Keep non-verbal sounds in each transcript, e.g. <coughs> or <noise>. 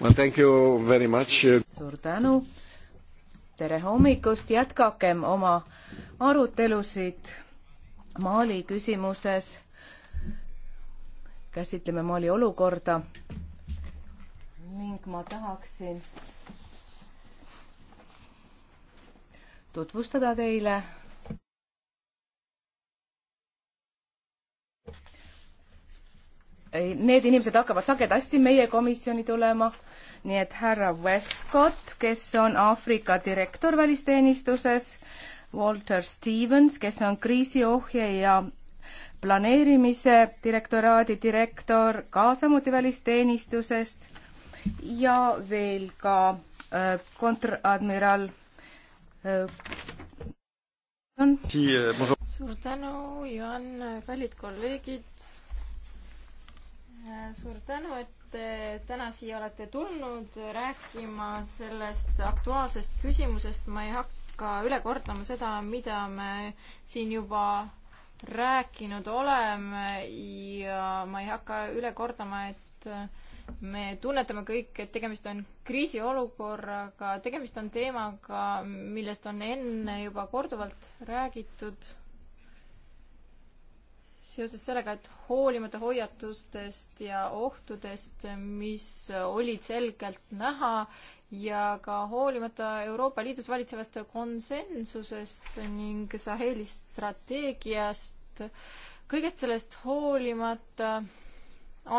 well,. Thank you very much. suur tänu. tere hommikust, jätkakem oma arutelusid Mali küsimuses. käsitleme Mali olukorda ning ma tahaksin tutvustada teile Need inimesed hakkavad sagedasti meie komisjoni tulema nii et härra Westcott, kes on Aafrika direktor välisteenistuses, Walter Stevens, kes on kriisiohje ja planeerimise direktoraadi direktor, ka samuti välisteenistusest ja veel ka äh, kontradmiral äh, on. Äh, suur tänu, Juhan, kallid kolleegid suur tänu, et täna siia olete tulnud rääkima sellest aktuaalsest küsimusest. ma ei hakka üle kordama seda, mida me siin juba rääkinud oleme ja ma ei hakka üle kordama, et me tunnetame kõik, et tegemist on kriisiolukorraga, tegemist on teemaga, millest on enne juba korduvalt räägitud seoses sellega, et hoolimata hoiatustest ja ohtudest, mis olid selgelt näha ja ka hoolimata Euroopa Liidus valitsevast konsensusest ning Saheli strateegiast, kõigest sellest hoolimata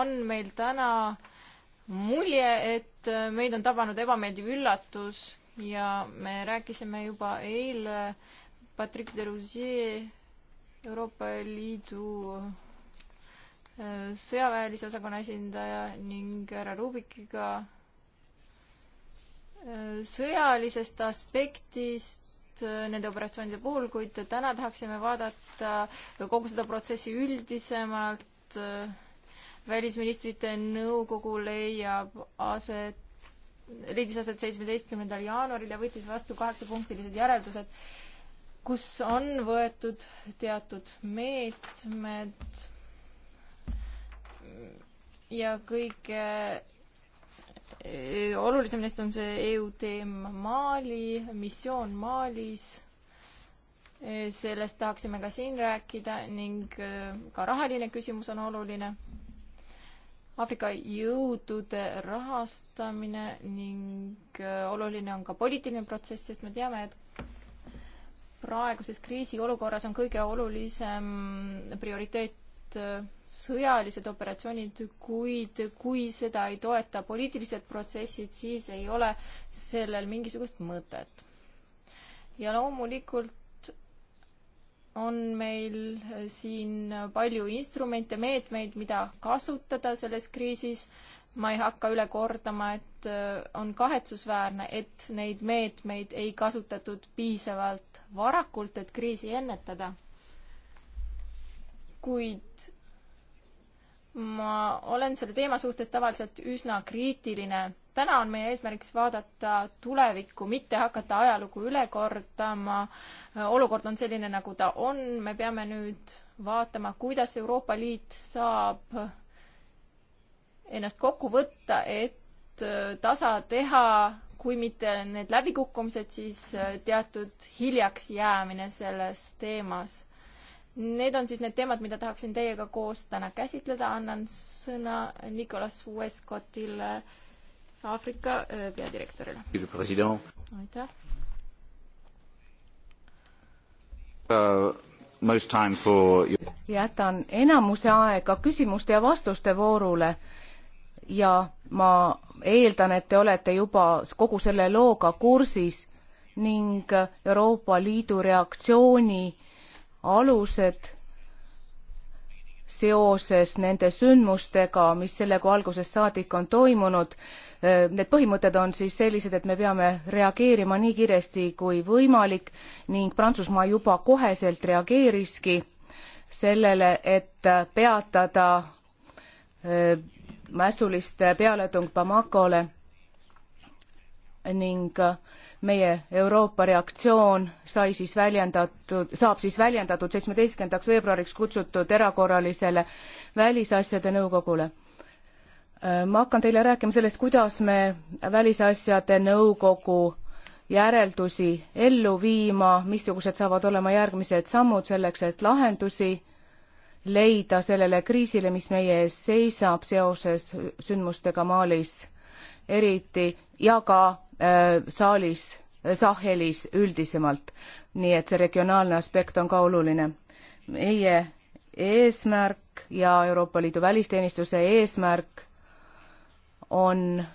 on meil täna mulje, et meid on tabanud ebameeldiv üllatus ja me rääkisime juba eile Patrick Delusier Euroopa Liidu äh, sõjaväelise osakonna esindaja ning härra Rubikiga äh, sõjalisest aspektist äh, nende operatsioonide puhul, kuid täna tahaksime vaadata kogu seda protsessi üldisemalt. välisministrite nõukogu leiab aset, leidis aset seitsmeteistkümnendal jaanuaril ja võttis vastu kaheksapunktilised järeldused kus on võetud teatud meetmed ja kõige eh, olulisem neist on see EUTM Mali, missioon Malis. Eh, sellest tahaksime ka siin rääkida ning eh, ka rahaline küsimus on oluline. Aafrika jõudude rahastamine ning oluline on ka poliitiline protsess, sest me teame, et praeguses kriisiolukorras on kõige olulisem prioriteet äh, sõjalised operatsioonid, kuid kui seda ei toeta poliitilised protsessid, siis ei ole sellel mingisugust mõtet. ja loomulikult on meil siin palju instrumente, meetmeid, mida kasutada selles kriisis, ma ei hakka üle kordama, et äh, on kahetsusväärne, et neid meetmeid ei kasutatud piisavalt varakult, et kriisi ennetada. kuid ma olen selle teema suhtes tavaliselt üsna kriitiline. täna on meie eesmärgiks vaadata tulevikku, mitte hakata ajalugu üle kordama. Äh, olukord on selline, nagu ta on, me peame nüüd vaatama, kuidas Euroopa Liit saab ennast kokku võtta, et äh, tasa teha, kui mitte need läbikukkumised, siis äh, teatud hiljaks jäämine selles teemas. Need on siis need teemad, mida tahaksin teiega koos täna käsitleda, annan sõna Nicolas Westcottile, Aafrika äh, peadirektorile. aitäh. Uh, jätan enamuse aega küsimuste ja vastuste voorule ja ma eeldan, et te olete juba kogu selle looga kursis ning Euroopa Liidu reaktsiooni alused seoses nende sündmustega, mis sellega algusest saadik on toimunud. Need põhimõtted on siis sellised, et me peame reageerima nii kiiresti kui võimalik ning Prantsusmaa juba koheselt reageeriski sellele, et peatada mässulist pealetung Bamakole ning meie Euroopa reaktsioon sai siis väljendatud, saab siis väljendatud seitsmeteistkümnendaks veebruariks kutsutud erakorralisele välisasjade nõukogule. ma hakkan teile rääkima sellest, kuidas me välisasjade nõukogu järeldusi ellu viima, missugused saavad olema järgmised sammud selleks, et lahendusi leida sellele kriisile, mis meie ees seisab seoses sündmustega Malis, eriti ja ka äh, saalis, äh, Sahelis üldisemalt. nii et see regionaalne aspekt on ka oluline. meie eesmärk ja Euroopa Liidu välisteenistuse eesmärk on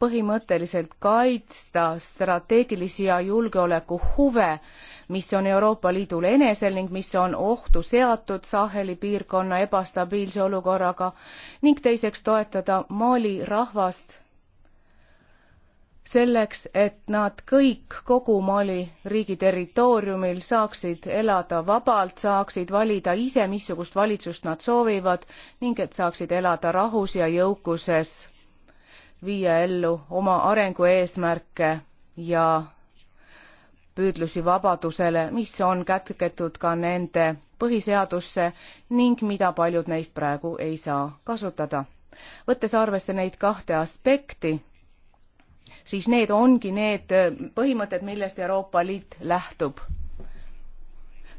põhimõtteliselt kaitsta strateegilisi ja julgeolekuhuve, mis on Euroopa Liidul enesel ning mis on ohtu seatud Saheli piirkonna ebastabiilse olukorraga ning teiseks toetada Mali rahvast selleks, et nad kõik kogu Mali riigi territooriumil saaksid elada vabalt, saaksid valida ise, missugust valitsust nad soovivad ning et saaksid elada rahus ja jõukuses viia ellu oma arengueesmärke ja püüdlusi vabadusele, mis on kätketud ka nende põhiseadusse ning mida paljud neist praegu ei saa kasutada. võttes arvesse neid kahte aspekti, siis need ongi need põhimõtted, millest Euroopa Liit lähtub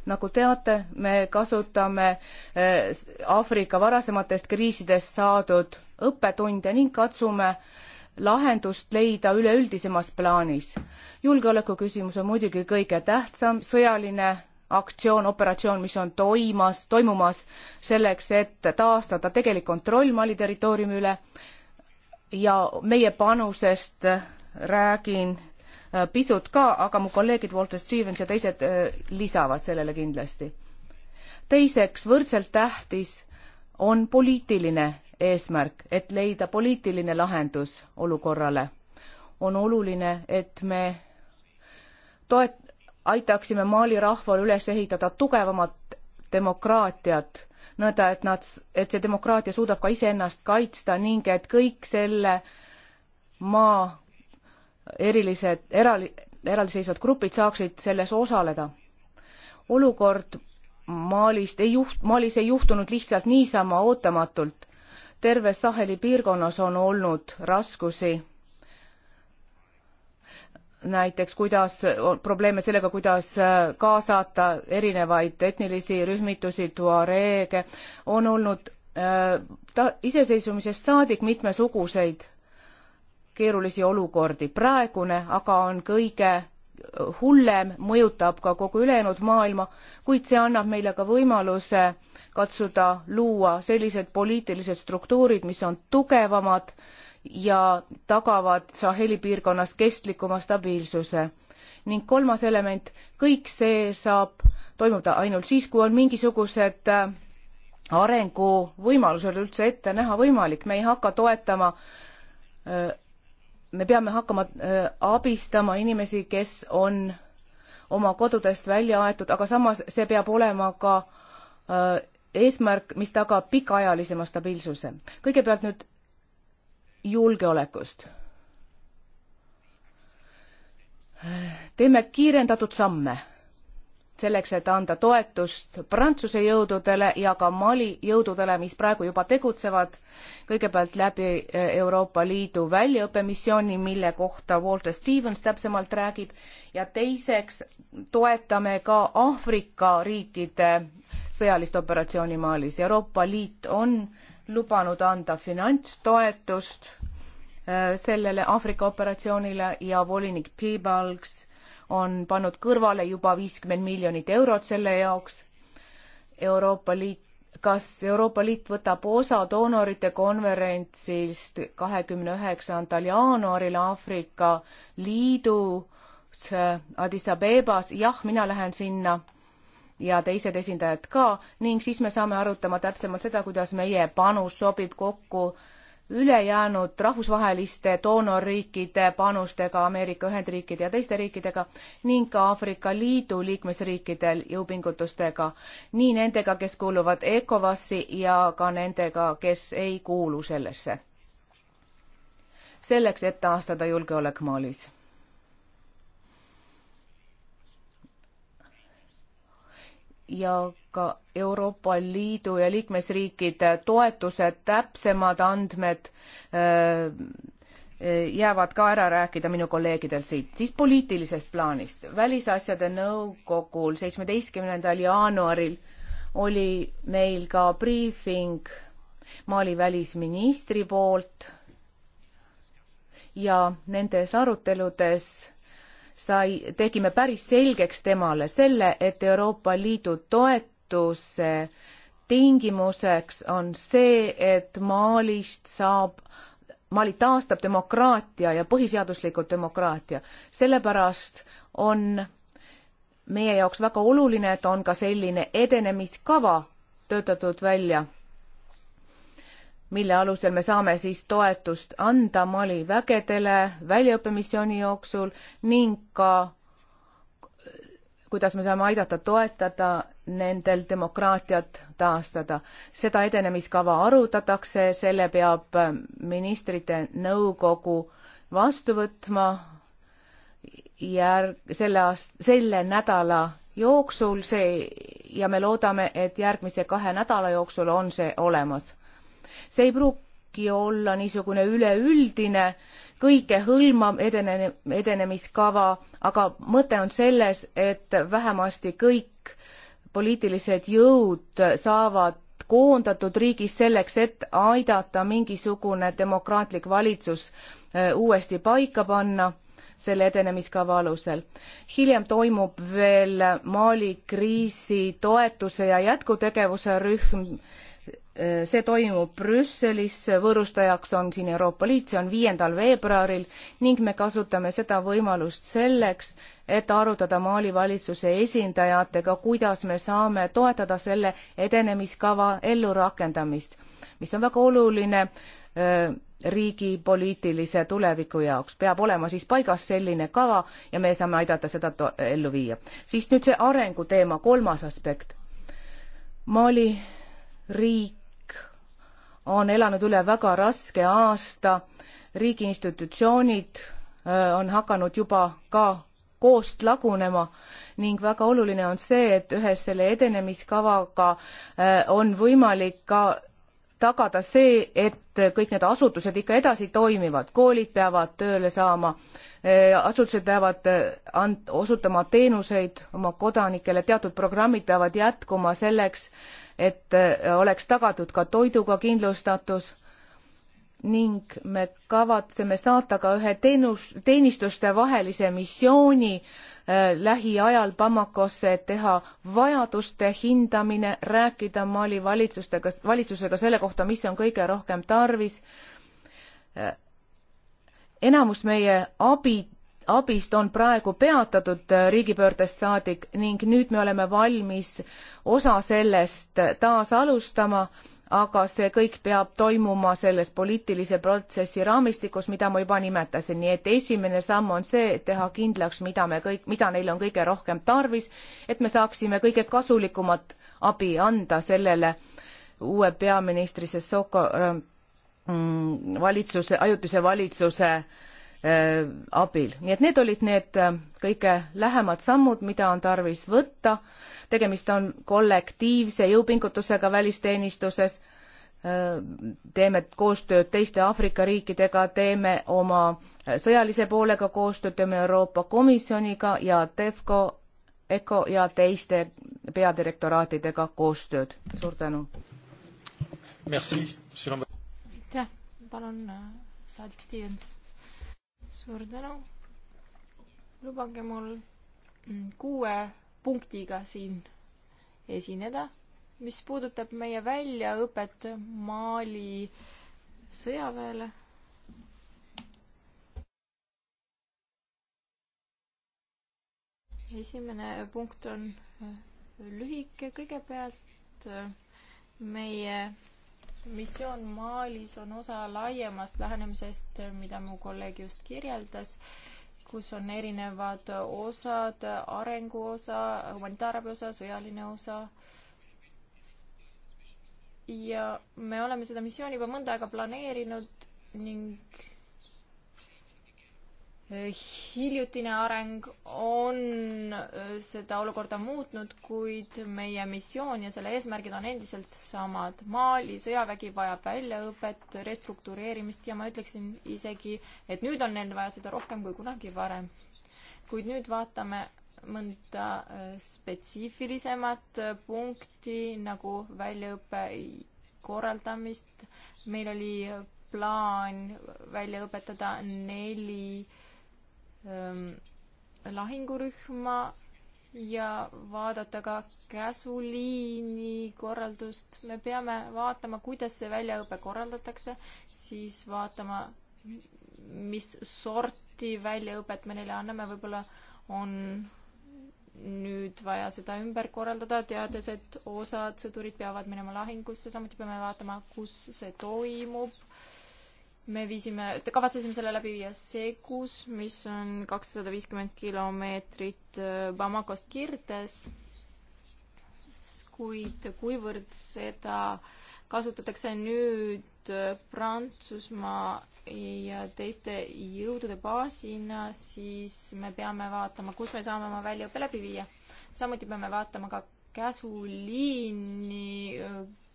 nagu teate, me kasutame eh, Aafrika varasematest kriisidest saadud õppetunde ning katsume lahendust leida üleüldisemas plaanis. julgeolekuküsimus on muidugi kõige tähtsam, sõjaline aktsioon, operatsioon, mis on toimas, toimumas selleks, et taastada tegelik kontroll Mali territooriumi üle ja meie panusest räägin äh, pisut ka, aga mu kolleegid Walter Stevens ja teised äh, lisavad sellele kindlasti. teiseks, võrdselt tähtis on poliitiline eesmärk, et leida poliitiline lahendus olukorrale. on oluline, et me toet-, aitaksime Mali rahval üles ehitada tugevamat demokraatiat, nõnda et nad, et see demokraatia suudab ka iseennast kaitsta ning et kõik selle maa erilised, eraldi, eraldiseisvad grupid saaksid selles osaleda. olukord Malist ei juht-, Malis ei juhtunud lihtsalt niisama ootamatult terves Saheli piirkonnas on olnud raskusi. näiteks kuidas, probleeme sellega, kuidas äh, kaasata erinevaid etnilisi rühmitusi, tuareege, on olnud äh, ta iseseisvumisest saadik mitmesuguseid keerulisi olukordi. praegune aga on kõige äh, hullem, mõjutab ka kogu ülejäänud maailma, kuid see annab meile ka võimaluse äh, katsuda luua sellised poliitilised struktuurid, mis on tugevamad ja tagavad Saheli piirkonnas kestlikuma stabiilsuse. ning kolmas element, kõik see saab toimuda ainult siis, kui on mingisugused äh, arenguvõimalused üldse ette näha võimalik, me ei hakka toetama äh, me peame hakkama äh, abistama inimesi, kes on oma kodudest välja aetud, aga samas see peab olema ka eesmärk, mis tagab pikaajalisema stabiilsuse. kõigepealt nüüd julgeolekust. teeme kiirendatud samme selleks, et anda toetust Prantsuse jõududele ja ka Mali jõududele, mis praegu juba tegutsevad, kõigepealt läbi eh, Euroopa Liidu väljaõppemissiooni, mille kohta Walter Stevens täpsemalt räägib, ja teiseks toetame ka Aafrika riikide sõjalist operatsiooni Malis. Euroopa Liit on lubanud anda finantstoetust äh, sellele Aafrika operatsioonile ja volinik Peebalgs on pannud kõrvale juba viiskümmend miljonit eurot selle jaoks. Euroopa Liit, kas Euroopa Liit võtab osa doonorite konverentsist kahekümne üheksandal jaanuaril Aafrika Liidus äh, Addis Abebas, jah, mina lähen sinna ja teised esindajad ka ning siis me saame arutama täpsemalt seda, kuidas meie panus sobib kokku ülejäänud rahvusvaheliste doonorriikide panustega Ameerika Ühendriikide ja teiste riikidega ning ka Aafrika Liidu liikmesriikidel jõupingutustega, nii nendega, kes kuuluvad ECOWAS-i ja ka nendega, kes ei kuulu sellesse. selleks, et taastada julgeolek Malis ja ka Euroopa Liidu ja liikmesriikide toetused, täpsemad andmed äh, äh, jäävad ka ära rääkida minu kolleegidel siit. siis poliitilisest plaanist. välisasjade nõukogul seitsmeteistkümnendal jaanuaril oli meil ka briifing Mali välisministri poolt ja nendes aruteludes sai, tegime päris selgeks temale selle, et Euroopa Liidu toetuse tingimuseks on see, et Malist saab Mali taastab demokraatia ja põhiseaduslikult demokraatia. sellepärast on meie jaoks väga oluline, et on ka selline edenemiskava töötatud välja mille alusel me saame siis toetust anda Mali vägedele väljaõppemissiooni jooksul ning ka kuidas me saame aidata toetada nendel demokraatiat taastada. seda edenemiskava arutatakse, selle peab ministrite nõukogu vastu võtma järg, selle aast-, selle nädala jooksul see ja me loodame, et järgmise kahe nädala jooksul on see olemas see ei pruugi olla niisugune üleüldine kõikehõlmav edene-, edenemiskava, aga mõte on selles, et vähemasti kõik poliitilised jõud saavad koondatud riigis selleks, et aidata mingisugune demokraatlik valitsus äh, uuesti paika panna selle edenemiskava alusel. hiljem toimub veel Mali kriisi toetuse ja jätkutegevuse rühm Eh, see toimub Brüsselis, võõrustajaks on siin Euroopa Liit, see on viiendal veebruaril ning me kasutame seda võimalust selleks, et arutada Mali valitsuse esindajatega, kuidas me saame toetada selle edenemiskava ellurakendamist, mis on väga oluline öö, eh, riigi poliitilise tuleviku jaoks. peab olema siis paigas selline kava ja me saame aidata seda ellu viia. siis nüüd see arenguteema kolmas aspekt. Mali riik on elanud üle väga raske aasta, riigi institutsioonid äh, on hakanud juba ka koost lagunema ning väga oluline on see, et ühes selle edenemiskavaga äh, on võimalik ka tagada see, et kõik need asutused ikka edasi toimivad, koolid peavad tööle saama, e, asutused peavad e, and-, osutama teenuseid oma kodanikele, teatud programmid peavad jätkuma selleks, et e, oleks tagatud ka toiduga kindlustatus ning me kavatseme saata ka ühe teenus, teenistuste vahelise missiooni äh, Äh, lähiajal Bamakosse, et teha vajaduste hindamine, rääkida Mali valitsustega, valitsusega selle kohta, mis on kõige rohkem tarvis. Äh, enamus meie abi abist on praegu peatatud äh, riigipöördest saadik ning nüüd me oleme valmis osa sellest taas alustama aga see kõik peab toimuma selles poliitilise protsessi raamistikus, mida ma juba nimetasin, nii et esimene samm on see, et teha kindlaks, mida me kõik, mida neil on kõige rohkem tarvis, et me saaksime kõige kasulikumat abi anda sellele uue peaministri Sessoko äh, mm, valitsuse, ajutise valitsuse äh, Äh, abil, nii et need olid need äh, kõige lähemad sammud, mida on tarvis võtta. tegemist on kollektiivse jõupingutusega välisteenistuses. Äh, teeme koostööd teiste Aafrika riikidega, teeme oma sõjalise poolega koostööd, teeme Euroopa Komisjoniga ja Defco, ECO ja teiste peadirektoraatidega koostööd. suur tänu. aitäh, palun saadik Stevens suur tänu. lubage mul mm, kuue punktiga siin esineda, mis puudutab meie väljaõpet Mali sõjaväele esimene punkt on äh, lühike, kõigepealt äh, meie missioon Malis on osa laiemast lähenemisest, mida mu kolleeg just kirjeldas, kus on erinevad osad, arengu osa, humanitaarabi osa, sõjaline osa. ja me oleme seda missiooni juba mõnda aega planeerinud ning hiljutine areng on äh, seda olukorda muutnud, kuid meie missioon ja selle eesmärgid on endiselt samad. Mali sõjavägi vajab väljaõpet, restruktureerimist ja ma ütleksin isegi, et nüüd on neil vaja seda rohkem kui kunagi varem. kuid nüüd vaatame mõnda äh, spetsiifilisemat äh, punkti nagu väljaõppe korraldamist. meil oli plaan välja õpetada neli Ähm, lahingurühma ja vaadata ka käsuliini korraldust. me peame vaatama, kuidas see väljaõpe korraldatakse, siis vaatama, mis sorti väljaõpet me neile anname, võib-olla on nüüd vaja seda ümber korraldada, teades, et osad sõdurid peavad minema lahingusse, samuti peame vaatama, kus see toimub me viisime, kavatsesime selle läbi viia Segus, mis on kakssada viiskümmend kilomeetrit äh, Bamakost Kirdes, kuid kuivõrd seda kasutatakse nüüd äh, Prantsusmaa ja teiste jõudude baasina, siis me peame vaatama, kus me saame oma väljaõppe läbi viia. samuti peame vaatama ka käsuliini äh,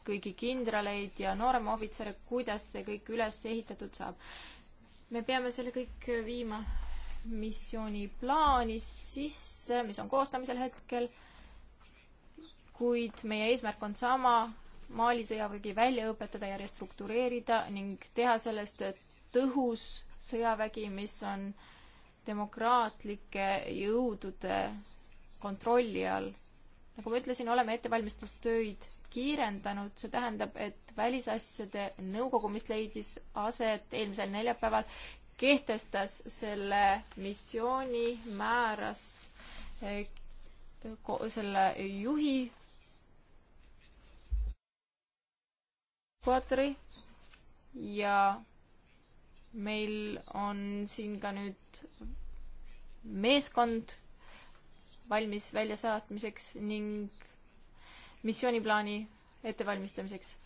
kõigi kindraleid ja nooremohvitsere, kuidas see kõik üles ehitatud saab. me peame selle kõik viima missiooniplaani sisse, mis on koostamisel hetkel, kuid meie eesmärk on sama, Mali sõjavägi välja õpetada ja restruktureerida ning teha sellest tõhus sõjavägi, mis on demokraatlike jõudude kontrolli all nagu ma ütlesin, oleme ettevalmistustöid kiirendanud, see tähendab, et välisasjade nõukogu, mis leidis aset eelmisel neljapäeval, kehtestas selle missiooni, määras eh, selle juhi Quatri ja meil on siin ka nüüd meeskond valmis väljasaatmiseks ning missiooniplaani ettevalmistamiseks.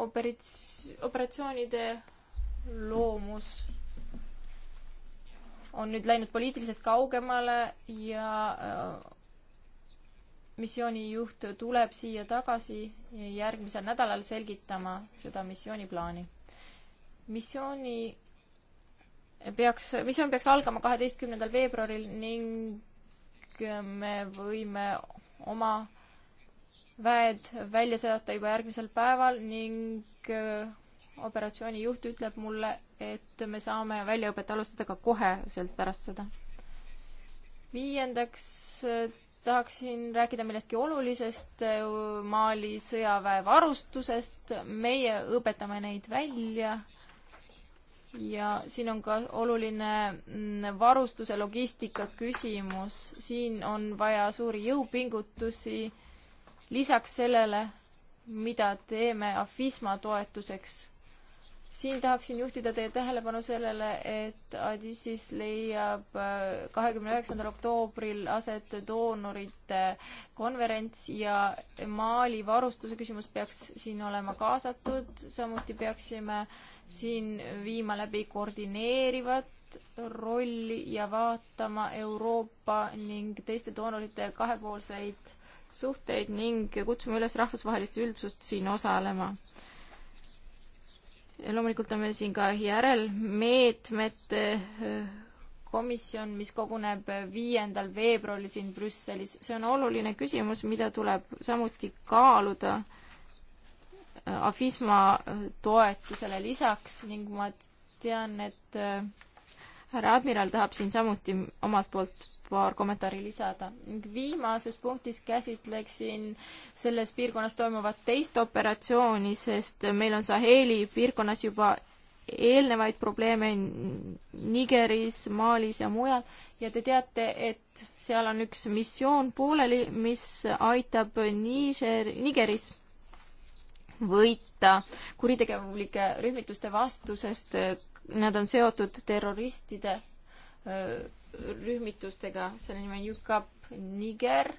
operats-, operatsioonide loomus on nüüd läinud poliitilisest kaugemale ja äh, missioonijuht tuleb siia tagasi järgmisel nädalal selgitama seda missiooniplaani. missiooni peaks, missioon peaks algama kaheteistkümnendal veebruaril ning me võime oma väed välja seata juba järgmisel päeval ning äh, operatsiooni juht ütleb mulle, et me saame väljaõpet alustada ka koheselt pärast seda. viiendaks äh, tahaksin rääkida millestki olulisest äh, Mali sõjaväe varustusest. meie õpetame neid välja ja siin on ka oluline mm, varustuse logistika küsimus, siin on vaja suuri jõupingutusi lisaks sellele, mida teeme AFISMA toetuseks siin tahaksin juhtida teie tähelepanu sellele, et Adissis leiab äh, kahekümne üheksandal oktoobril aset doonorite konverents ja Mali varustuse küsimus peaks siin olema kaasatud, samuti peaksime siin viima läbi koordineerivat rolli ja vaatama Euroopa ning teiste doonorite kahepoolseid suhteid ning kutsuma üles rahvusvahelist üldsust siin osalema loomulikult on meil siin ka järelmeetmete komisjon, mis koguneb viiendal veebruaril siin Brüsselis. see on oluline küsimus, mida tuleb samuti kaaluda afisma toetusele lisaks ning ma tean, et härra admiral tahab siin samuti omalt poolt paar kommentaari lisada. viimases punktis käsitleksin selles piirkonnas toimuvat teist operatsiooni, sest meil on Saheli piirkonnas juba eelnevaid probleeme Nigeris, Malis ja mujal ja te teate, et seal on üks missioon pooleli, mis aitab Niger, Nigeris võita kuritegevuslike rühmituste vastusest nad on seotud terroristide rühmitustega, selle nimi on UCAP Niger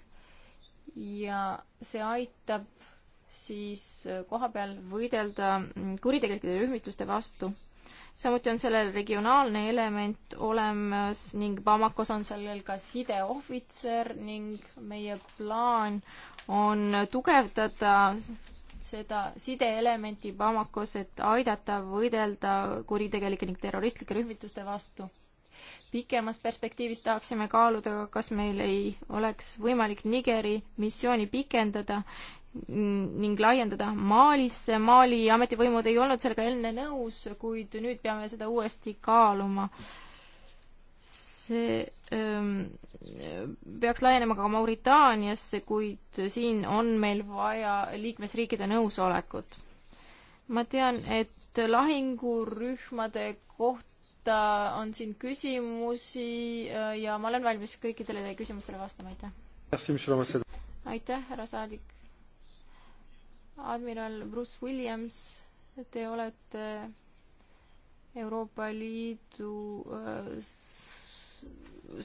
ja see aitab siis kohapeal võidelda mm, kuritegelike rühmituste vastu. samuti on sellel regionaalne element olemas ning Bamakos on sellel ka sideohvitser ning meie plaan on tugevdada seda sideelementi Bamakos, et aidata võidelda kuritegelike ning terroristlike rühmituste vastu. pikemas perspektiivis tahaksime kaaluda, kas meil ei oleks võimalik Nigeri missiooni pikendada ning laiendada Malisse. Mali ametivõimud ei olnud sellega enne nõus, kuid nüüd peame seda uuesti kaaluma see ähm, peaks laienema ka Mauritaaniasse, kuid siin on meil vaja liikmesriikide nõusolekut. ma tean, et lahingurühmade kohta on siin küsimusi äh, ja ma olen valmis kõikidele teie küsimustele vastama, aitäh. aitäh, härra saadik. admiral Bruce Williams, te olete Euroopa Liidu äh,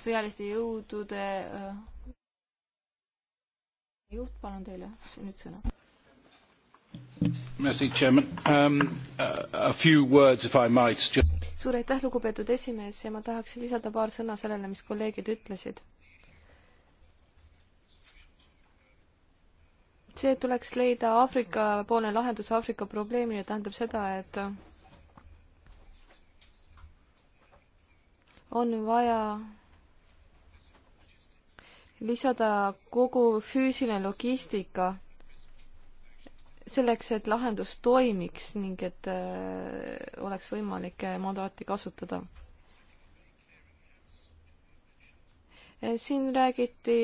sõjaliste jõudude äh, juht, palun teile nüüd sõna. Merci, Chairman. Um, a few words, if I might. suur aitäh, lugupeetud esimees ja ma tahaksin lisada paar sõna sellele, mis kolleegid ütlesid. see tuleks leida Aafrika poolne lahendus Aafrika probleemile, tähendab seda, et on vaja lisada kogu füüsiline logistika selleks, et lahendus toimiks ning et äh, oleks võimalik äh, mandaati kasutada. Äh, siin räägiti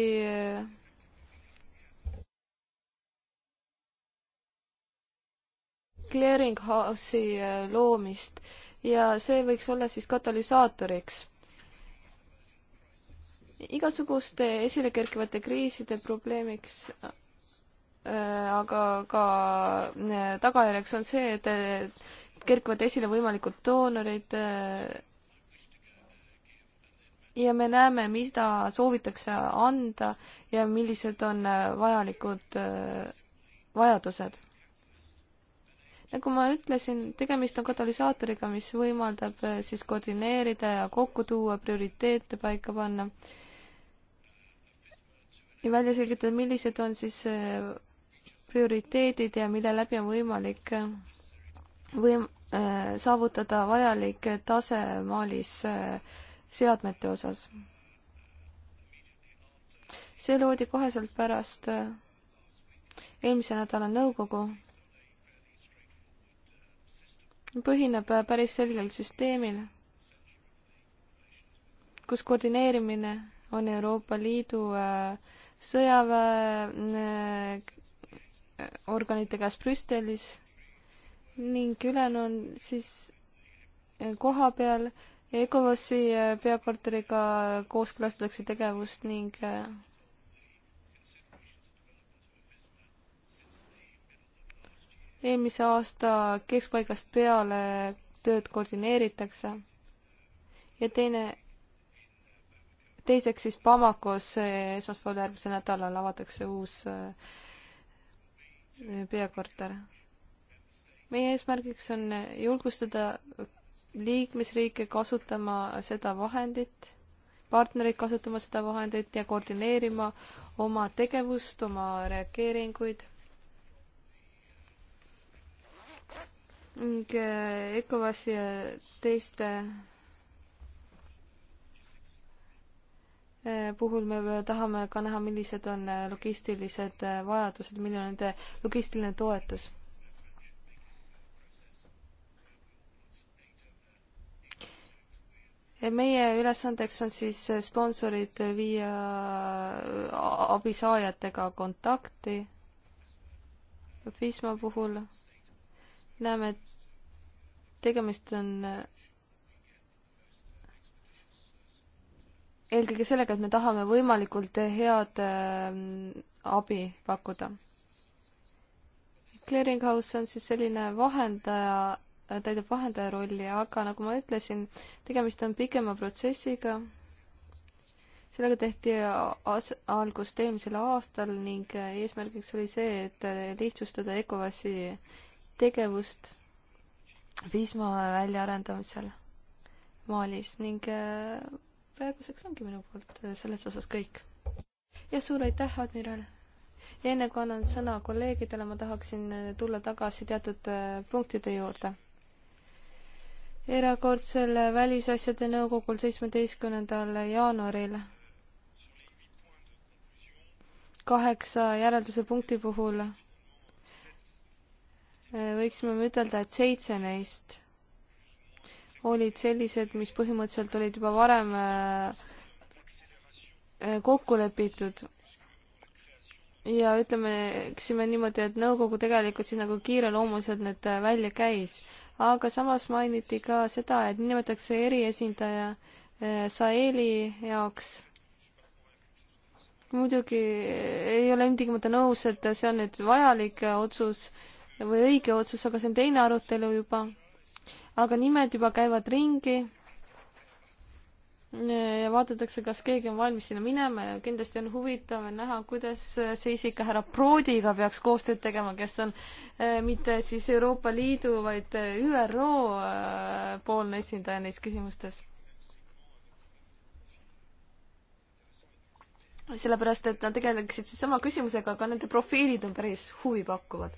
clearing house'i loomist ja see võiks olla siis katalüsaatoriks igasuguste esile kerkivate kriiside probleemiks äh, aga ka äh, tagajärjeks on see, et kerkivad esile võimalikud doonorid. Äh, ja me näeme, mida soovitakse anda ja millised on vajalikud vajadused. nagu ma ütlesin, tegemist on katalüsaatoriga, mis võimaldab siis koordineerida ja kokku tuua, prioriteete paika panna ja välja selgitada, millised on siis äh, prioriteedid ja mille läbi on võimalik äh, võim-, äh, saavutada vajalik tase Malis seadmete osas. see loodi koheselt pärast eelmise nädala nõukogu. põhineb päris selgel süsteemil, kus koordineerimine on Euroopa Liidu äh, sõjaväeorganite käes Brüsselis ning ülejäänu on siis äh, koha peal ECOWAS-i äh, peakorteriga kooskõlastatakse tegevust ning äh, eelmise aasta keskpaigast peale tööd koordineeritakse. ja teine teiseks siis Bamakos esmaspäeval järgmisel nädalal avatakse uus äh, peakorter. meie eesmärgiks on julgustada liikmesriike kasutama seda vahendit, partnereid kasutama seda vahendit ja koordineerima oma tegevust, oma reageeringuid. ning äh, ECOWAS-i ja teiste Eh, puhul me tahame ka näha, millised on eh, logistilised eh, vajadused, milline on nende logistiline toetus. meie ülesandeks on siis sponsorid viia abisaajatega kontakti. FISMA puhul näeme, et tegemist on eelkõige sellega, et me tahame võimalikult head ähm, abi pakkuda. Clearing House on siis selline vahendaja, täidab vahendaja rolli, aga nagu ma ütlesin, tegemist on pikema protsessiga. sellega tehti as-, algust eelmisel aastal ning eesmärgiks oli see, et lihtsustada ECOWAS-i tegevust FISMA väljaarendamisel Malis ning äh, praeguseks ongi minu poolt äh, selles osas kõik. ja suur aitäh, admiral! ja enne kui annan sõna kolleegidele, ma tahaksin äh, tulla tagasi teatud äh, punktide juurde erakordsel välisasjade nõukogul seitsmeteistkümnendal jaanuaril kaheksa järelduse punkti puhul võiksime me ütelda, et seitse neist olid sellised, mis põhimõtteliselt olid juba varem äh, äh, kokku lepitud. ja ütleme, eksime niimoodi, et nõukogu tegelikult siin nagu kiireloomuliselt need äh, välja käis, aga samas mainiti ka seda, et nimetatakse eriesindaja Saeli jaoks muidugi ei ole ilmtingimata nõus, et see on nüüd vajalik otsus või õige otsus, aga see on teine arutelu juba aga nimed juba käivad ringi ja vaadatakse, kas keegi on valmis sinna minema ja kindlasti on huvitav näha, kuidas see isik härra Proodiga peaks koostööd tegema, kes on äh, mitte siis Euroopa Liidu, vaid eh, ÜRO äh, poolne esindaja neis küsimustes. sellepärast, et nad tegeleksid siis sama küsimusega, aga nende profiilid on päris huvipakkuvad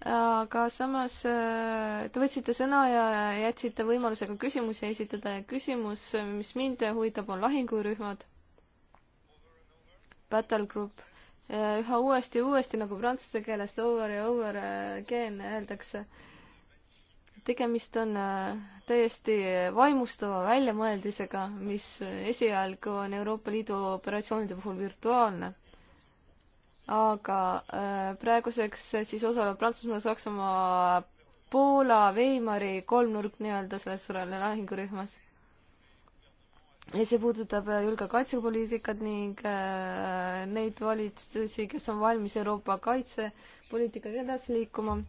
aga samas äh, te võtsite sõna ja jätsite võimaluse ka küsimusi esitada ja küsimus, mis mind huvitab, on lahingurühmad, battle group, äh, üha uuesti ja uuesti nagu prantsuse keeles over ja over again äh, öeldakse. tegemist on täiesti vaimustava väljamõeldisega, mis esialgu on Euroopa Liidu operatsioonide puhul virtuaalne aga äh, praeguseks äh, siis osaleb Prantsusmaa, Saksamaa, Poola, Weimari kolmnurk nii-öelda selles lahingurühmas. ja see puudutab äh, julgekaitsepoliitikat ning neid valitsusi, kes on valmis Euroopa kaitsepoliitikaga edasi liikuma.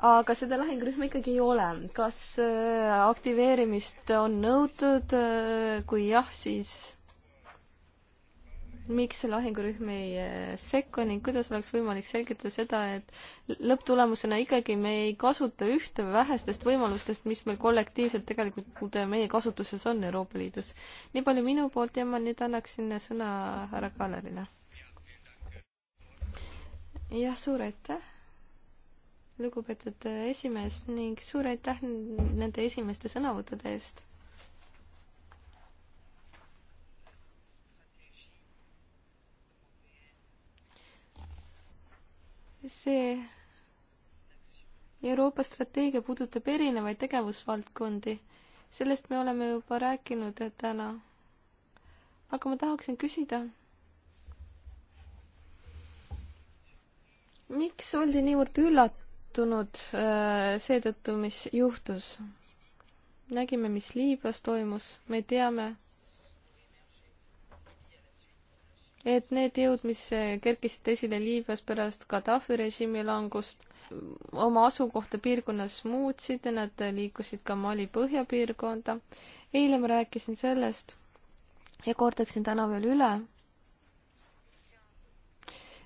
aga seda lahingrühma ikkagi ei ole. kas äh, aktiveerimist on nõutud, äh, kui jah, siis miks see lahingurühm ei äh, sekku ning kuidas oleks võimalik selgitada seda, et lõpptulemusena ikkagi me ei kasuta ühte vähestest võimalustest, mis meil kollektiivselt tegelikult meie kasutuses on Euroopa Liidus. nii palju minu poolt ja ma nüüd annaksin sõna härra Kallerile. jah, suur aitäh lugupeetud esimees ning suur aitäh nende esimeste sõnavõttude eest. see Euroopa strateegia puudutab erinevaid tegevusvaldkondi, sellest me oleme juba rääkinud täna. aga ma tahaksin küsida miks oldi niivõrd üllat-, pettunud äh, seetõttu, mis juhtus. nägime, mis Liibüas toimus, me teame, et need jõud, mis äh, kerkisid esile Liibüas pärast Gaddafi režiimi langust, oma asukohta piirkonnas muutsid ja nad äh, liikusid ka Mali põhjapiirkonda. eile ma rääkisin sellest ja kordaksin täna veel üle,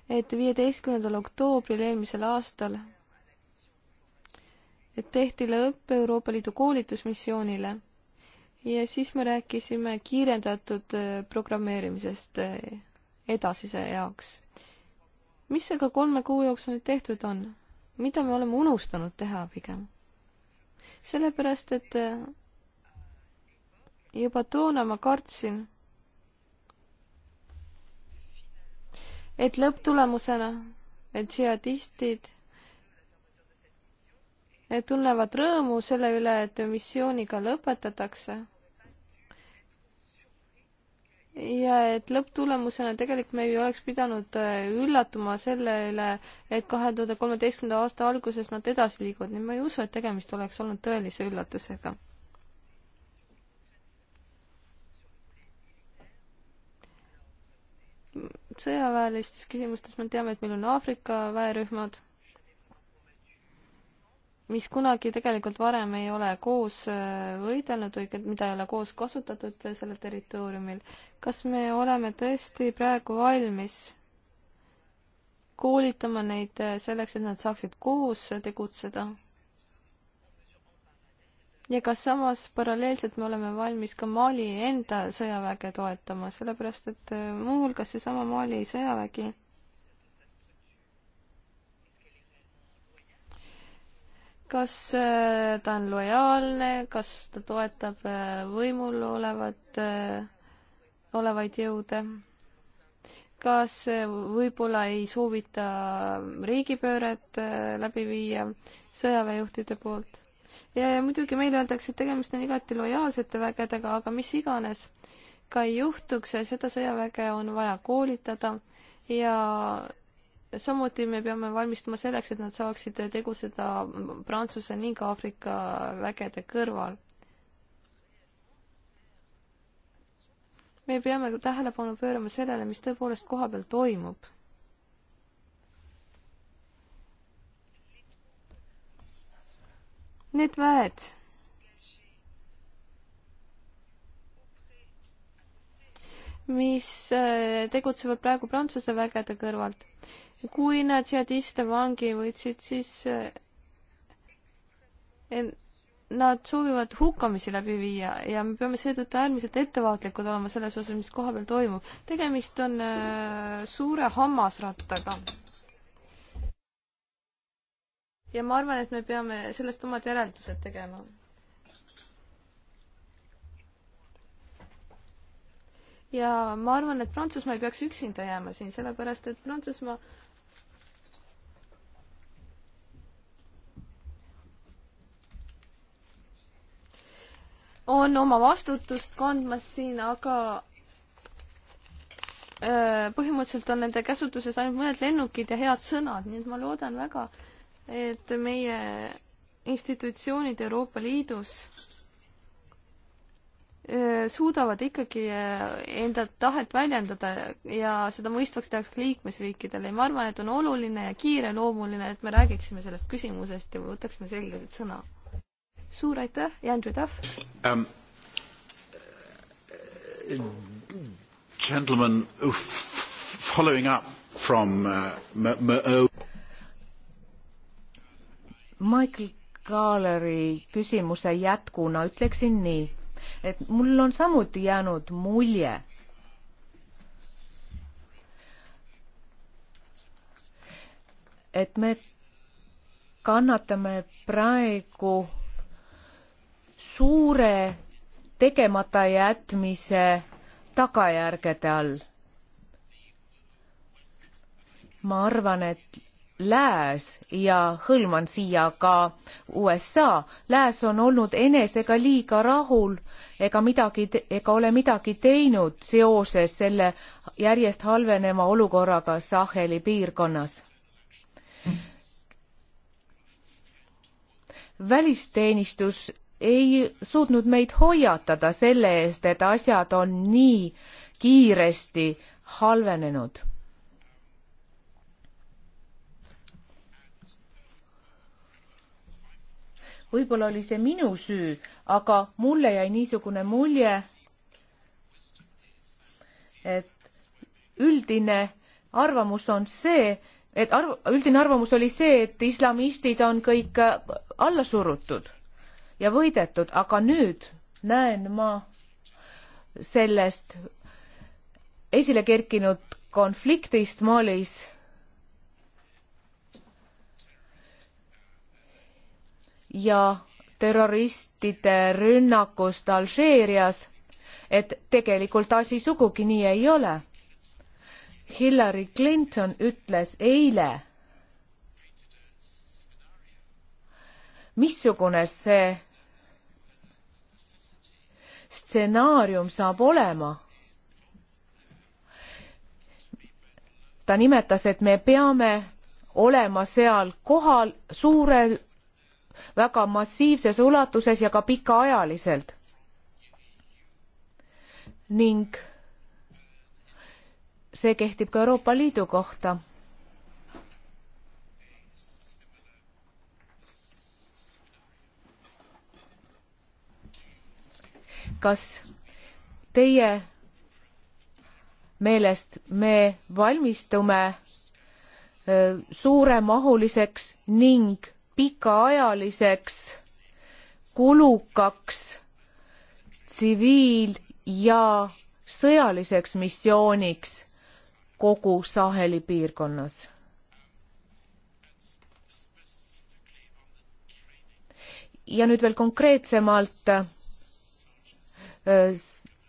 et viieteistkümnendal oktoobril eelmisel aastal et tehti lõpp Euroopa Liidu koolitusmissioonile ja siis me rääkisime kiirendatud äh, programmeerimisest äh, edasise jaoks. mis aga kolme kuu jooksul nüüd tehtud on? mida me oleme unustanud teha pigem? sellepärast, et äh, juba toona ma kartsin, et lõpptulemusena et džihadistid tunnevad rõõmu selle üle, et missiooniga lõpetatakse. ja et lõpptulemusena tegelikult me ei oleks pidanud äh, üllatuma selle üle, et kahe tuhande kolmeteistkümnenda aasta alguses nad edasi liiguvad, nii ma ei usu, et tegemist oleks olnud tõelise üllatusega. sõjaväelistes küsimustes me teame, et meil on Aafrika väerühmad mis kunagi tegelikult varem ei ole koos äh, võidelnud või mida ei ole koos kasutatud äh, sellel territooriumil. kas me oleme tõesti praegu valmis koolitama neid äh, selleks, et nad saaksid koos tegutseda? ja kas samas paralleelselt me oleme valmis ka Mali enda sõjaväge toetama, sellepärast et muuhulgas seesama Mali sõjavägi kas äh, ta on lojaalne, kas ta toetab äh, võimul olevat, äh, olevaid jõude, kas võib-olla ei soovita riigipööret läbi viia sõjaväejuhtide poolt. ja, ja muidugi meile öeldakse, et tegemist on igati lojaalsete vägedega, aga mis iganes ka ei juhtuks, seda sõjaväge on vaja koolitada ja samuti me peame valmistuma selleks, et nad saaksid tegutseda Prantsuse ning Aafrika vägede kõrval. me peame tähelepanu pöörama sellele, mis tõepoolest kohapeal toimub Need väed mis äh, tegutsevad praegu Prantsuse vägede kõrvalt. kui nad džihadiste vangi võtsid, siis äh, nad soovivad hukkamisi läbi viia ja me peame seetõttu äärmiselt ettevaatlikud olema selles osas, mis koha peal toimub. tegemist on äh, suure hammasrattaga. ja ma arvan, et me peame sellest omad järeldused tegema ja ma arvan, et Prantsusmaa ei peaks üksinda jääma siin, sellepärast et Prantsusmaa on oma vastutust kandmas siin, aga äh, põhimõtteliselt on nende käsutuses ainult mõned lennukid ja head sõnad, nii et ma loodan väga, et meie institutsioonid Euroopa Liidus suudavad ikkagi enda tahet väljendada ja seda mõistvaks tehakse liikmesriikidele ja ma arvan, et on oluline ja kiireloomuline, et me räägiksime sellest küsimusest ja võtaksime selgelt sõna. suur aitäh ja Andrew Duff um,! Gentlemen, following up from uh, M M o Michael Kaaleri küsimuse jätkuna ütleksin nii et mul on samuti jäänud mulje, et me kannatame praegu suure tegemata jätmise tagajärgede all. ma arvan, et lääs ja hõlman siia ka USA, lääs on olnud enesega liiga rahul ega midagi, ega ole midagi teinud seoses selle järjest halvenema olukorraga Saheli piirkonnas. välisteenistus ei suutnud meid hoiatada selle eest, et asjad on nii kiiresti halvenenud võib-olla oli see minu süü, aga mulle jäi niisugune mulje, et üldine arvamus on see, et arv-, üldine arvamus oli see, et islamistid on kõik äh, alla surutud ja võidetud, aga nüüd näen ma sellest esile kerkinud konfliktist Malis ja terroristide rünnakust Alžeerias, et tegelikult asi sugugi nii ei ole. Hillary Clinton ütles eile, missugune see stsenaarium saab olema. ta nimetas, et me peame olema seal kohal suurel väga massiivses ulatuses ja ka pikaajaliselt. ning see kehtib ka Euroopa Liidu kohta. kas teie meelest me valmistume äh, suuremahuliseks ning pikaajaliseks kulukaks tsiviil ja sõjaliseks missiooniks kogu Saheli piirkonnas. ja nüüd veel konkreetsemalt äh,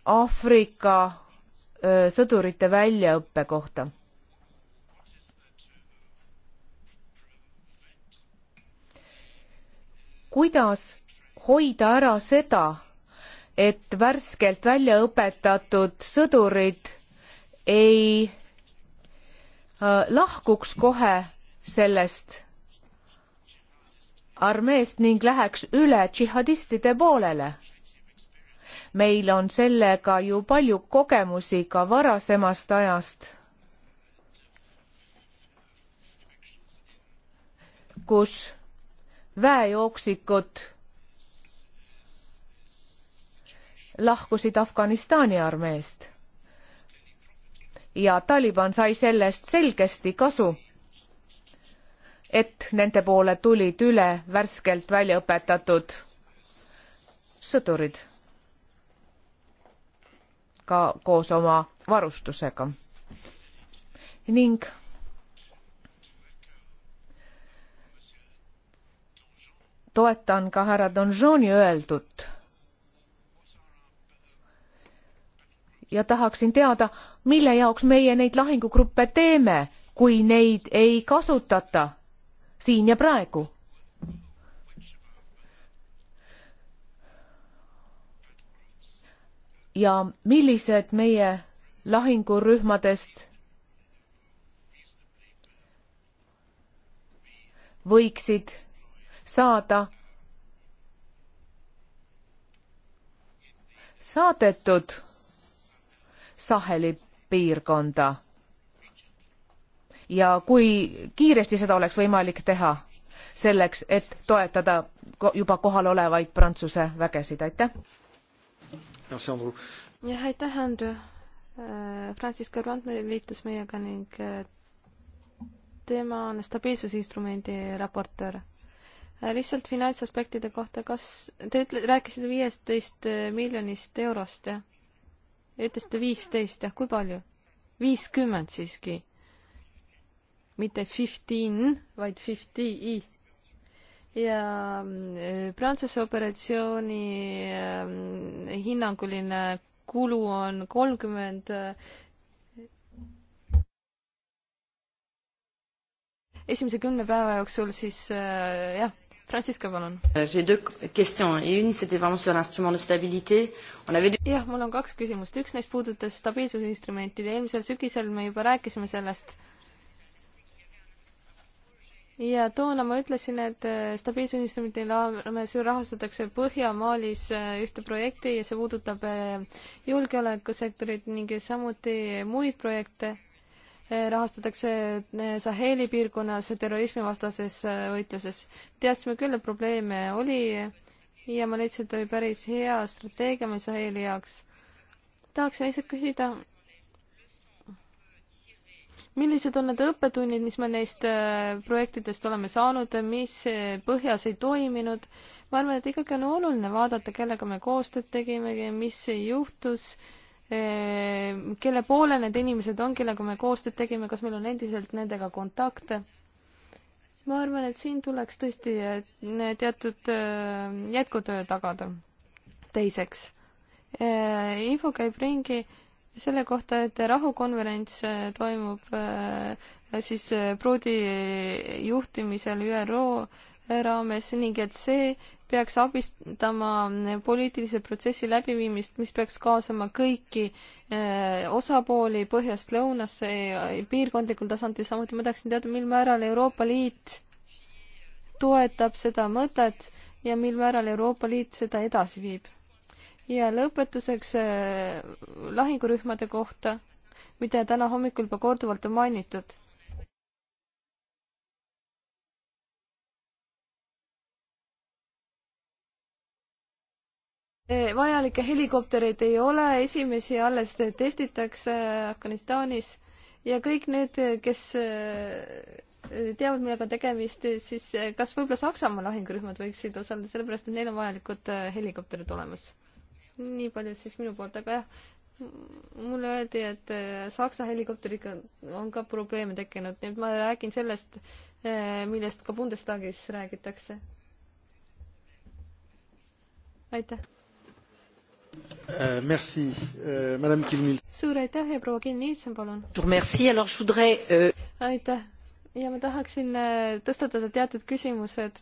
Aafrika äh, sõdurite väljaõppe kohta kuidas hoida ära seda, et värskelt välja õpetatud sõdurid ei äh, lahkuks kohe sellest armeest ning läheks üle džihadistide poolele. meil on sellega ju palju kogemusi ka varasemast ajast, kus väejooksikud lahkusid Afganistani armeest ja Taliban sai sellest selgesti kasu, et nende poole tulid üle värskelt välja õpetatud sõdurid ka koos oma varustusega ning toetan ka härra Donjoni öeldut. ja tahaksin teada, mille jaoks meie neid lahingugruppe teeme, kui neid ei kasutata siin ja praegu ja millised meie lahingurühmadest võiksid saada saadetud Saheli piirkonda. ja kui kiiresti seda oleks võimalik teha selleks, et toetada juba kohal olevaid Prantsuse vägesid, aitäh! jah, aitäh, Andrew! Äh, Francisco Randme liitus meiega ning äh, tema on stabiilsusinstrumendi raportöör Äh, lihtsalt finantsaspektide kohta, kas te ütle-, rääkisite viieteist äh, miljonist eurost, jah? ütlesite viisteist, jah, kui palju? viiskümmend siiski. mitte fifteen, vaid fifty. ja mm, äh, Prantsuse operatsiooni hinnanguline kulu on kolmkümmend esimese kümne päeva jooksul siis äh, jah Francisca, palun. Euh, jah, mul on kaks küsimust, üks neist puudutas stabiilsusinstrumentide, eelmisel sügisel me juba rääkisime sellest. ja toona ma ütlesin, et äh, stabiilsusinstrumentide raames rahastatakse Põhja-Maalis äh, ühte projekti ja see puudutab äh, julgeolekusektorit ning samuti muid projekte rahastatakse eh, Saheli piirkonnas terrorismivastases eh, võitluses. teadsime küll, et probleeme oli ja ma leidsin, et oli päris hea strateegia meil Saheli jaoks. tahaksin lihtsalt küsida, millised on need õppetunnid, mis me neist eh, projektidest oleme saanud, mis põhjas ei toiminud? ma arvan, et ikkagi on oluline vaadata, kellega me koostööd tegime, mis juhtus Ehm, kelle poole need inimesed on, kellega me koostööd tegime, kas meil on endiselt nendega kontakte? ma arvan, et siin tuleks tõesti eh, teatud eh, jätkutöö tagada. teiseks, eh, info käib ringi selle kohta, et rahukonverents toimub siis Pruudi juhtimisel ÜRO raames ning et see peaks abistama poliitilise protsessi läbiviimist, mis peaks kaasama kõiki eh, osapooli põhjast lõunasse piirkondlikul tasandil, samuti ma tahaksin teada, mil määral Euroopa Liit toetab seda mõtet ja mil määral Euroopa Liit seda edasi viib. ja lõpetuseks eh, lahingurühmade kohta, mida täna hommikul juba korduvalt on mainitud Eh, vajalikke helikoptereid ei ole, esimesi alles testitakse Afganistanis ja kõik need, kes eh, teavad, millega on tegemist, siis eh, kas võib-olla Saksamaa lahingurühmad võiksid osaleda, sellepärast et neil on vajalikud helikopterid olemas. nii palju siis minu poolt, aga jah, mulle öeldi, et Saksa helikopteriga on ka probleeme tekkinud, nii et ma räägin sellest, millest ka Bundestagis räägitakse. aitäh! Uh, merci uh,, madame Kilmil. suur aitäh ja proua Kilmilsen, palun. Euh, aitäh ja ma tahaksin äh, tõstatada teatud küsimused,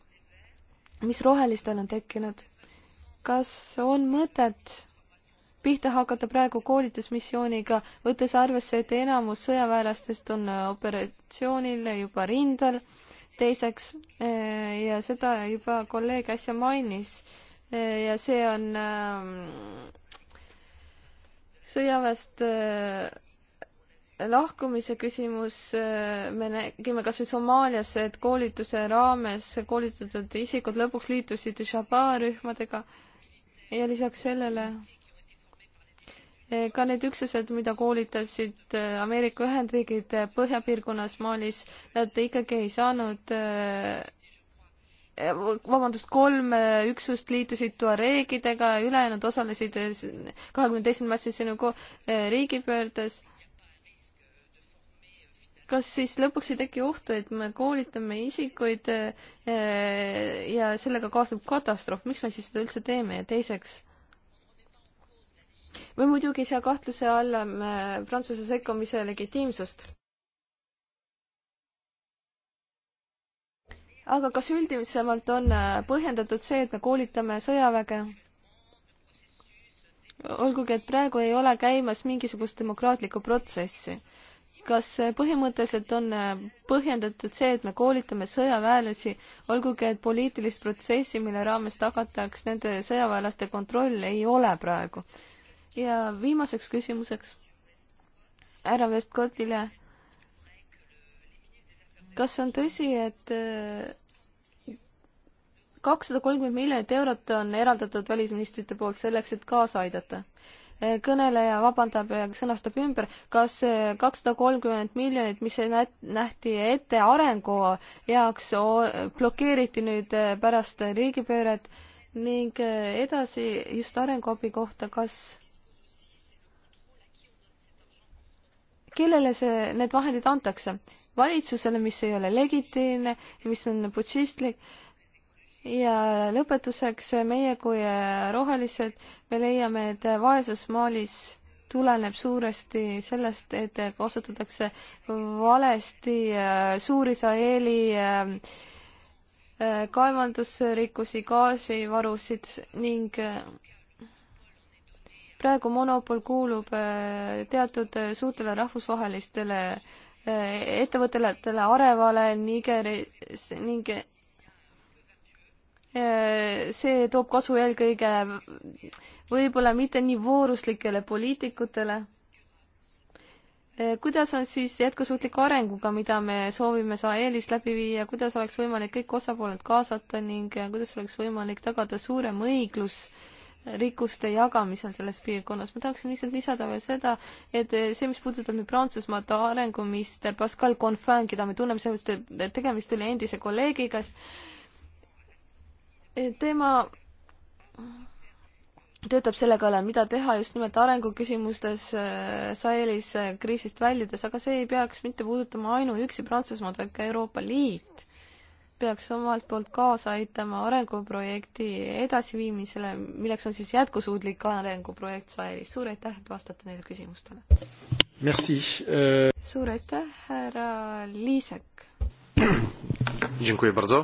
mis rohelistel on tekkinud. kas on mõtet pihta hakata praegu koolitusmissiooniga, võttes arvesse, et enamus sõjaväelastest on äh, operatsioonil juba rindel, teiseks, äh, ja seda juba kolleeg äsja mainis ja see on ähm, sõjaväest äh, lahkumise küsimus, äh, me nägime kas või Somaalias, et koolituse raames koolitatud isikud lõpuks liitusid Shabaa rühmadega ja lisaks sellele äh, ka need üksused, mida koolitasid Ameerika Ühendriigid põhjapiirkonnas Malis, nad ikkagi ei saanud vabandust, kolm üksust liitusid tuareegidega, ülejäänud osalesid kahekümne teisel märtsil sinu riigipöördes. kas siis lõpuks ei teki ohtu, et me koolitame isikuid eh, ja sellega kaasneb katastroof, miks me siis seda üldse teeme ja teiseks? me muidugi ei sea kahtluse alla eh, Prantsuse sekkumise legitiimsust aga kas üldisemalt on äh, põhjendatud see, et me koolitame sõjaväge? olgugi, et praegu ei ole käimas mingisugust demokraatlikku protsessi. kas äh, põhimõtteliselt on äh, põhjendatud see, et me koolitame sõjaväelasi, olgugi et poliitilist protsessi, mille raames tagataks nende sõjaväelaste kontroll, ei ole praegu? ja viimaseks küsimuseks härra Westcottile kas on tõsi, et äh, kakssada kolmkümmend miljonit eurot on eraldatud välisministrite poolt selleks, et kaasa aidata? Äh, kõneleja vabandab ja sõnastab ümber, kas äh, kakssada kolmkümmend miljonit, mis nähti ette arengu jaoks, blokeeriti nüüd pärast riigipööret ning edasi just arenguabi kohta, kas kellele see, need vahendid antakse? valitsusele, mis ei ole legitiimne ja mis on putšistlik. ja lõpetuseks meie kui rohelised, me leiame, et vaesus Malis tuleneb suuresti sellest, et kasutatakse valesti äh, Suur-Iisraeli äh, äh, kaevandusrikkusi, gaasivarusid ning praegu monopol kuulub teatud suurtele rahvusvahelistele ettevõtetele arevale Nigeris ning äh, see toob kasu eelkõige võib-olla mitte nii vooruslikele poliitikutele. Äh, kuidas on siis jätkusuutliku arenguga, mida me soovime saa eelis läbi viia, kuidas oleks võimalik kõik osapooled kaasata ning äh, kuidas oleks võimalik tagada suurem õiglus äh, rikkuste jagamisel selles piirkonnas. ma tahaksin lihtsalt lisada veel seda, et see, mis puudutab nüüd Prantsusmaad, arenguminister Pascal Confin, keda me tunneme sellepärast, et tegemist oli endise kolleegiga, tema töötab selle kallal, mida teha just nimelt arenguküsimustes äh, Sahelis äh, kriisist väljudes, aga see ei peaks mitte puudutama ainuüksi Prantsusmaad, vaid ka Euroopa Liit peaks omalt poolt kaasa aitama arenguprojekti edasiviimisele, milleks on siis jätkusuutlik arenguprojekt Sahelis. suur aitäh, et vastate neile küsimustele. Merci uh.... suur aitäh, härra Liisek. <coughs> Dziękuję bardzo.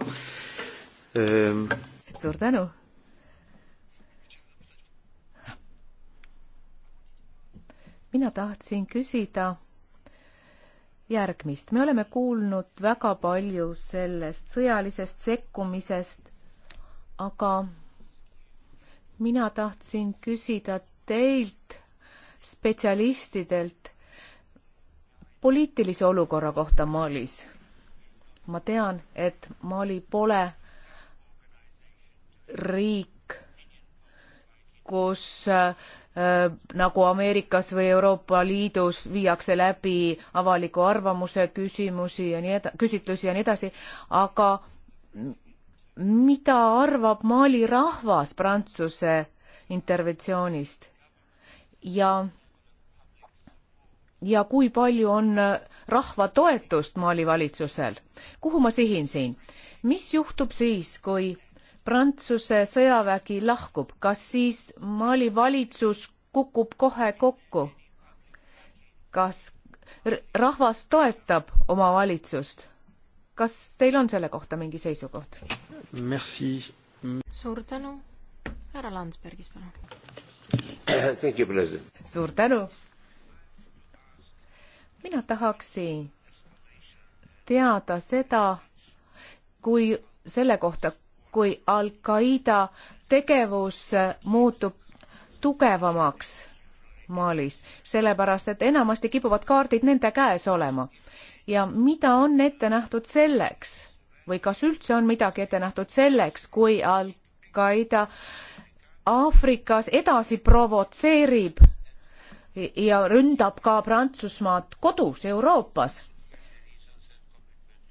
suur tänu. mina tahtsin küsida järgmist. me oleme kuulnud väga palju sellest sõjalisest sekkumisest, aga mina tahtsin küsida teilt, spetsialistidelt, poliitilise olukorra kohta Malis. ma tean, et Mali pole riik, kus äh, Äh, nagu Ameerikas või Euroopa Liidus viiakse läbi avaliku arvamuse küsimusi ja nii eda-, küsitlusi ja nii edasi, aga mida arvab Mali rahvas Prantsuse interventsioonist? ja, ja kui palju on rahva toetust Mali valitsusel? kuhu ma sihin siin? mis juhtub siis, kui Prantsuse sõjavägi lahkub, kas siis Mali valitsus kukub kohe kokku? kas rahvas toetab oma valitsust? kas teil on selle kohta mingi seisukoht? suur tänu, härra Landsbergis, palun. <coughs> suur tänu. mina tahaksin teada seda, kui selle kohta, kui Al-Qaeda tegevus muutub tugevamaks Malis, sellepärast et enamasti kipuvad kaardid nende käes olema. ja mida on ette nähtud selleks või kas üldse on midagi ette nähtud selleks, kui Al-Qaeda Aafrikas edasi provotseerib ja ründab ka Prantsusmaad kodus Euroopas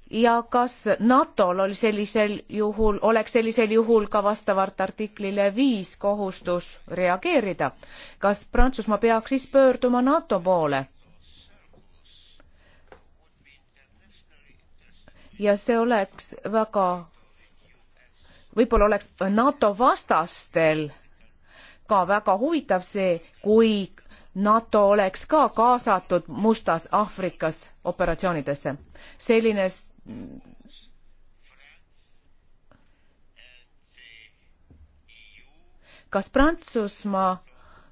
ja kas NATO-l oli sellisel juhul, oleks sellisel juhul ka vastavalt artiklile viis kohustus reageerida? kas Prantsusmaa peaks siis pöörduma NATO poole? ja see oleks väga, võib-olla oleks NATO vastastel ka väga huvitav see, kui NATO oleks ka kaasatud Mustas Aafrikas operatsioonidesse. selline kas Prantsusmaa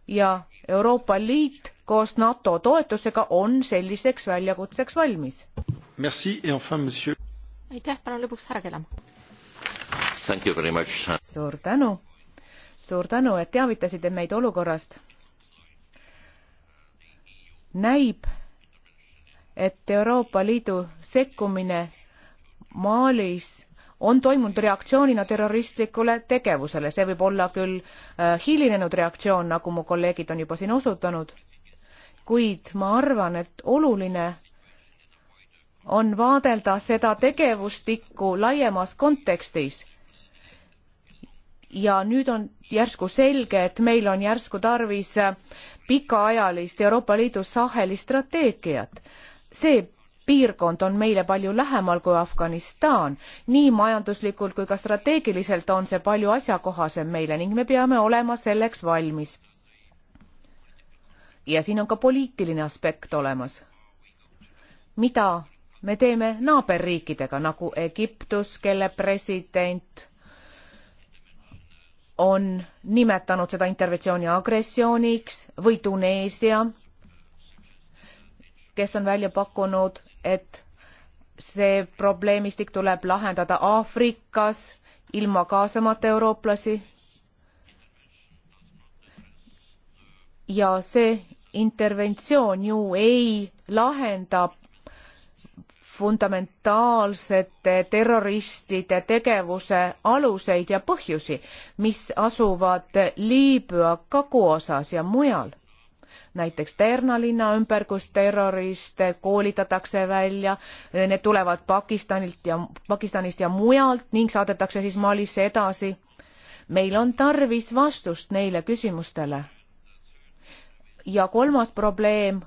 ja Euroopa Liit koos NATO toetusega on selliseks väljakutseks valmis? Enfin, aitäh, palun lõpuks härra Kelam. suur tänu, suur tänu, et teavitasite meid olukorrast. näib, et Euroopa Liidu sekkumine Malis on toimunud reaktsioonina terroristlikule tegevusele, see võib olla küll äh, hilinenud reaktsioon, nagu mu kolleegid on juba siin osutanud, kuid ma arvan, et oluline on vaadelda seda tegevustikku laiemas kontekstis. ja nüüd on järsku selge, et meil on järsku tarvis äh, pikaajalist Euroopa Liidu Saheli strateegiat see piirkond on meile palju lähemal kui Afganistan. nii majanduslikult kui ka strateegiliselt on see palju asjakohasem meile ning me peame olema selleks valmis. ja siin on ka poliitiline aspekt olemas. mida me teeme naaberriikidega nagu Egiptus, kelle president on nimetanud seda interventsiooni agressiooniks või Tuneesia kes on välja pakkunud, et see probleemistik tuleb lahendada Aafrikas ilma kaasamata eurooplasi. ja see interventsioon ju ei lahenda fundamentaalsete terroristide tegevuse aluseid ja põhjusi, mis asuvad Liibüa kaguosas ja mujal näiteks Terna linna ümber, kus terroriste koolitatakse välja, need tulevad Pakistanilt ja, Pakistanist ja mujalt ning saadetakse siis Malisse edasi. meil on tarvis vastust neile küsimustele. ja kolmas probleem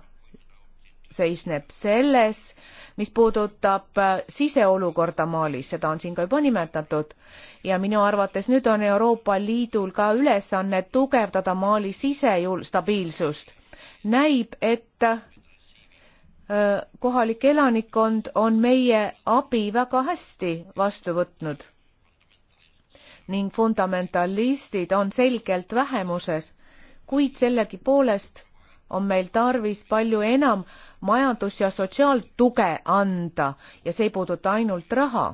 seisneb selles, mis puudutab äh, siseolukorda Malis, seda on siin ka juba nimetatud, ja minu arvates nüüd on Euroopa Liidul ka ülesanne tugevdada Mali sisejul-, stabiilsust näib, et kohalik elanikkond on meie abi väga hästi vastu võtnud ning fundamentalistid on selgelt vähemuses, kuid sellegipoolest on meil tarvis palju enam majandus- ja sotsiaaltuge anda ja see ei puuduta ainult raha.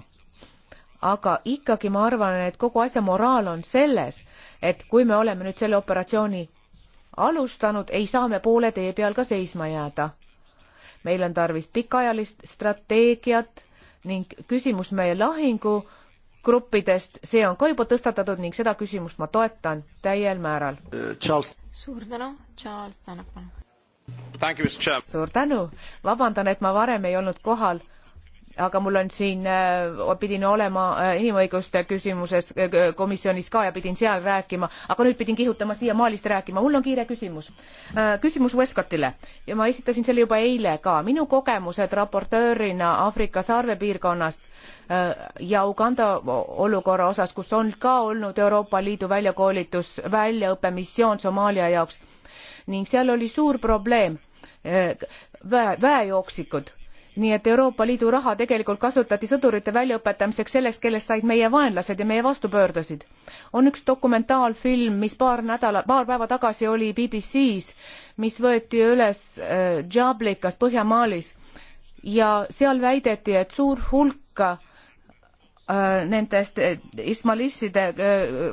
aga ikkagi ma arvan, et kogu asja moraal on selles, et kui me oleme nüüd selle operatsiooni alustanud, ei saa me poole tee peal ka seisma jääda. meil on tarvis pikaajalist strateegiat ning küsimus meie lahingugruppidest, see on ka juba tõstatatud ning seda küsimust ma toetan täiel määral. Äh, suur tänu, Charles Tannak, palun. suur tänu, vabandan, et ma varem ei olnud kohal aga mul on siin, äh, pidin olema äh, inimõiguste küsimuses äh, komisjonis ka ja pidin seal rääkima, aga nüüd pidin kihutama siia Maalist rääkima. mul on kiire küsimus. küsimus Westcottile ja ma esitasin selle juba eile ka. minu kogemused raportöörina Aafrika sarvepiirkonnast ja Uganda olukorra osas, kus on ka olnud Euroopa Liidu väljakoolitus, väljaõppemissioon Somaalia jaoks ning seal oli suur probleem, väe, väejooksikud nii et Euroopa Liidu raha tegelikult kasutati sõdurite väljaõpetamiseks sellest, kellest said meie vaenlased ja meie vastu pöördusid. on üks dokumentaalfilm, mis paar nädala, paar päeva tagasi oli BBC-s, mis võeti üles äh, Džablikas Põhja-Maalis ja seal väideti, et suur hulk Äh, nendest äh, ismalisside äh,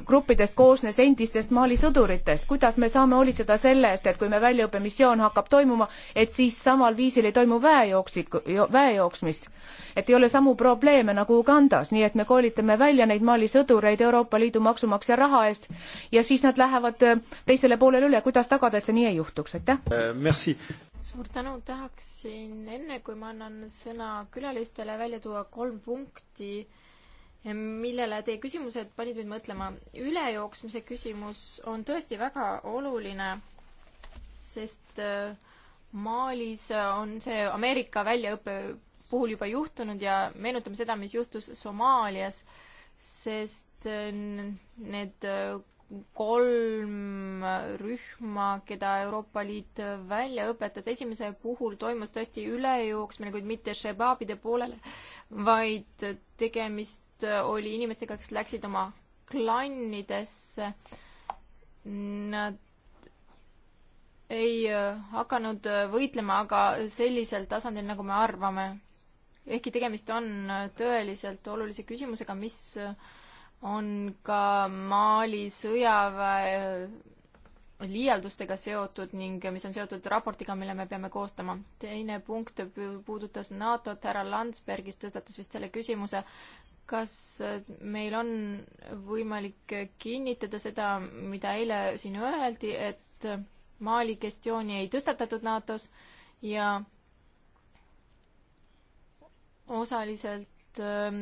gruppidest koosnes endistest Mali sõduritest, kuidas me saame hoolitseda selle eest, et kui me väljaõppemissioon hakkab toimuma, et siis samal viisil ei toimu väejooksik, väejooksmist. et ei ole samu probleeme nagu Ugandas, nii et me koolitame välja neid Mali sõdureid Euroopa Liidu maksumaksja raha eest ja siis nad lähevad teisele poolele üle, kuidas tagada, et see nii ei juhtuks, aitäh äh,? suur tänu, tahaksin enne, kui ma annan sõna külalistele, välja tuua kolm punkti millele teie küsimused panid mind mõtlema. ülejooksmise küsimus on tõesti väga oluline, sest äh, Malis on see Ameerika väljaõppe puhul juba juhtunud ja meenutame seda, mis juhtus Somaalias, sest äh, need äh, kolm rühma, keda Euroopa Liit välja õpetas, esimese puhul toimus tõesti ülejooksmine, kuid mitte šebaabide poolele, vaid tegemist tegemist äh, oli inimestega, kes läksid oma klannidesse. Nad ei äh, hakanud äh, võitlema aga sellisel tasandil, nagu me arvame. ehkki tegemist on tõeliselt olulise küsimusega, mis on ka Mali sõjaväe liialdustega seotud ning mis on seotud raportiga, mille me peame koostama. teine punkt puudutas NATO-t, härra Landsbergis tõstatas vist selle küsimuse kas meil on võimalik kinnitada seda, mida eile siin öeldi, et Mali kestiooni ei tõstatatud NATO-s ja osaliselt ähm,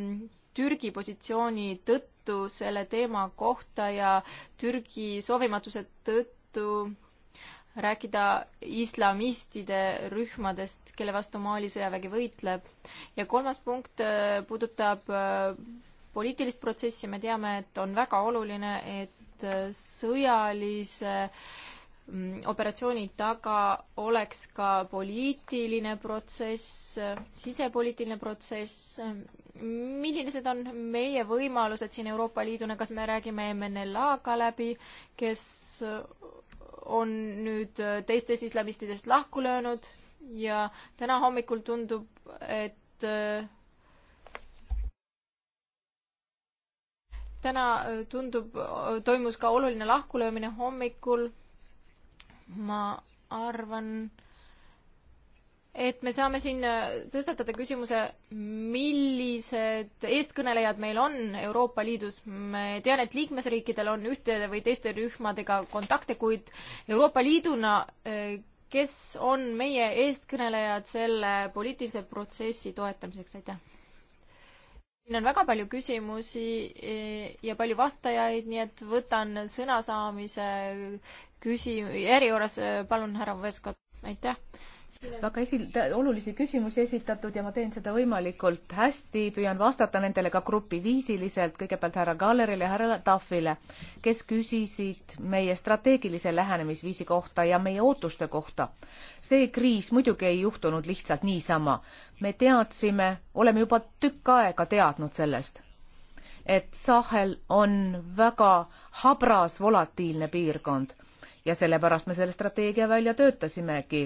Türgi positsiooni tõttu selle teema kohta ja Türgi soovimatuse tõttu rääkida islamistide rühmadest, kelle vastu Mali sõjavägi võitleb. ja kolmas punkt äh, puudutab äh, poliitilist protsessi, me teame, et on väga oluline, et äh, sõjalise mm, operatsiooni taga oleks ka poliitiline protsess, sisepoliitiline protsess. millised on meie võimalused siin Euroopa Liiduna, kas me räägime MNLA-ga läbi, kes on nüüd äh, teistest islamistidest lahku löönud ja täna hommikul tundub, et äh, täna äh, tundub, toimus ka oluline lahkulöömine hommikul. ma arvan, et me saame siin äh, tõstatada küsimuse, millised eestkõnelejad meil on Euroopa Liidus. ma tean, et liikmesriikidel on ühtede või teiste rühmadega kontakte, kuid Euroopa Liiduna, äh, kes on meie eestkõnelejad selle poliitilise protsessi toetamiseks, aitäh? siin on väga palju küsimusi äh, ja palju vastajaid, nii et võtan sõna saamise küsi-, järjekorras, palun, härra Veskot, aitäh väga esi-, olulisi küsimusi esitatud ja ma teen seda võimalikult hästi, püüan vastata nendele ka grupiviisiliselt, kõigepealt härra Gallerile ja härra Tahvile, kes küsisid meie strateegilise lähenemisviisi kohta ja meie ootuste kohta. see kriis muidugi ei juhtunud lihtsalt niisama. me teadsime, oleme juba tükk aega teadnud sellest, et Sahel on väga habras volatiilne piirkond ja sellepärast me selle strateegia välja töötasimegi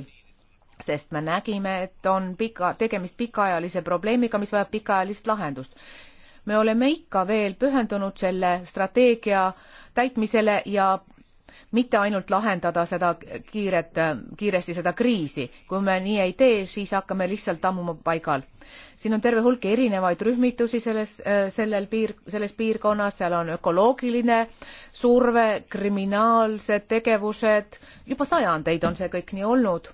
sest me nägime, et on pika, tegemist pikaajalise probleemiga, mis vajab pikaajalist lahendust. me oleme ikka veel pühendunud selle strateegia täitmisele ja mitte ainult lahendada seda kiiret, kiiresti seda kriisi. kui me nii ei tee, siis hakkame lihtsalt tammuma paigal. siin on terve hulk erinevaid rühmitusi selles, sellel piir, selles piirkonnas, seal on ökoloogiline surve, kriminaalsed tegevused, juba sajandeid on see kõik nii olnud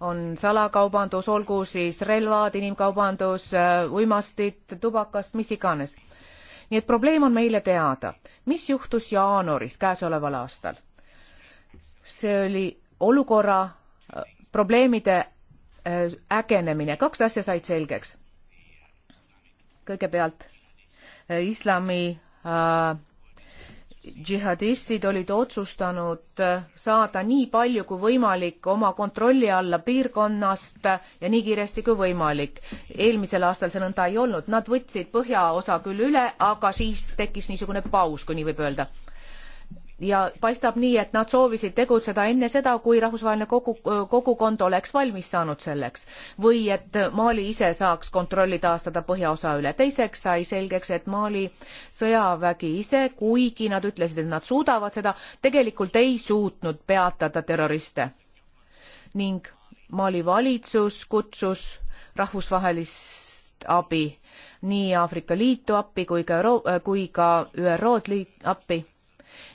on salakaubandus, olgu siis relvad, inimkaubandus, äh, uimastid, tubakast, mis iganes. nii et probleem on meile teada. mis juhtus jaanuaris käesoleval aastal? see oli olukorra äh, probleemide äh, ägenemine, kaks asja said selgeks. kõigepealt islami äh, džihadistid olid otsustanud saada nii palju kui võimalik oma kontrolli alla piirkonnast ja nii kiiresti kui võimalik. eelmisel aastal see nõnda ei olnud, nad võtsid põhjaosa küll üle, aga siis tekkis niisugune paus, kui nii võib öelda ja paistab nii, et nad soovisid tegutseda enne seda, kui rahvusvaheline kogu, kogukond oleks valmis saanud selleks või et Mali ise saaks kontrolli taastada põhjaosa üle. teiseks sai selgeks, et Mali sõjavägi ise, kuigi nad ütlesid, et nad suudavad seda, tegelikult ei suutnud peatada terroriste. ning Mali valitsus kutsus rahvusvahelist abi nii Aafrika Liitu appi kui ka Euro-, kui ka ÜRO-d liit-, appi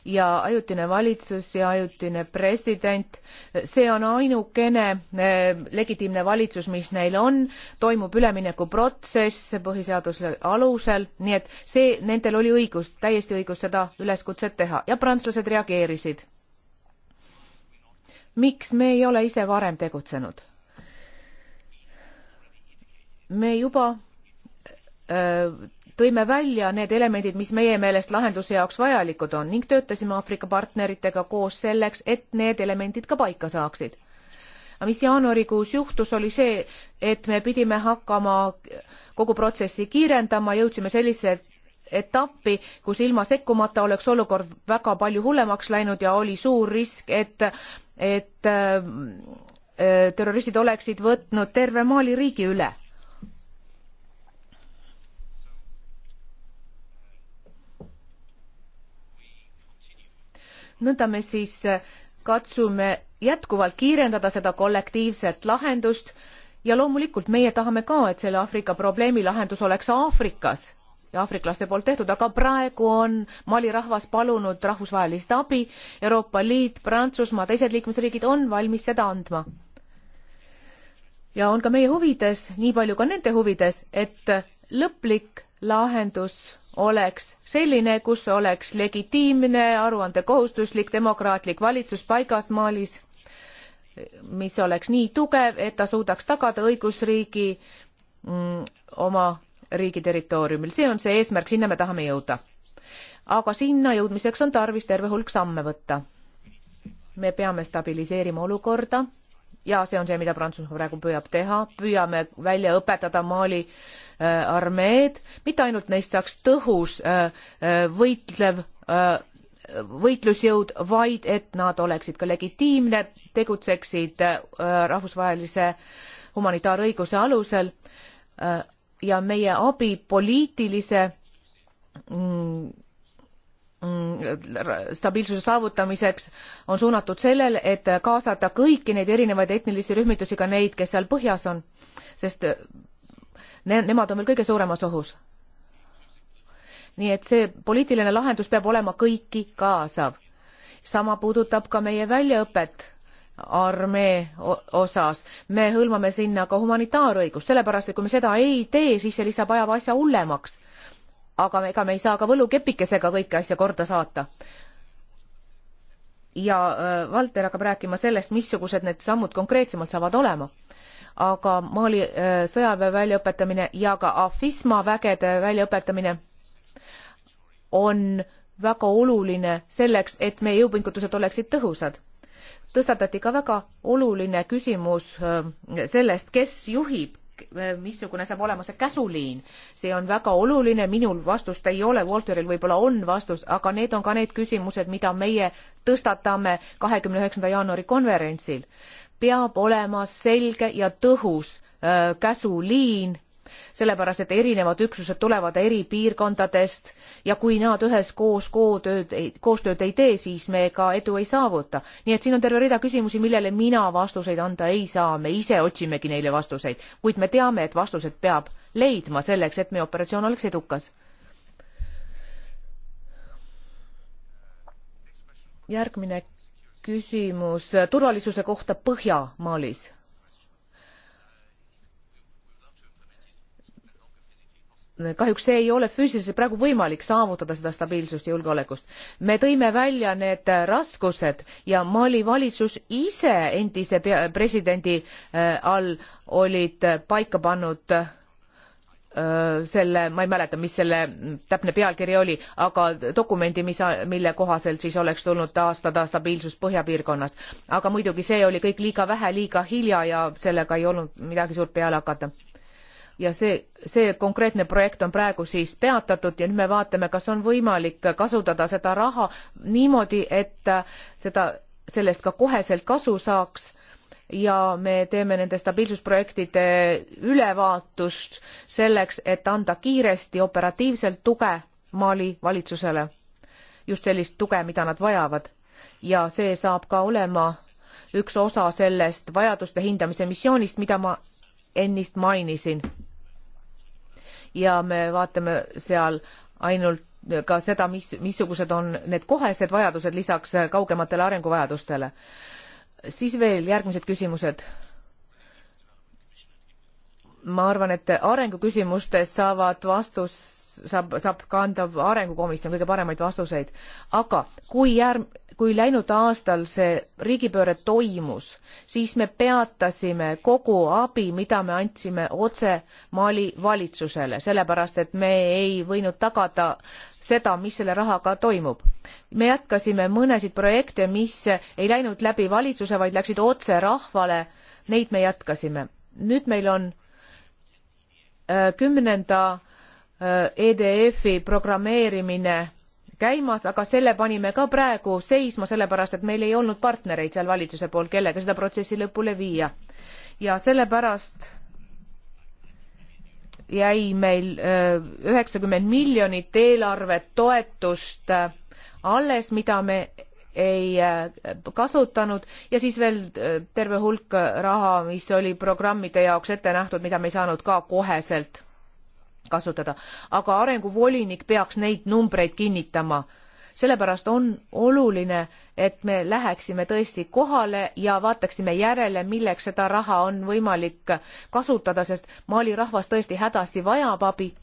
ja ajutine valitsus ja ajutine president, see on ainukene eh, legitiimne valitsus, mis neil on, toimub üleminekuprotsess põhiseaduse alusel, nii et see, nendel oli õigus, täiesti õigus seda üleskutset teha ja prantslased reageerisid. miks me ei ole ise varem tegutsenud? me juba öö, eh, tõime välja need elemendid, mis meie meelest lahenduse jaoks vajalikud on ning töötasime Aafrika partneritega koos selleks, et need elemendid ka paika saaksid. aga mis jaanuarikuus juhtus, oli see, et me pidime hakkama kogu protsessi kiirendama, jõudsime sellise etappi, kus ilma sekkumata oleks olukord väga palju hullemaks läinud ja oli suur risk, et, et äh, äh terroristid oleksid võtnud terve Mali riigi üle nõnda me siis äh, katsume jätkuvalt kiirendada seda kollektiivset lahendust ja loomulikult meie tahame ka, et selle Aafrika probleemi lahendus oleks Aafrikas ja aafriklaste poolt tehtud, aga praegu on Mali rahvas palunud rahvusvahelist abi, Euroopa Liit, Prantsusmaa, teised liikmesriigid on valmis seda andma. ja on ka meie huvides, nii palju ka nende huvides, et lõplik lahendus oleks selline, kus oleks legitiimne aruandekohustuslik demokraatlik valitsus paigas Malis, mis oleks nii tugev, et ta suudaks tagada õigusriigi mm, oma riigi territooriumil. see on see eesmärk, sinna me tahame jõuda. aga sinna jõudmiseks on tarvis terve hulk samme võtta. me peame stabiliseerima olukorda ja see on see, mida Prantsusmaa praegu püüab teha, püüame välja õpetada Mali äh, armeed, mitte ainult neist saaks tõhus äh, äh võitlev äh, võitlusjõud, vaid et nad oleksid ka legitiimne, tegutseksid äh, rahvusvahelise humanitaarõiguse alusel äh, ja meie abi poliitilise mm, Mm, stabiilsuse saavutamiseks on suunatud sellele, et kaasata kõiki neid erinevaid etnilisi rühmitusi, ka neid, kes seal põhjas on, sest äh, ne-, nemad on veel kõige suuremas ohus. nii et see poliitiline lahendus peab olema kõiki kaasav. sama puudutab ka meie väljaõpet armee osas. me hõlmame sinna ka humanitaarõigust, sellepärast et kui me seda ei tee, siis see lihtsalt ajab asja hullemaks aga ega me ei saa ka võlukepikesega kõike asja korda saata. ja äh, Valter hakkab rääkima sellest, missugused need sammud konkreetsemalt saavad olema. aga Mali äh, sõjaväe väljaõpetamine ja ka AFISMA vägede väljaõpetamine on väga oluline selleks, et meie jõupingutused oleksid tõhusad tõstatati ka väga oluline küsimus äh, sellest, kes juhib Eh, missugune saab olema see käsuliin. see on väga oluline, minul vastust ei ole, Walteril võib-olla on vastus, aga need on ka need küsimused, mida meie tõstatame kahekümne üheksanda jaanuari konverentsil. peab olema selge ja tõhus äh, käsuliin sellepärast et erinevad üksused tulevad eri piirkondadest ja kui nad üheskoos koostööd ei, koostööd ei tee, siis me ka edu ei saavuta. nii et siin on terve rida küsimusi, millele mina vastuseid anda ei saa, me ise otsimegi neile vastuseid, kuid me teame, et vastused peab leidma selleks, et meie operatsioon oleks edukas. järgmine küsimus turvalisuse kohta Põhja-Maalis kahjuks see ei ole füüsiliselt praegu võimalik saavutada seda stabiilsust ja julgeolekust. me tõime välja need raskused ja Mali valitsus ise endise presidendi äh, all olid paika pannud äh, selle, ma ei mäleta, mis selle täpne pealkiri oli, aga dokumendi, mis, mille kohaselt siis oleks tulnud taastada stabiilsus põhjapiirkonnas. aga muidugi see oli kõik liiga vähe, liiga hilja ja sellega ei olnud midagi suurt peale hakata ja see, see konkreetne projekt on praegu siis peatatud ja nüüd me vaatame, kas on võimalik kasutada seda raha niimoodi, et seda, sellest ka koheselt kasu saaks ja me teeme nende stabiilsusprojektide ülevaatust selleks, et anda kiiresti operatiivselt tuge Mali valitsusele. just sellist tuge, mida nad vajavad. ja see saab ka olema üks osa sellest vajaduste hindamise missioonist, mida ma ennist mainisin ja me vaatame seal ainult ka seda, mis, missugused on need kohesed vajadused lisaks kaugematele arenguvajadustele. siis veel järgmised küsimused. ma arvan, et arenguküsimustes saavad vastus, saab, saab ka andav arengukomisjon kõige paremaid vastuseid, aga kui järg-, kui läinud aastal see riigipööre toimus, siis me peatasime kogu abi, mida me andsime otse Mali valitsusele, sellepärast et me ei võinud tagada seda, mis selle rahaga toimub. me jätkasime mõnesid projekte, mis ei läinud läbi valitsuse, vaid läksid otse rahvale, neid me jätkasime. nüüd meil on äh, kümnenda äh, EDF-i programmeerimine käimas, aga selle panime ka praegu seisma, sellepärast et meil ei olnud partnereid seal valitsuse poolt, kellega seda protsessi lõpule viia. ja sellepärast jäi meil äh, üheksakümmend miljonit eelarvet toetust äh, alles, mida me ei äh, kasutanud ja siis veel terve hulk raha, mis oli programmide jaoks ette nähtud, mida me ei saanud ka koheselt kasutada, aga arenguvolinik peaks neid numbreid kinnitama. sellepärast on oluline, et me läheksime tõesti kohale ja vaataksime järele, milleks seda raha on võimalik kasutada, sest Mali rahvas tõesti hädasti vajab abi.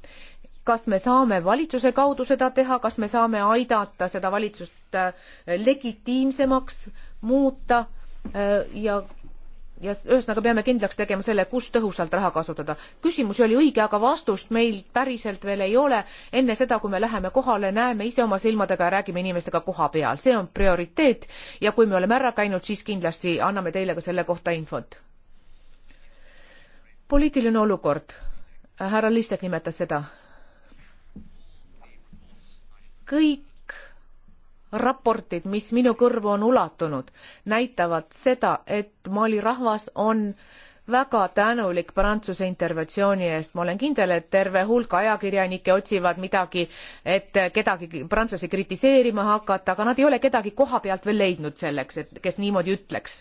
kas me saame valitsuse kaudu seda teha, kas me saame aidata seda valitsust äh, legitiimsemaks muuta äh, ja ja ühesõnaga peame kindlaks tegema selle, kus tõhusalt raha kasutada. küsimusi oli õige, aga vastust meil päriselt veel ei ole. enne seda, kui me läheme kohale, näeme ise oma silmadega ja räägime inimestega koha peal, see on prioriteet ja kui me oleme ära käinud, siis kindlasti anname teile ka selle kohta infot. poliitiline olukord, härra Listek nimetas seda. kõik raportid, mis minu kõrvu on ulatunud, näitavad seda, et Mali rahvas on väga tänulik Prantsuse interventsiooni eest, ma olen kindel, et terve hulk ajakirjanikke otsivad midagi, et kedagi prantslasi kritiseerima hakata, aga nad ei ole kedagi koha pealt veel leidnud selleks, et kes niimoodi ütleks.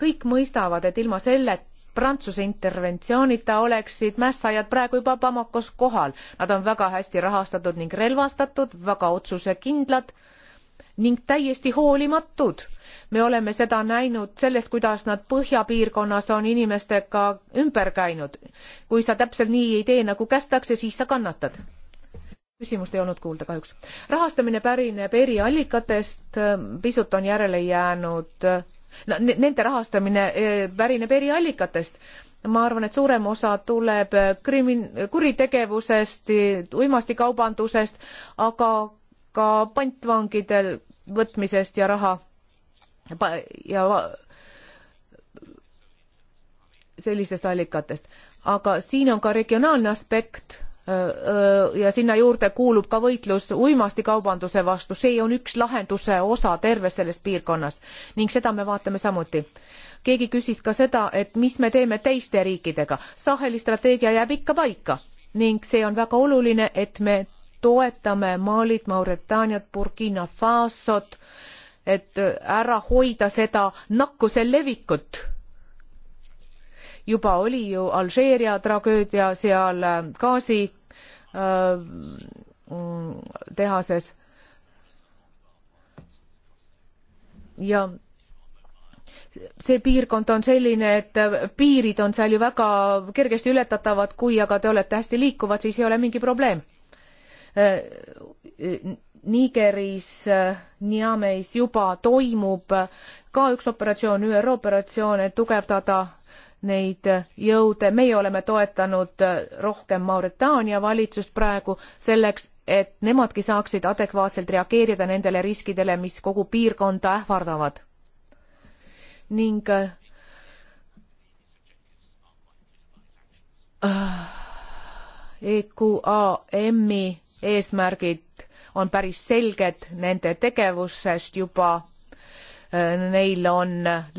kõik mõistavad, et ilma selleta Prantsuse interventsioonita oleksid mässajad praegu juba Bamakos kohal. Nad on väga hästi rahastatud ning relvastatud, väga otsusekindlad ning täiesti hoolimatud. me oleme seda näinud sellest, kuidas nad põhjapiirkonnas on inimestega ümber käinud. kui sa täpselt nii ei tee, nagu kästakse, siis sa kannatad. küsimust ei olnud kuulda kahjuks. rahastamine pärineb eriallikatest, pisut on järele jäänud nende rahastamine eh, pärineb eriallikatest. ma arvan, et suurem osa tuleb eh, krimin-, kuritegevusest, eh, uimastikaubandusest, aga ka pantvangidel võtmisest ja raha ja sellistest allikatest. aga siin on ka regionaalne aspekt ja sinna juurde kuulub ka võitlus uimastikaubanduse vastu, see on üks lahenduse osa terves selles piirkonnas ning seda me vaatame samuti. keegi küsis ka seda, et mis me teeme teiste riikidega, Saheli strateegia jääb ikka paika ning see on väga oluline, et me toetame Malit, Mauretaaniat, Burkina Fasot, et ära hoida seda nakkuse levikut juba oli ju Alžeeria tragöödia seal äh, gaasi äh, mm, tehases. ja see piirkond on selline, et äh, piirid on seal ju väga kergesti ületatavad, kui aga te olete hästi liikuvad, siis ei ole mingi probleem. Nigeris, Niameis juba toimub ka üks operatsioon, ÜRO operatsioon, et tugevdada neid jõude, meie oleme toetanud rohkem Mauritaania valitsust praegu selleks, et nemadki saaksid adekvaatselt reageerida nendele riskidele, mis kogu piirkonda ähvardavad. ning äh, EQAM-i eesmärgid on päris selged nende tegevusest juba Äh, neil on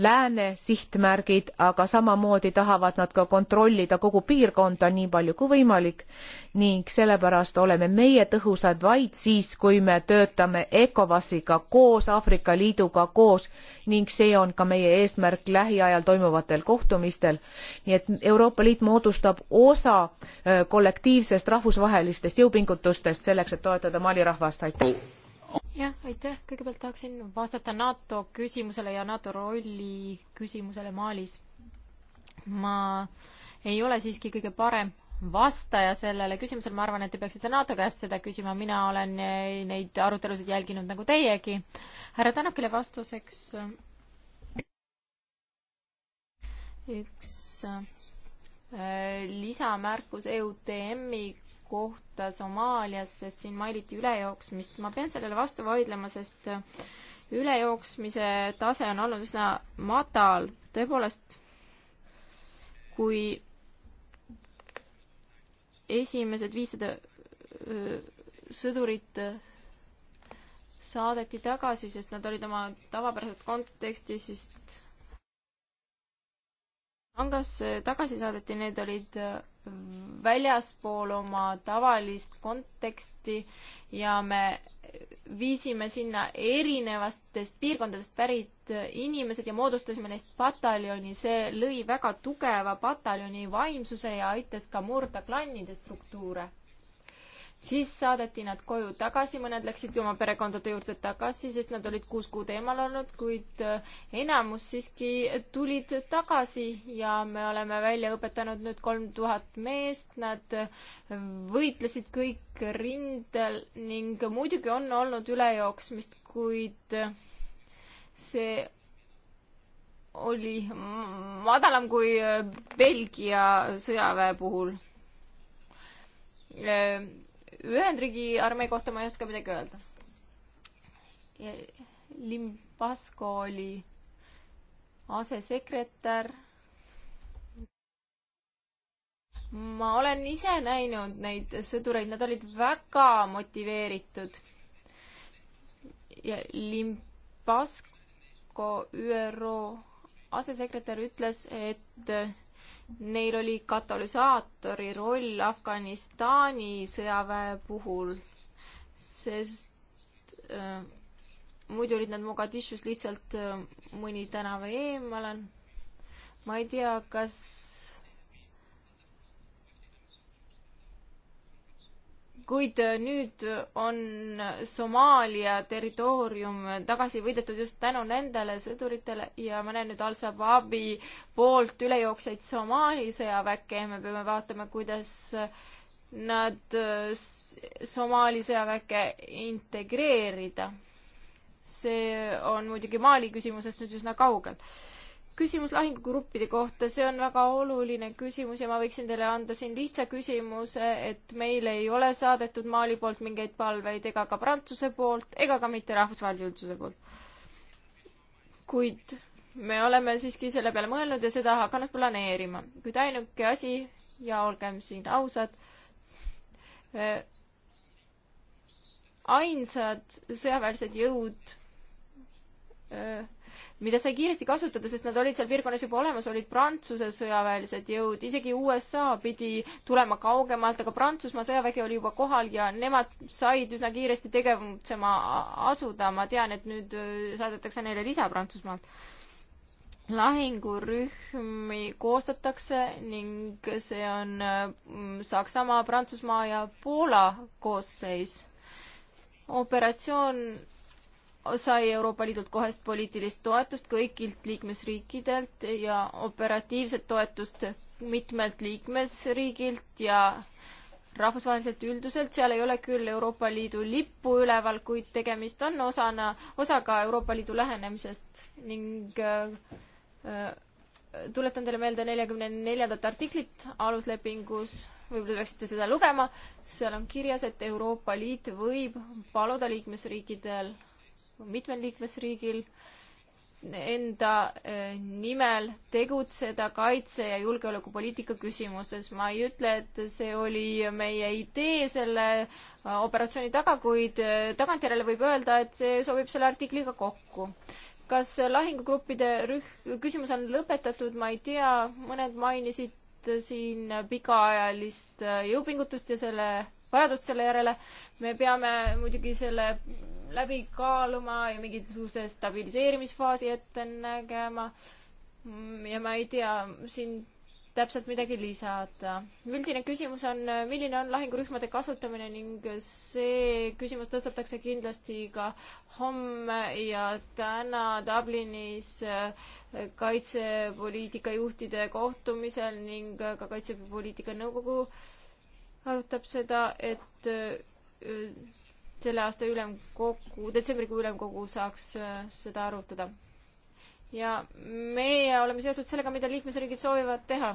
lääne sihtmärgid, aga samamoodi tahavad nad ka kontrollida kogu piirkonda nii palju kui võimalik ning sellepärast oleme meie tõhusad vaid siis, kui me töötame ECOWASiga koos, Aafrika Liiduga koos ning see on ka meie eesmärk lähiajal toimuvatel kohtumistel. nii et Euroopa Liit moodustab osa äh, kollektiivsest rahvusvahelistest jõupingutustest selleks, et toetada Mali rahvast, aitäh! jah, aitäh, kõigepealt tahaksin vastata NATO küsimusele ja NATO rolli küsimusele Malis. ma ei ole siiski kõige parem vastaja sellele küsimusele, ma arvan, et te peaksite NATO käest seda küsima, mina olen eh, neid arutelusid jälginud nagu teiegi. härra Tänakile vastuseks eh, üks eh, lisamärkus EUTM-i kohta Somaalias, sest siin mainiti ülejooksmist. ma pean sellele vastu vaidlema, sest ülejooksmise tase on olnud üsna madal. tõepoolest, kui esimesed viissada sõdurit saadeti tagasi, sest nad olid oma tavapärases kontekstis, siis vangasse eh, tagasi saadeti, need olid eh, väljaspool oma tavalist konteksti ja me viisime sinna erinevatest piirkondadest pärit eh, inimesed ja moodustasime neist pataljoni. see lõi väga tugeva pataljoni vaimsuse ja aitas ka murda klannide struktuure siis saadeti nad koju tagasi, mõned läksid oma perekondade juurde tagasi, sest nad olid kuus kuud eemal olnud, kuid äh, enamus siiski tulid tagasi ja me oleme välja õpetanud nüüd kolm tuhat meest, nad äh, võitlesid kõik rindel ning muidugi on olnud ülejooksmist, kuid äh, see oli madalam kui Belgia sõjaväe puhul Ühendriigi armee kohta ma ei oska midagi öelda. Limbasko oli asesekretär. ma olen ise näinud neid sõdureid, nad olid väga motiveeritud. ja Limbasko, ÜRO asesekretär ütles, et Neil oli katalüsaatori roll Afganistani sõjaväe puhul, sest äh, muidu olid nad Mogadishus lihtsalt äh, mõni tänav eemale. ma ei tea, kas kuid äh, nüüd on Somaalia territoorium tagasi võidetud just tänu nendele sõduritele ja ma näen nüüd Al-Shabaabi poolt ülejooksjaid Somaali sõjaväkke ja me peame vaatama, kuidas nad äh, Somaali sõjaväkke integreerida. see on muidugi Mali küsimusest nüüd üsna kaugel küsimus lahingugruppide kohta, see on väga oluline küsimus ja ma võiksin teile anda siin lihtsa küsimuse, et meile ei ole saadetud Mali poolt mingeid palveid ega ka Prantsuse poolt ega ka mitte rahvusvahelise üldsuse poolt. kuid me oleme siiski selle peale mõelnud ja seda hakanud planeerima, kuid ainuke asi ja olgem siin ausad äh,, ainsad sõjaväelised jõud äh, mida sai kiiresti kasutada, sest nad olid seal piirkonnas juba olemas, olid Prantsuse sõjaväelised jõud, isegi USA pidi tulema kaugemalt, aga Prantsusmaa sõjavägi oli juba kohal ja nemad said üsna kiiresti tegutsema asuda. ma tean, et nüüd äh, saadetakse neile lisa Prantsusmaalt lahingurühmi koostatakse ning see on äh, Saksamaa, Prantsusmaa ja Poola koosseis. operatsioon sai Euroopa Liidult kohest poliitilist toetust kõigilt liikmesriikidelt ja operatiivset toetust mitmelt liikmesriigilt ja rahvusvaheliselt üldiselt, seal ei ole küll Euroopa Liidu lippu üleval, kuid tegemist on osana, osaga Euroopa Liidu lähenemisest ning äh, äh tuletan teile meelde neljakümne neljandat artiklit aluslepingus, võib-olla peaksite seda lugema, seal on kirjas, et Euroopa Liit võib paluda liikmesriikidel mitmel liikmesriigil enda eh, nimel tegutseda kaitse- ja julgeolekupoliitika küsimustes. ma ei ütle, et see oli meie idee selle eh, operatsiooni taga, kuid eh, tagantjärele võib öelda, et see sobib selle artikliga kokku. kas lahingugruppide rühm, küsimus on lõpetatud, ma ei tea, mõned mainisid siin pikaajalist jõupingutust ja selle vajadust selle järele. me peame muidugi selle läbi kaaluma ja mingisuguse stabiliseerimisfaasi ette nägema. ja ma ei tea siin täpselt midagi lisada. üldine küsimus on, milline on lahingurühmade kasutamine ning see küsimus tõstatakse kindlasti ka homme ja täna Dublinis äh, kaitsepoliitika juhtide kohtumisel ning ka kaitsepoliitika nõukogu äh, arutab seda, et äh, selle aasta ülemkogu, detsembrikuu ülemkogu saaks äh, seda arutada. ja meie oleme seotud sellega, mida liikmesriigid soovivad teha.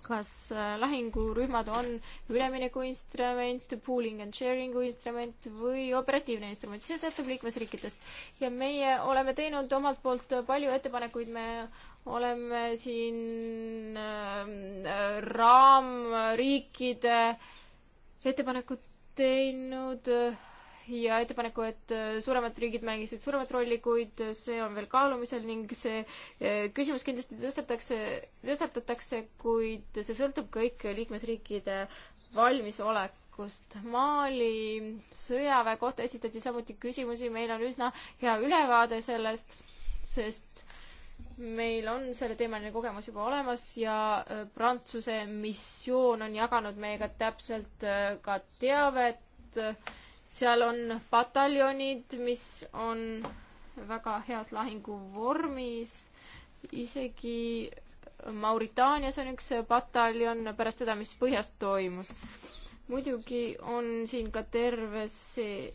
kas äh, lahingurühmad on üleminekuinstrument, pooling and sharing'u instrument või operatiivne instrument, see sõltub liikmesriikidest. ja meie oleme teinud omalt poolt palju ettepanekuid, me oleme siin ähm, äh, raamriikide ettepanekud teinud äh, ja ettepaneku, et äh, suuremad riigid mängisid suuremat rolli, kuid see on veel kaalumisel ning see küsimus kindlasti tõstetakse, tõstatatakse, kuid see sõltub kõik liikmesriikide valmisolekust. Mali sõjaväe kohta esitati samuti küsimusi, meil on üsna hea ülevaade sellest, sest meil on selleteemaline kogemus juba olemas ja äh, Prantsuse missioon on jaganud meiega täpselt äh, ka teavet. seal on pataljonid, mis on väga heas lahinguvormis. isegi Mauritaanias on üks pataljon pärast seda, mis põhjas toimus. muidugi on siin ka terve see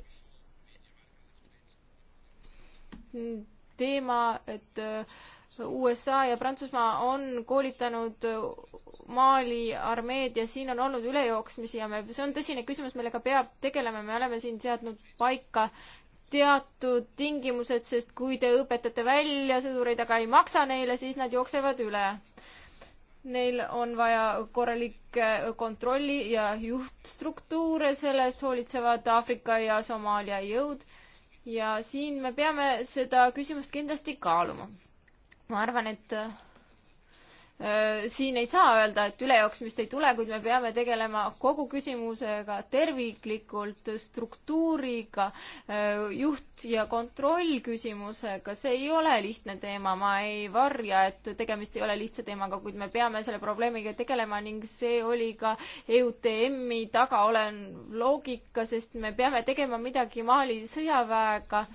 teema, et äh, USA ja Prantsusmaa on koolitanud äh, Mali armeed ja siin on olnud ülejooksmisi ja me, see on tõsine küsimus, millega peab tegelema, me oleme siin seadnud paika teatud tingimused, sest kui te õpetate välja sõdureid, aga ei maksa neile, siis nad jooksevad üle. Neil on vaja korralikke kontrolli ja juhtstruktuure, selle eest hoolitsevad Aafrika ja Somaalia jõud ja siin me peame seda küsimust kindlasti kaaluma. ma arvan, et Äh, siin ei saa öelda, et ülejooksmist ei tule, kuid me peame tegelema kogu küsimusega terviklikult, struktuuriga, äh, juht- ja kontrollküsimusega, see ei ole lihtne teema, ma ei varja, et tegemist ei ole lihtsa teemaga, kuid me peame selle probleemiga tegelema ning see oli ka EUTM-i taga olev loogika, sest me peame tegema midagi Mali sõjaväega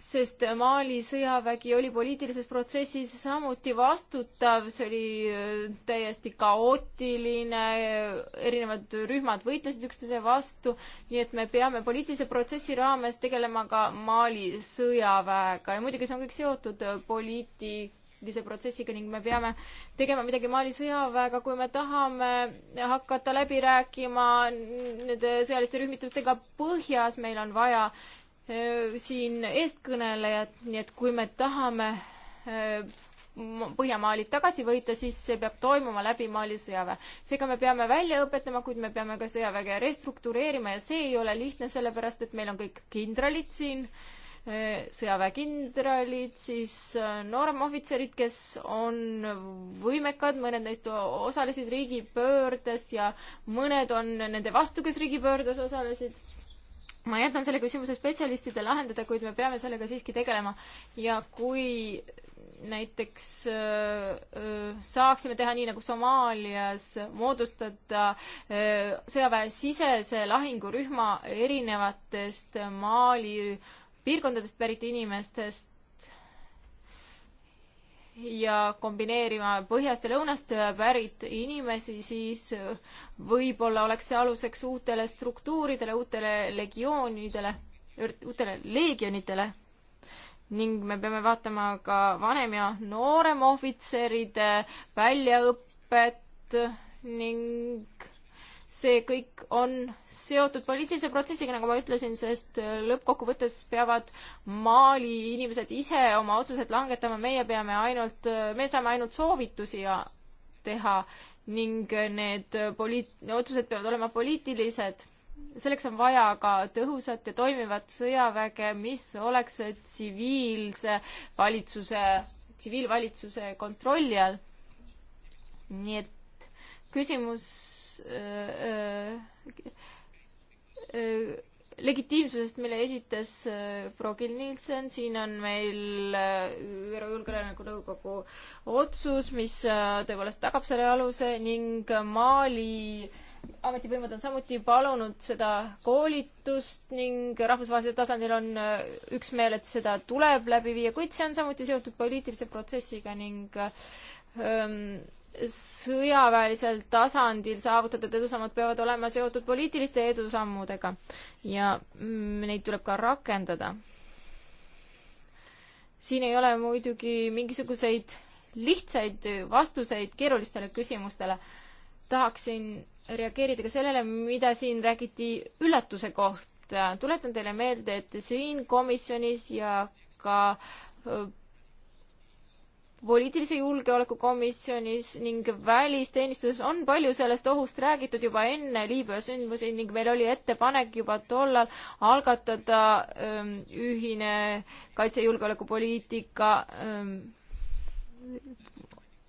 sest Mali sõjavägi oli poliitilises protsessis samuti vastutav, see oli äh, täiesti kaootiline, erinevad rühmad võitlesid üksteise vastu, nii et me peame poliitilise protsessi raames tegelema ka Mali sõjaväega ja muidugi see on kõik seotud äh, poliitilise protsessiga ning me peame tegema midagi Mali sõjaväega, kui me tahame hakata läbi rääkima nende sõjaliste rühmitustega põhjas, meil on vaja äh, Äh, siin eestkõnelejat, nii et kui me tahame äh, Põhjamaalid tagasi võita, siis see peab toimuma läbi Mali sõjaväe. seega me peame välja õpetama, kuid me peame ka sõjaväge restruktureerima ja see ei ole lihtne, sellepärast et meil on kõik kindralid siin, äh, sõjaväekindralid, siis nooremohvitserid, kes on võimekad, mõned neist osalesid riigipöördes ja mõned on nende vastu, kes riigipöördes osalesid ma jätan selle küsimuse spetsialistide lahendada, kuid me peame sellega siiski tegelema ja kui näiteks öö, äh, äh, saaksime teha nii, nagu Somaalias, moodustada äh, sõjaväesisese lahingurühma erinevatest Mali piirkondadest pärit inimestest, ja kombineerima põhjast ja lõunast pärit inimesi, siis võib-olla oleks see aluseks uutele struktuuridele, uutele legioonidele, uutele leegionitele. ning me peame vaatama ka vanem ja noorem ohvitseride väljaõpet ning see kõik on seotud poliitilise protsessiga, nagu ma ütlesin, sest äh, lõppkokkuvõttes peavad Mali inimesed ise oma otsused langetama, meie peame ainult, äh, me saame ainult soovitusi ja teha ning äh, need poliit-, otsused peavad olema poliitilised. selleks on vaja ka tõhusat ja toimivat sõjaväge, mis oleks tsiviilse valitsuse, tsiviilvalitsuse kontrolli all. nii et küsimus legitiimsusest, mille esitas äh, proua Kill Nielsen, siin on meil äh, ÜRO Julgeolekunõukogu otsus, mis äh, tõepoolest tagab selle aluse ning Mali ametivõimud on samuti palunud seda koolitust ning rahvusvahelisel tasandil on üksmeel, et seda tuleb läbi viia, kuid see on samuti seotud poliitilise protsessiga ning öö, ähm, sõjaväelisel tasandil saavutatud edusammud peavad olema seotud poliitiliste edusammudega ja mm, neid tuleb ka rakendada. siin ei ole muidugi mingisuguseid lihtsaid vastuseid keerulistele küsimustele. tahaksin reageerida ka sellele, mida siin räägiti üllatuse kohta. tuletan teile meelde, et siin komisjonis ja ka äh, poliitilise julgeoleku komisjonis ning välisteenistuses on palju sellest ohust räägitud juba enne Liibüa sündmusi ning meil oli ettepanek juba tollal algatada ähm, ühine kaitsejulgeolekupoliitika ähm,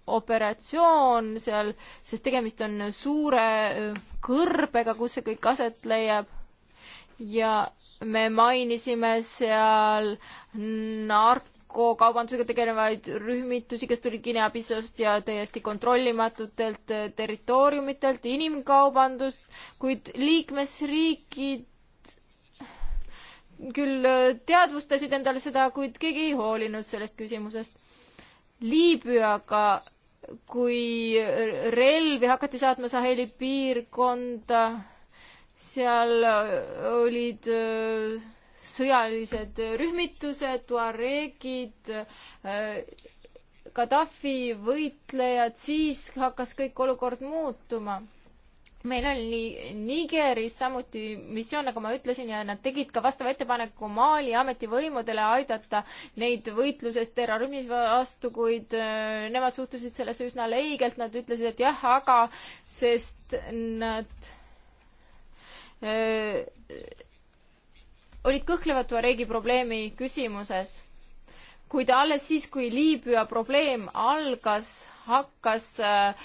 operatsioon seal, sest tegemist on suure äh, kõrbega, kus see kõik aset leiab. ja me mainisime seal nark-, narkokaubandusega tegelevaid rühmitusi, kes tulid Guinea-Bissost ja täiesti kontrollimatutelt äh, territooriumitelt, inimkaubandust, kuid liikmesriigid küll äh, teadvustasid endale seda, kuid keegi ei hoolinud sellest küsimusest. Liibüaga, kui relvi hakati saatma Saheli piirkonda, seal äh, olid öö, sõjalised rühmitused, tuareegid, äh, Gaddafi võitlejad, siis hakkas kõik olukord muutuma. meil oli Nigeris samuti missioon, nagu ma ütlesin, ja nad tegid ka vastava ettepaneku Mali ametivõimudele aidata neid võitluses terrorismi vastu, kuid äh, nemad suhtusid sellesse üsna leigelt, nad ütlesid, et jah, aga, sest nad öö, äh, olid kõhklevad Tuareegi probleemi küsimuses. kui ta alles siis, kui Liibüa probleem algas, hakkas äh,,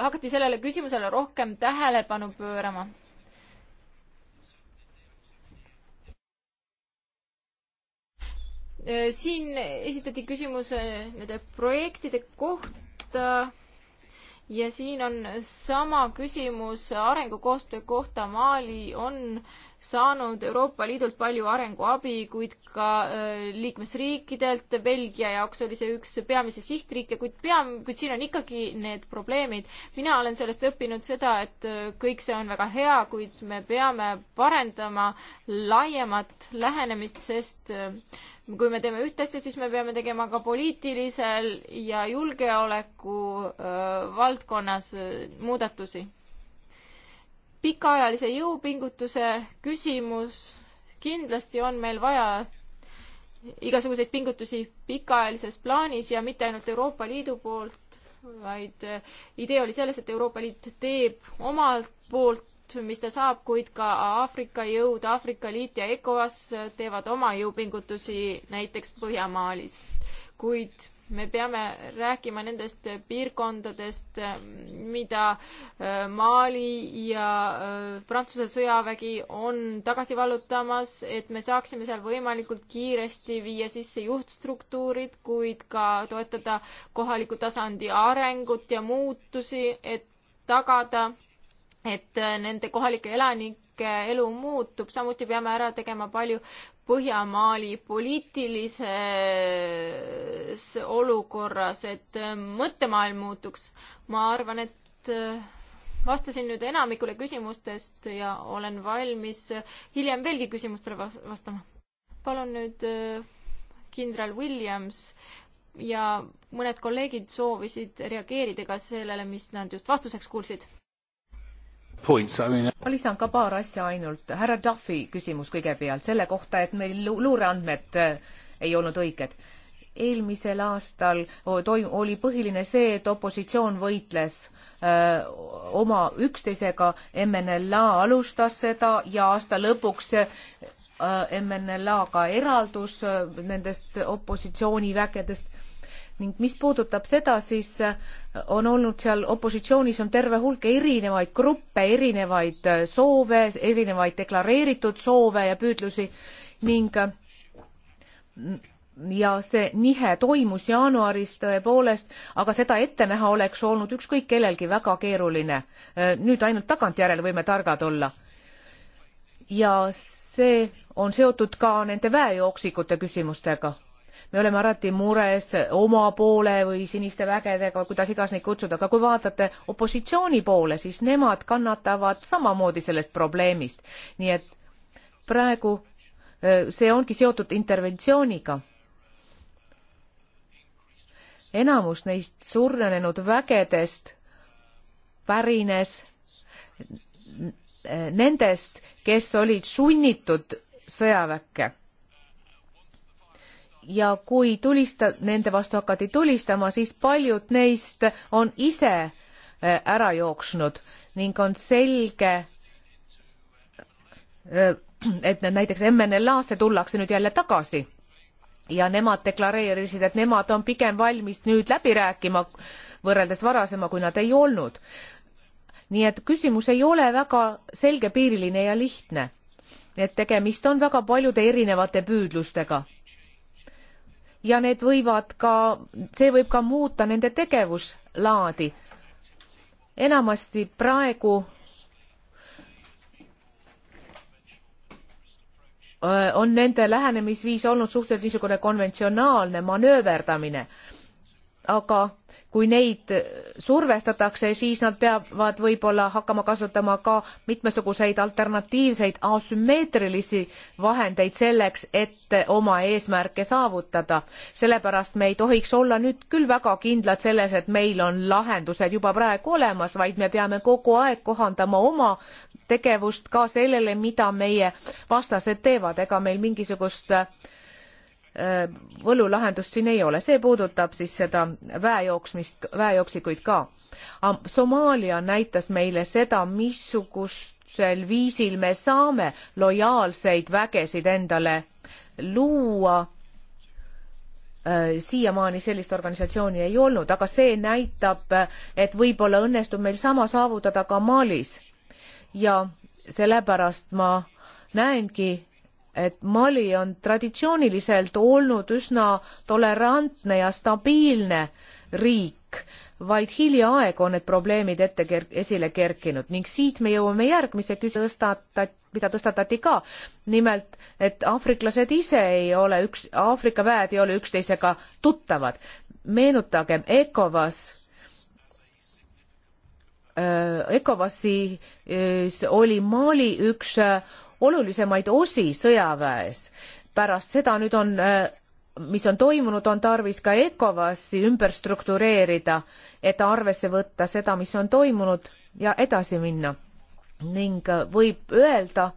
hakati sellele küsimusele rohkem tähelepanu pöörama. Äh, siin esitati küsimuse nende projektide kohta ja siin on sama küsimus arengukoostöö kohta. Mali on äh, saanud Euroopa Liidult palju arenguabi, kuid ka äh, liikmesriikidelt. Belgia jaoks oli see üks peamisi sihtriike, kuid pea, kuid siin on ikkagi need probleemid. mina olen sellest õppinud seda, et äh, kõik see on väga hea, kuid me peame parendama laiemat lähenemist, sest äh, kui me teeme ühte asja, siis me peame tegema ka poliitilisel ja julgeoleku valdkonnas muudatusi pikaajalise jõupingutuse küsimus, kindlasti on meil vaja igasuguseid pingutusi pikaajalises plaanis ja mitte ainult Euroopa Liidu poolt, vaid äh, idee oli selles, et Euroopa Liit teeb omalt poolt, mis ta saab, kuid ka Aafrika jõud, Aafrika Liit ja ECOWAS äh, teevad oma jõupingutusi näiteks Põhjamaalis kuid me peame rääkima nendest piirkondadest, mida äh, Mali ja äh, Prantsuse sõjavägi on tagasi vallutamas, et me saaksime seal võimalikult kiiresti viia sisse juhtstruktuurid, kuid ka toetada kohaliku tasandi arengut ja muutusi, et tagada, et äh, nende kohalike elanike elu muutub, samuti peame ära tegema palju Põhjamaali poliitilises olukorras, et äh, mõttemaailm muutuks. ma arvan, et äh, vastasin nüüd enamikule küsimustest ja olen valmis äh, hiljem veelgi küsimustele vastama. palun nüüd kindral Williams ja mõned kolleegid soovisid reageerida ka sellele, mis nad just vastuseks kuulsid points, I mean... ma lisan ka paar asja ainult. härra Duffy küsimus kõigepealt selle kohta, et meil luureandmed äh, ei olnud õiged. eelmisel aastal toim-, oli põhiline see, et opositsioon võitles öö, äh, oma üksteisega, MNLA alustas seda ja aasta lõpuks öö, äh, MNLA ka eraldus öö, nendest opositsioonivägedest ning mis puudutab seda, siis äh, on olnud seal opositsioonis on terve hulk erinevaid gruppe, erinevaid äh, soove, erinevaid deklareeritud soove ja püüdlusi ning äh, ja see nihe toimus jaanuaris tõepoolest, aga seda ette näha oleks olnud ükskõik kellelgi väga keeruline. nüüd ainult tagantjärele võime targad olla. ja see on seotud ka nende väejooksikute küsimustega me oleme alati mures oma poole või siniste vägedega, kuidas iganes neid kutsuda, aga kui vaatate opositsiooni poole, siis nemad kannatavad samamoodi sellest probleemist. nii et praegu see ongi seotud interventsiooniga. enamus neist surnenud vägedest pärines nendest, kes olid sunnitud sõjaväkke ja kui tulista-, nende vastu hakati tulistama, siis paljud neist on ise äh, ära jooksnud ning on selge, äh, et näiteks MNLA-sse tullakse nüüd jälle tagasi ja nemad deklareerisid, et nemad on pigem valmis nüüd läbi rääkima võrreldes varasema, kui nad ei olnud. nii et küsimus ei ole väga selgepiiriline ja lihtne. nii et tegemist on väga paljude erinevate püüdlustega ja need võivad ka, see võib ka muuta nende tegevuslaadi. enamasti praegu äh, on nende lähenemisviis olnud suhteliselt niisugune konventsionaalne manööverdamine aga kui neid survestatakse, siis nad peavad võib-olla hakkama kasutama ka mitmesuguseid alternatiivseid asümmeetrilisi vahendeid selleks, et oma eesmärke saavutada. sellepärast me ei tohiks olla nüüd küll väga kindlad selles, et meil on lahendused juba praegu olemas, vaid me peame kogu aeg kohandama oma tegevust ka sellele, mida meie vastased teevad, ega meil mingisugust äh, Äh, võlulahendust siin ei ole, see puudutab siis seda väejooksmist, väejooksikuid ka. Somaalia näitas meile seda, missugusel viisil me saame lojaalseid vägesid endale luua. Äh, siiamaani sellist organisatsiooni ei olnud, aga see näitab, et võib-olla õnnestub meil sama saavutada ka Malis. ja sellepärast ma näengi et Mali on traditsiooniliselt olnud üsna tolerantne ja stabiilne riik, vaid hiljaaegu on need probleemid ette ker-, esile kerkinud ning siit me jõuame järgmise küsimuse tõstatati, mida tõstatati ka. nimelt, et aafriklased ise ei ole üks, Aafrika väed ei ole üksteisega tuttavad. meenutagem ECOWAS äh, ECOWASi äh, oli Mali üks äh, olulisemaid osi sõjaväes. pärast seda nüüd on, äh, mis on toimunud, on tarvis ka ECOWAS-i ümber struktureerida, et arvesse võtta seda, mis on toimunud ja edasi minna. ning äh, võib öelda,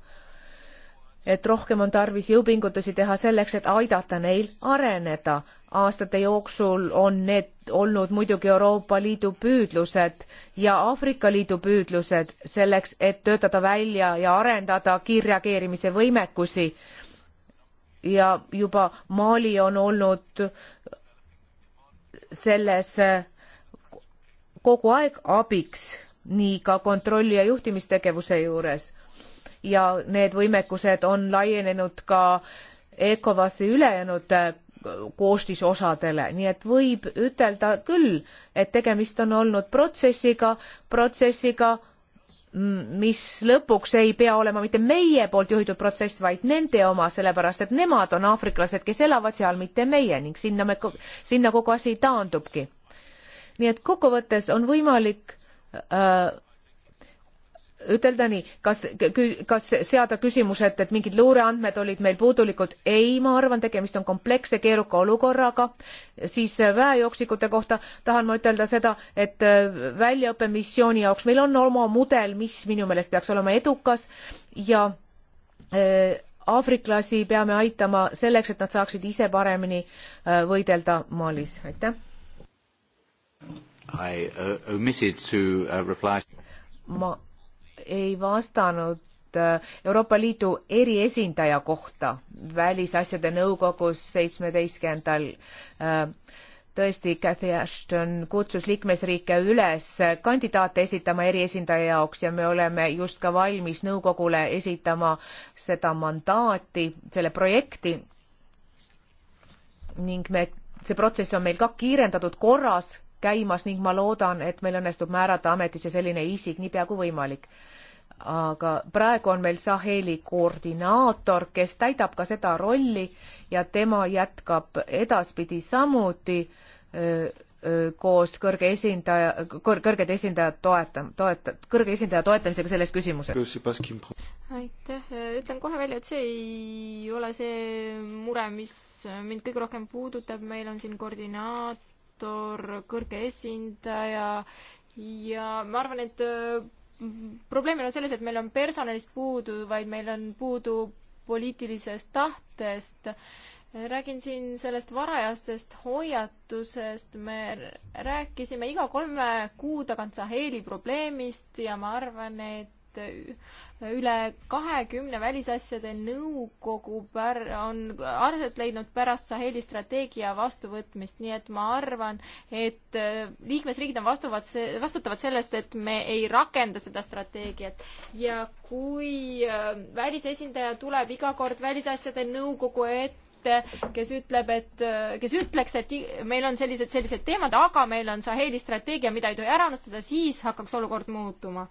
et rohkem on tarvis jõupingutusi teha selleks, et aidata neil areneda aastate jooksul on need olnud muidugi Euroopa Liidu püüdlused ja Aafrika Liidu püüdlused selleks, et töötada välja ja arendada kiirreageerimise võimekusi. ja juba Mali on olnud selles äh, kogu aeg abiks nii ka kontrolli ja juhtimistegevuse juures ja need võimekused on laienenud ka ECOWAS-i ülejäänud äh, koostisosadele, nii et võib ütelda küll, et tegemist on olnud protsessiga, protsessiga, mis lõpuks ei pea olema mitte meie poolt juhitud protsess, vaid nende oma, sellepärast et nemad on aafriklased, kes elavad seal, mitte meie ning sinna me, sinna kogu asi taandubki. nii et kokkuvõttes on võimalik äh, ütelda nii, kas, kas seada küsimus, et, et mingid luureandmed olid meil puudulikud, ei, ma arvan, tegemist on kompleksse keeruka olukorraga, siis äh, väejooksikute kohta tahan ma ütelda seda, et äh, väljaõppemissiooni jaoks meil on oma mudel, mis minu meelest peaks olema edukas ja äh, aafriklasi äh, peame aitama selleks, et nad saaksid ise paremini äh, võidelda Malis, aitäh. I uh, omitted to uh, reply. ma ei vastanud äh, Euroopa Liidu eriesindaja kohta välisasjade nõukogus seitsmeteistkümnendal äh, tõesti, Cathy Ashton kutsus liikmesriike üles kandidaate esitama eriesindaja jaoks ja me oleme just ka valmis nõukogule esitama seda mandaati, selle projekti. ning me, see protsess on meil ka kiirendatud korras käimas ning ma loodan, et meil õnnestub määrata ametisse selline isik niipea kui võimalik. aga praegu on meil Saheli koordinaator, kes täidab ka seda rolli ja tema jätkab edaspidi samuti öö, öö, koos kõrge esindaja kõr,, kõrged esindajad toeta-, toeta-, kõrge esindaja toetamisega selles küsimuses. aitäh, ütlen kohe välja, et see ei ole see mure, mis mind kõige rohkem puudutab, meil on siin koordinaat-, raportöör, kõrge esindaja ja ma arvan, et äh, probleemil on selles, et meil on personalist puudu, vaid meil on puudu poliitilisest tahtest. räägin siin sellest varajastest hoiatusest, me rääkisime iga kolme kuu tagant Saheli probleemist ja ma arvan, et et äh, üle kahekümne välisasjade nõukogu pär-, on aset leidnud pärast Saheli strateegia vastuvõtmist, nii et ma arvan, et äh, liikmesriigid on vastuvad, vastutavad sellest, et me ei rakenda seda strateegiat. ja kui äh, välisesindaja tuleb iga kord välisasjade nõukogu ette, ette, kes ütleb, et, kes ütleks, et meil on sellised, sellised teemad, aga meil on Saheli strateegia, mida ei tohi ära unustada, siis hakkaks olukord muutuma.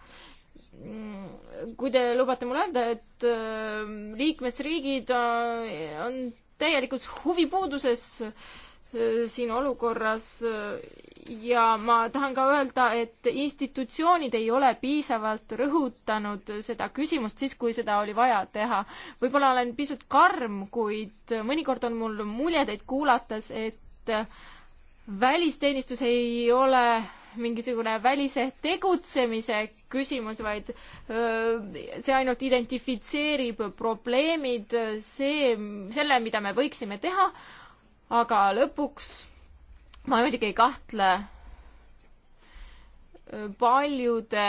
Mm, kui te lubate mul öelda, et äh, liikmesriigid äh, on täielikus huvipuuduses äh, siin olukorras ja ma tahan ka öelda, et institutsioonid ei ole piisavalt rõhutanud seda küsimust siis, kui seda oli vaja teha. võib-olla olen pisut karm, kuid mõnikord on mul mulje teid kuulates, et välisteenistus ei ole mingisugune välise tegutsemise küsimus, vaid see ainult identifitseerib probleemid, see, selle, mida me võiksime teha, aga lõpuks ma muidugi ei kahtle paljude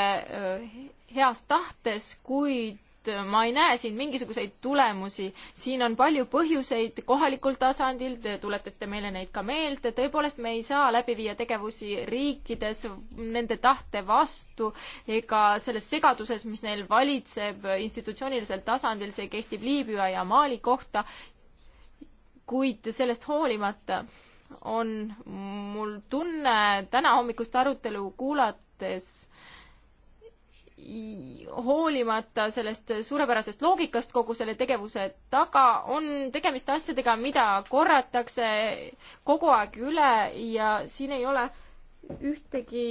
heas tahtes, kuid ma ei näe siin mingisuguseid tulemusi. siin on palju põhjuseid kohalikul tasandil, te tuletasite meile neid ka meelde, tõepoolest me ei saa läbi viia tegevusi riikides nende tahte vastu ega selles segaduses, mis neil valitseb institutsioonilisel tasandil, see kehtib Liibüa ja Mali kohta, kuid sellest hoolimata on mul tunne täna hommikust arutelu kuulates, hoolimata sellest suurepärasest loogikast kogu selle tegevuse taga, on tegemist asjadega, mida korratakse kogu aeg üle ja siin ei ole ühtegi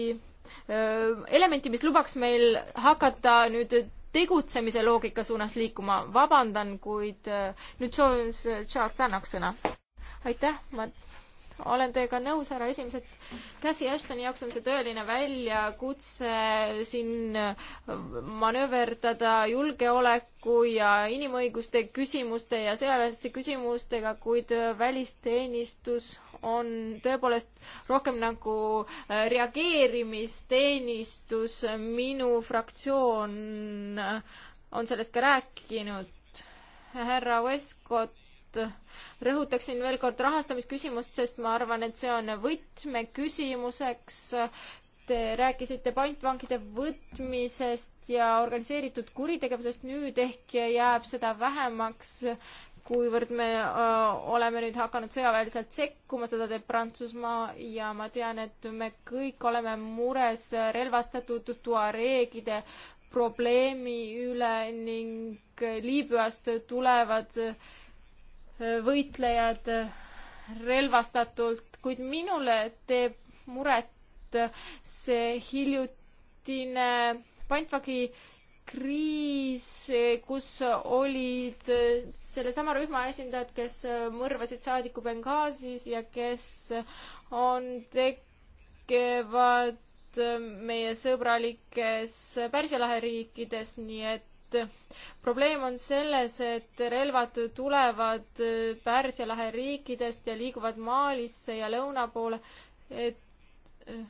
elementi, mis lubaks meil hakata nüüd tegutsemise loogika suunas liikuma. vabandan, kuid nüüd soovis Charles Tannock sõna. aitäh, ma olen teiega nõus, härra esimees, et Cathy Ashtoni jaoks on see tõeline väljakutse siin manööverdada julgeoleku ja inimõiguste küsimuste ja sõjaväeliste küsimustega, kuid välisteenistus on tõepoolest rohkem nagu äh, reageerimisteenistus. minu fraktsioon on sellest ka rääkinud. härra Westcott rõhutaksin veel kord rahastamisküsimust, sest ma arvan, et see on võtmeküsimuseks. Te rääkisite pantvangide võtmisest ja organiseeritud kuritegevusest, nüüd ehk jääb seda vähemaks, kuivõrd me öö, äh, oleme nüüd hakanud sõjaväeliselt sekkuma, seda teeb Prantsusmaa ja ma tean, et me kõik oleme mures relvastatud tuareegide probleemi üle ning Liibüast tulevad öö, võitlejad relvastatult, kuid minule teeb muret see hiljutine pantvagi kriis, kus olid sellesama rühma esindajad, kes mõrvasid saadiku Benghazis ja kes on tegevad meie sõbralikes Pärsia lahe riikides, nii et eest. probleem on selles, et relvad tulevad Pärsia lahe riikidest ja liiguvad Malisse ja lõuna poole, et äh,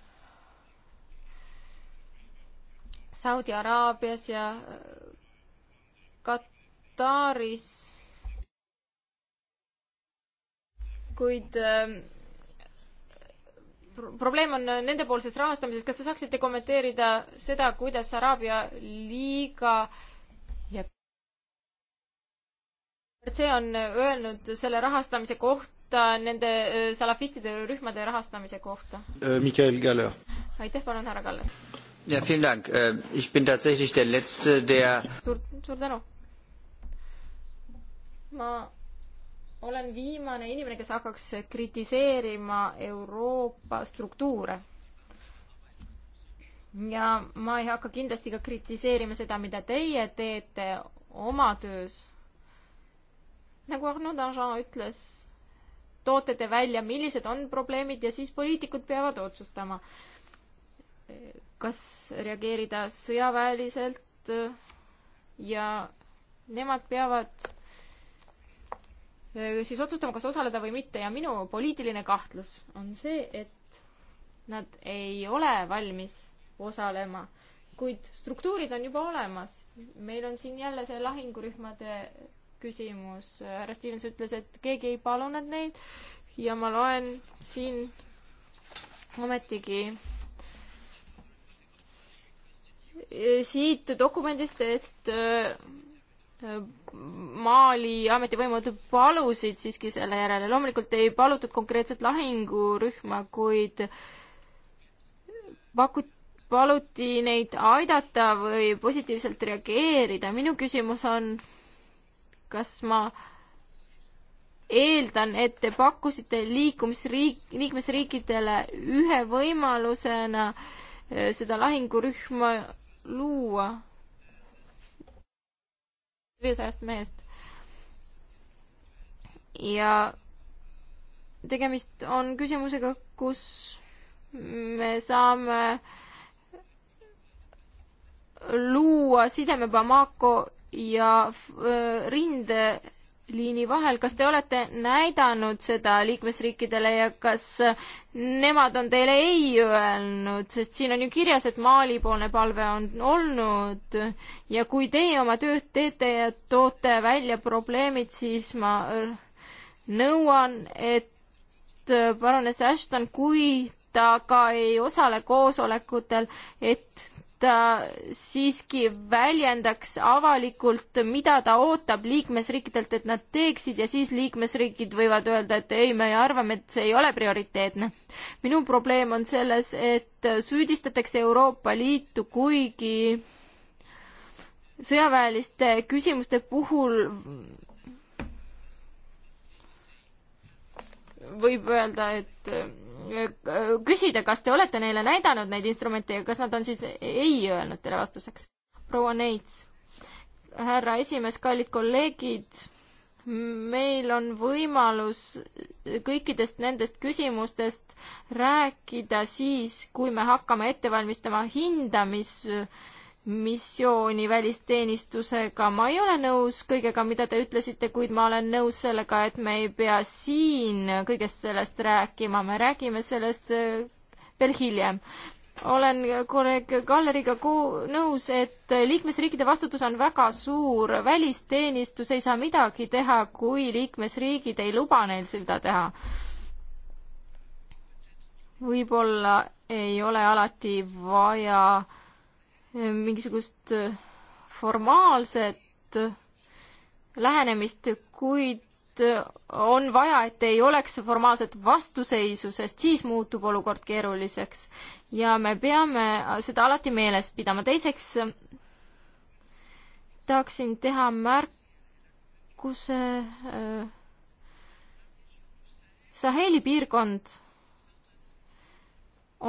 Saudi Araabias ja äh, Kataris. kuid ähm, probleem on nendepoolses rahastamises, kas te saaksite kommenteerida seda, kuidas Araabia liiga see on öelnud selle rahastamise kohta, nende äh, salafistide rühmade rahastamise kohta? Äh, Mikael Kaller. aitäh, palun, härra Kaller. ja, vielen Dank, äh, ich bin tatsächlich der letzte, der suur, suur tänu. ma olen viimane inimene, kes hakkaks kritiseerima Euroopa struktuure. ja ma ei hakka kindlasti ka kritiseerima seda, mida teie teete oma töös nagu Arno Danjean ütles, toote te välja, millised on probleemid ja siis poliitikud peavad otsustama, kas reageerida sõjaväeliselt äh, ja nemad peavad äh, siis otsustama, kas osaleda või mitte ja minu poliitiline kahtlus on see, et nad ei ole valmis osalema, kuid struktuurid on juba olemas. meil on siin jälle see lahingurühmade küsimus. härra Stevens ütles, et keegi ei palunud neid ja ma loen siin ometigi siit dokumendist, et äh, Mali ametivõimud palusid siiski selle järele, loomulikult ei palutud konkreetset lahingurühma, kuid pakut-, paluti neid aidata või positiivselt reageerida. minu küsimus on, kas ma eeldan, et te pakkusite liikumisriik, liikmesriikidele ühe võimalusena äh, seda lahingurühma luua viiesajast mehest. ja tegemist on küsimusega, kus me saame äh, luua sideme Bamako ja äh, rindeliini vahel, kas te olete näidanud seda liikmesriikidele ja kas nemad on teile ei öelnud, sest siin on ju kirjas, et Mali-poolne palve on olnud ja kui teie oma tööd teete ja toote välja probleemid, siis ma nõuan, et baroness Ashton, kui ta ka ei osale koosolekutel, et ta siiski väljendaks avalikult, mida ta ootab liikmesriikidelt, et nad teeksid ja siis liikmesriigid võivad öelda, et ei, me arvame, et see ei ole prioriteetne. minu probleem on selles, et süüdistatakse Euroopa Liitu, kuigi sõjaväeliste küsimuste puhul võib öelda, et küsida, kas te olete neile näidanud neid instrumente ja kas nad on siis ei öelnud teile vastuseks? proua Neits, härra esimees, kallid kolleegid, meil on võimalus kõikidest nendest küsimustest rääkida siis, kui me hakkame ette valmistama hindamis- missiooni välisteenistusega, ma ei ole nõus kõigega, mida te ütlesite, kuid ma olen nõus sellega, et me ei pea siin kõigest sellest rääkima, me räägime sellest äh, veel hiljem. olen kolleeg Kalleriga nõus, et liikmesriikide vastutus on väga suur, välisteenistus ei saa midagi teha, kui liikmesriigid ei luba neil seda teha. võib-olla ei ole alati vaja äh, mingisugust äh, formaalset äh, lähenemist, kuid äh, on vaja, et ei oleks formaalset vastuseisu, sest siis muutub olukord keeruliseks ja me peame seda alati meeles pidama. teiseks tahaksin teha märkuse Saheli piirkond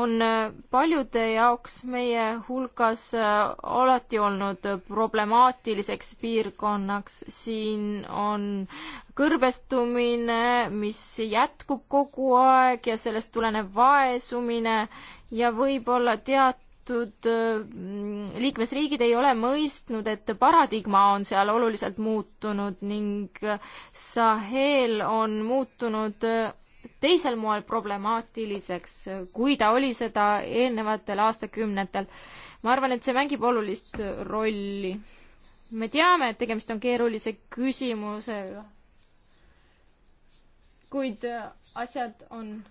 on äh, paljude jaoks meie hulgas äh, alati olnud problemaatiliseks piirkonnaks. siin on kõrbestumine, mis jätkub kogu aeg ja sellest tulenev vaesumine ja võib-olla teatud äh, liikmesriigid ei ole mõistnud, et paradigma on seal oluliselt muutunud ning Sahel on muutunud teisel moel problemaatiliseks, kui ta oli seda eelnevatel aastakümnetel. ma arvan, et see mängib olulist rolli. me teame, et tegemist on keerulise küsimusega. kuid asjad on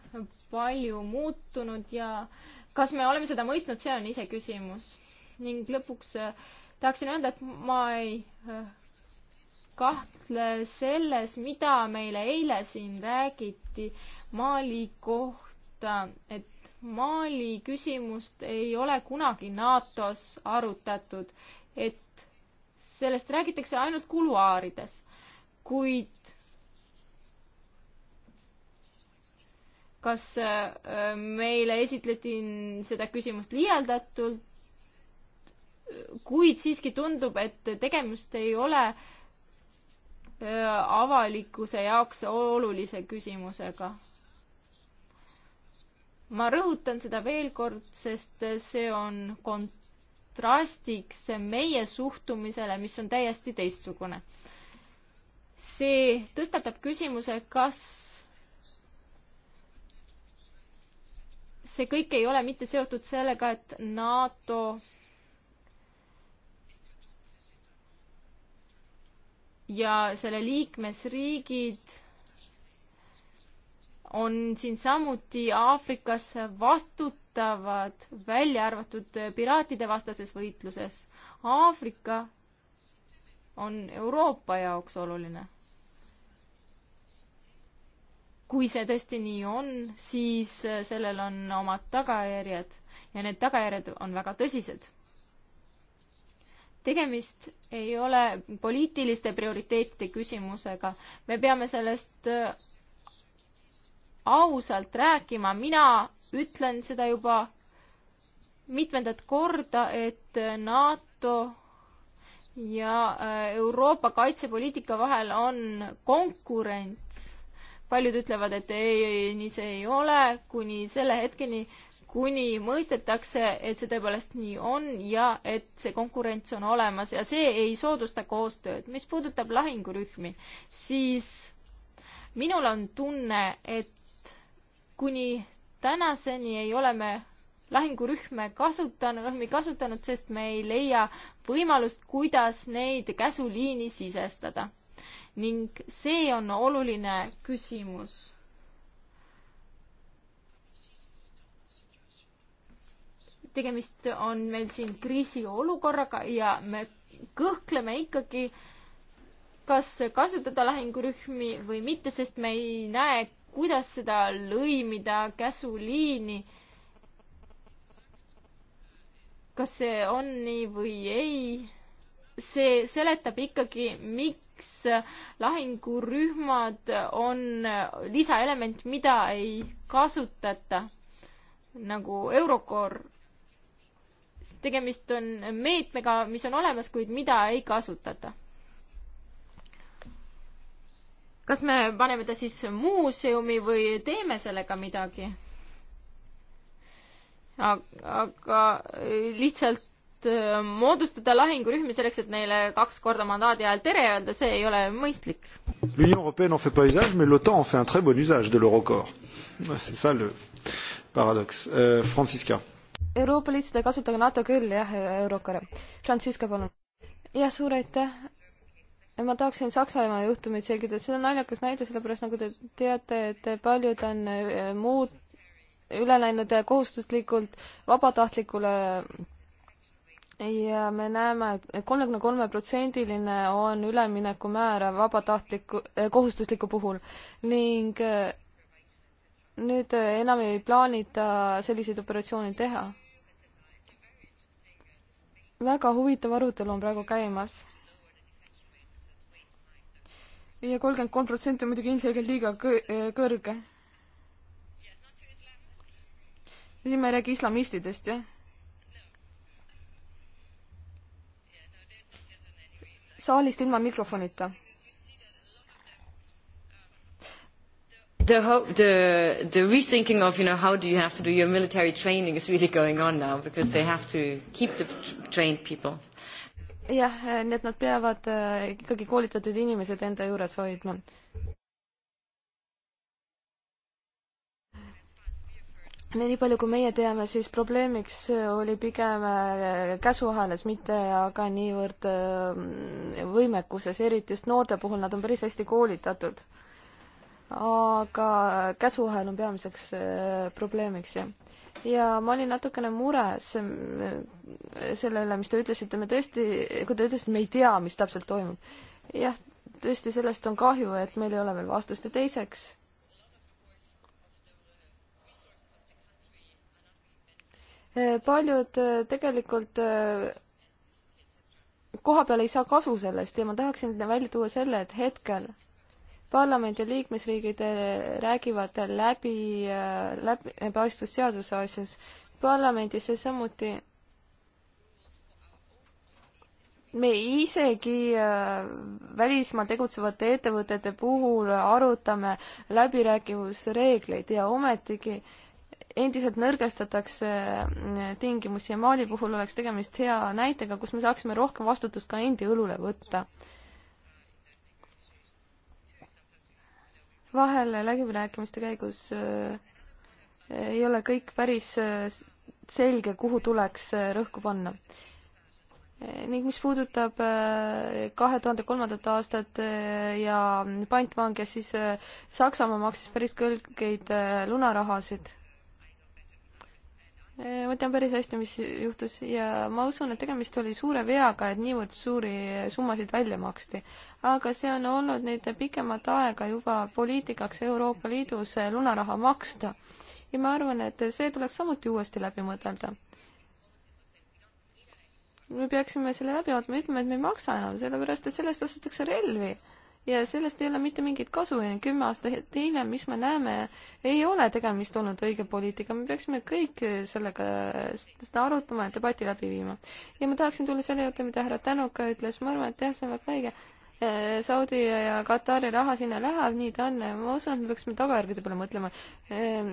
palju muutunud ja kas me oleme seda mõistnud, see on iseküsimus. ning lõpuks eh, tahaksin öelda, et ma ei eh, kahtle selles, mida meile eile siin räägiti Mali kohta, et Mali küsimust ei ole kunagi NATO-s arutatud, et sellest räägitakse ainult kuluaarides, kuid kas äh, meile esitleti seda küsimust liialdatult, kuid siiski tundub, et tegemist ei ole äh, avalikkuse jaoks olulise küsimusega. ma rõhutan seda veel kord, sest see on kontrastiks meie suhtumisele, mis on täiesti teistsugune. see tõstatab küsimuse, kas see kõik ei ole mitte seotud sellega, et NATO ja selle liikmesriigid on siin samuti Aafrikas vastutavad, välja arvatud piraatide vastases võitluses. Aafrika on Euroopa jaoks oluline. kui see tõesti nii on, siis sellel on omad tagajärjed ja need tagajärjed on väga tõsised tegemist ei ole poliitiliste prioriteetide küsimusega. me peame sellest äh, ausalt rääkima, mina ütlen seda juba mitmendat korda, et äh, NATO ja äh, Euroopa kaitsepoliitika vahel on konkurents. paljud ütlevad, et ei, ei, nii see ei ole, kuni selle hetkeni, kuni mõistetakse, et see tõepoolest nii on ja et see konkurents on olemas ja see ei soodusta koostööd. mis puudutab lahingurühmi, siis minul on tunne, et kuni tänaseni ei ole me lahingurühme kasutanud, rühmi kasutanud, sest me ei leia võimalust, kuidas neid käsuliini sisestada. ning see on oluline küsimus tegemist on meil siin kriisiolukorraga ja me kõhkleme ikkagi, kas kasutada lahingurühmi või mitte, sest me ei näe, kuidas seda lõimida käsuliini. kas see on nii või ei? see seletab ikkagi, miks lahingurühmad on lisaelement, mida ei kasutata nagu Eurocore tegemist on meetmega, mis on olemas, kuid mida ei kasutata. kas me paneme ta siis muuseumi või teeme sellega midagi? aga lihtsalt äh, moodustada lahingurühmi selleks, et neile kaks korda mandaadi ajal tere öelda, see ei ole mõistlik. L'Union européenne en fait pas usage, mais l'OTAN en fait un très bon usage de l'Eurocorps. <laughs> C'est ça le paradoxe euh,. Franziska Euroopa Liit seda ei kasuta, aga NATO küll, jah, Eurokare. Franziska, palun. jah, suur aitäh ma tahaksin Saksamaa juhtumit selgitada, see on naljakas näide, sellepärast nagu te teate, et paljud on äh, muud üle läinud äh, kohustuslikult vabatahtlikule ja me näeme et, et kolmekümne kolme protsendiline on üleminekumäär vabatahtliku, äh, kohustusliku puhul ning nüüd enam ei plaanita selliseid operatsioone teha väga huvitav arutelu on praegu käimas ja kolmkümmend kolm protsenti on muidugi ilmselgelt liiga eh, kõrge. ja siin ma ei räägi islamistidest, jah? saalist ilma mikrofonita. The, ho- the, the rethinking of you know how do you have to do your military training is really going on now because they have to keep the trained people. jah, nii et nad peavad äh, ikkagi koolitatud inimesed enda juures hoidma. nii palju, kui meie teame, siis probleemiks oli pigem äh, käsuahelas, mitte aga niivõrd äh, võimekuses, eriti just noorte puhul, nad on päris hästi koolitatud aga käsuahel on peamiseks äh, probleemiks, jah. ja ma olin natukene mures äh, selle üle, mis te ütlesite, me tõesti, kui te ütlesite, me ei tea, mis täpselt toimub. jah, tõesti, sellest on kahju, et meil ei ole veel vastust ja teiseks, äh, paljud tegelikult koha peal ei saa kasu sellest ja ma tahaksin välja tuua selle, et hetkel parlamendi liikmesriigid äh, räägivad läbi, äh, läbi läbipaistvusseaduse äh, asjus, parlamendis ja samuti me isegi välismaal tegutsevate ettevõtete puhul arutame läbirääkivusreegleid ja ometigi endiselt nõrgestatakse tingimusi ja Mali puhul oleks tegemist hea näitega, kus me saaksime rohkem vastutust ka endi õlule võtta vahel läbirääkimiste käigus äh, ei ole kõik päris äh, selge, kuhu tuleks äh, rõhku panna. ning mis puudutab kahe tuhande kolmandat aastat ja pantvange, siis Saksamaa maksis päris kõlgeid lunarahasid Eh, ma tean päris hästi, mis juhtus ja ma usun, et tegemist oli suure veaga, et niivõrd suuri summasid välja maksti. aga see on olnud nüüd pikemat aega juba poliitikaks Euroopa Liidus lunaraha maksta. ja ma arvan, et see tuleks samuti uuesti läbi mõtelda. me peaksime selle läbi vaatama, ütleme, et me ei maksa enam, sellepärast et sellest ostetakse relvi ja sellest ei ole mitte mingit kasu ja kümme aastat hiljem, mis me näeme, ei ole tegemist olnud õige poliitikaga, me peaksime kõik sellega, seda arutama ja debati läbi viima. ja ma tahaksin tulla selle juurde, mida härra Tänuka ütles, ma arvan, et jah, see on väga õige. Äh, Saudi ja Katari raha sinna läheb, nii ta on, ma usun, et me peaksime tagajärgede peale mõtlema. Ähm,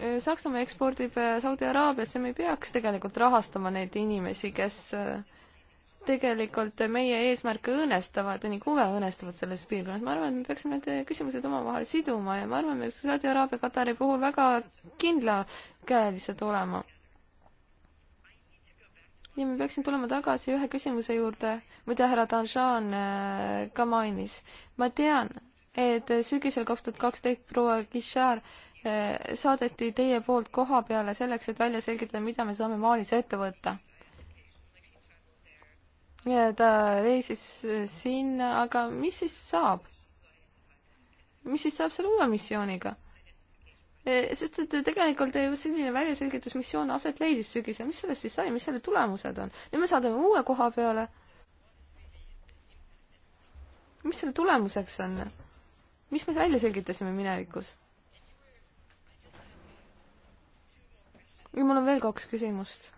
äh, Saksamaa ekspordib äh, Saudi Araabiasse, me ei peaks tegelikult rahastama neid inimesi, kes äh, tegelikult meie eesmärke õõnestavad ning huve õõnestavad selles piirkonnas. ma arvan, et me peaksime need küsimused omavahel siduma ja ma arvan, et Saudi-Araabia Katari puhul väga kindlakäelised olema. ja me peaksime tulema tagasi ühe küsimuse juurde, mida härra Danjan äh, ka mainis. ma tean, et sügisel kaks tuhat kaksteist proua Gishar äh, saadeti teie poolt koha peale selleks, et välja selgitada, mida me saame Malis ette võtta ja ta reisis sinna, aga mis siis saab? mis siis saab selle uue missiooniga? E, sest et tegelikult selline väljaselgitusmissioon aset leidis sügisel, mis sellest siis sai, mis selle tulemused on? nüüd me saadame uue koha peale. mis selle tulemuseks on? mis me välja selgitasime minevikus? ja mul on veel kaks küsimust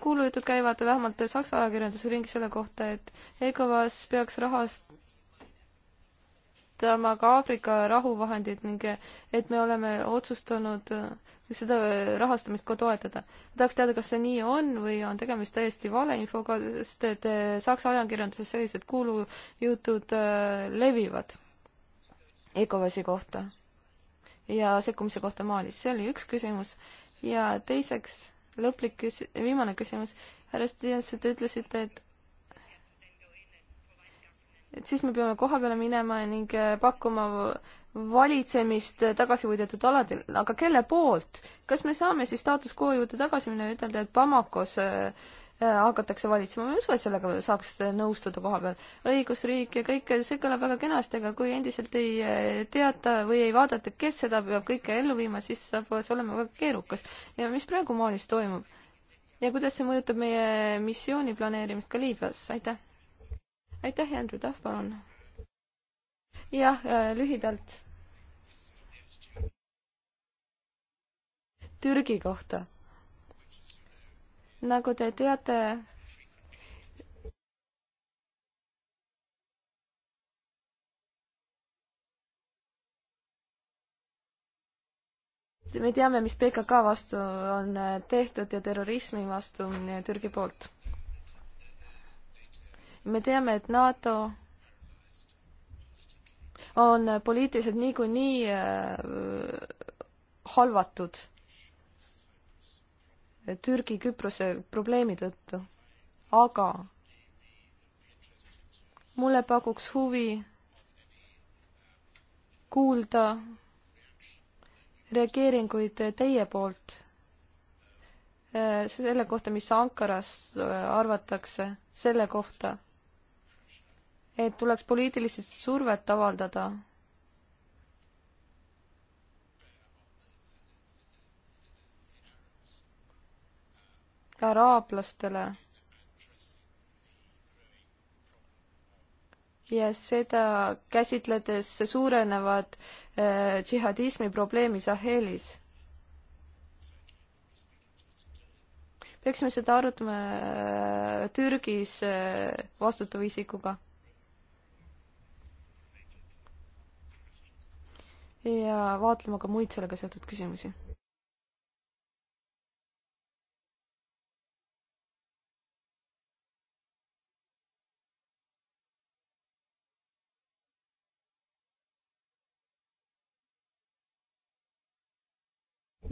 kuulujutud käivad vähemalt Saksa ajakirjanduse ringis selle kohta, et ECOWAS peaks rahastama ka Aafrika rahuvahendid ning et me oleme otsustanud seda rahastamist ka toetada. tahaks teada, kas see nii on või on tegemist täiesti valeinfoga, sest et eh, Saksa ajakirjanduses sellised kuulujutud eh, levivad ECOWAS-i kohta ja sekkumise kohta Malis. see oli üks küsimus ja teiseks lõplik küs-, viimane küsimus. härra Stianson, te ütlesite, et et siis me peame koha peale minema ning äh, pakkuma valitsemist tagasi võidetud aladel, aga kelle poolt? kas me saame siis staatus quo juurde tagasi minna ja ütelda, et Bamakos äh, Äh, hakatakse valitsema, ma ei usu, et sellega saaks nõustuda koha peal. õigusriik ja kõik, see kõlab väga kenasti, aga kui endiselt ei äh, teata või ei vaadata, kes seda peab kõike ellu viima, siis saab see olema väga keerukas. ja mis praegu Malis toimub? ja kuidas see mõjutab meie missiooni planeerimist ka Liibüas, aitäh! aitäh, Andrew Duff, palun! jah, äh, lühidalt. Türgi kohta nagu te teate, me teame, mis PKK vastu on eh, tehtud ja terrorismi vastu eh, Türgi poolt. me teame, et NATO on poliitiliselt niikuinii eh, halvatud Türgi-Küprose probleemi tõttu. aga mulle pakuks huvi kuulda reageeringuid teie poolt äh, selle kohta, mis Ankaras äh, arvatakse, selle kohta, et tuleks poliitilist survet avaldada araablastele. ja seda käsitledes suurenevad äh, džihadismi probleemi Sahelis. peaksime seda arutama äh, Türgis äh, vastutava isikuga ja vaatlema ka muid sellega seotud küsimusi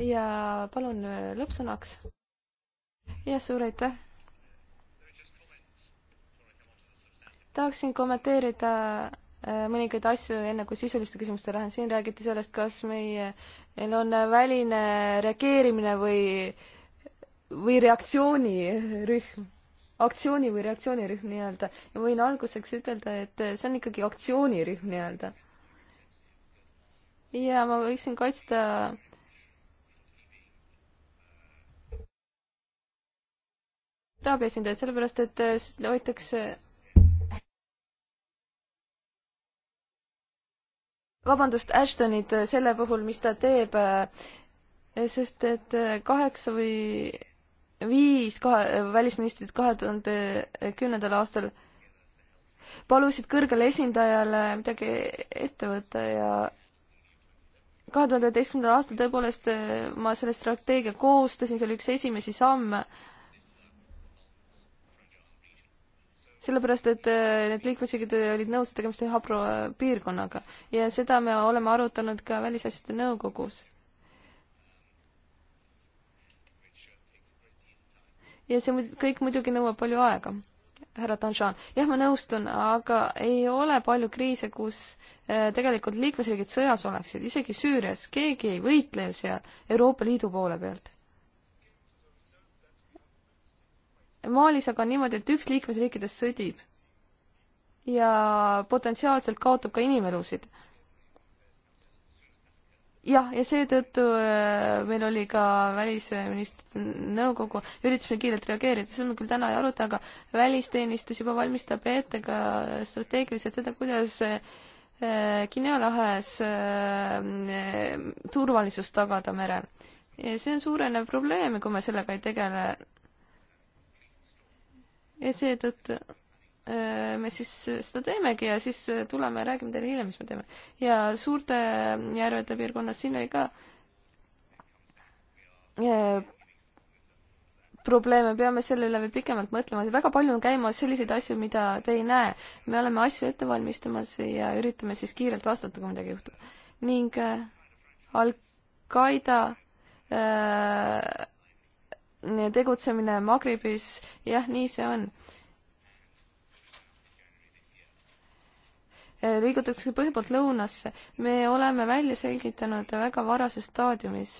ja palun äh, lõppsõnaks. ja suur aitäh. tahaksin kommenteerida äh, mõningaid asju, enne kui sisuliste küsimuste lähen, siin räägiti sellest, kas meie, meil on väline reageerimine või, või reaktsioonirühm, aktsiooni või reaktsioonirühm nii-öelda ja võin alguseks ütelda, et äh, see on ikkagi aktsioonirühm nii-öelda. ja ma võiksin kaitsta araabia esindajaid, sellepärast et äh, hoitakse vabandust, Ashtonit äh, selle puhul, mis ta teeb, äh, sest et kaheksa või viis kahe, välisministrit kahe tuhande kümnendal aastal palusid kõrgele esindajale midagi ette võtta ja kahe tuhande üheteistkümnendal aastal tõepoolest ma selle strateegia koostasin, see oli üks esimesi samme sellepärast, et äh, need liikmesriigid äh, olid nõus, et tegemist on habru äh, piirkonnaga ja seda me oleme arutanud ka Välisasjade Nõukogus. ja see kõik muidugi nõuab palju aega, härra Danjan. jah, ma nõustun, aga ei ole palju kriise, kus tegelikult liikmesriigid sõjas oleksid, isegi Süürias, keegi ei võitle ju seal Euroopa Liidu poole pealt Maalis aga on niimoodi, et üks liikmesriikidest sõdib ja potentsiaalselt kaotab ka inimelusid. jah, ja seetõttu äh, meil oli ka välisministrite nõukogu, üritasime kiirelt reageerida, seda me küll täna ei aruta, aga välisteenistus juba valmistab ette ka strateegiliselt seda, kuidas äh, Guinea lahes äh, turvalisust tagada merel. ja see on suurenev probleem ja kui me sellega ei tegele ja seetõttu äh, me siis seda teemegi ja siis äh, tuleme ja räägime teile hiljem, mis me teeme. ja suurte järvede piirkonnas, siin oli ka äh, probleeme, peame selle üle veel pikemalt mõtlema, väga palju on käimas selliseid asju, mida te ei näe. me oleme asju ette valmistamas ja üritame siis kiirelt vastata, kui midagi juhtub. ning Al-Qaeda äh, tegutsemine Magribis, jah, nii see on. liigutakse põhja poolt lõunasse. me oleme välja selgitanud väga varases staadiumis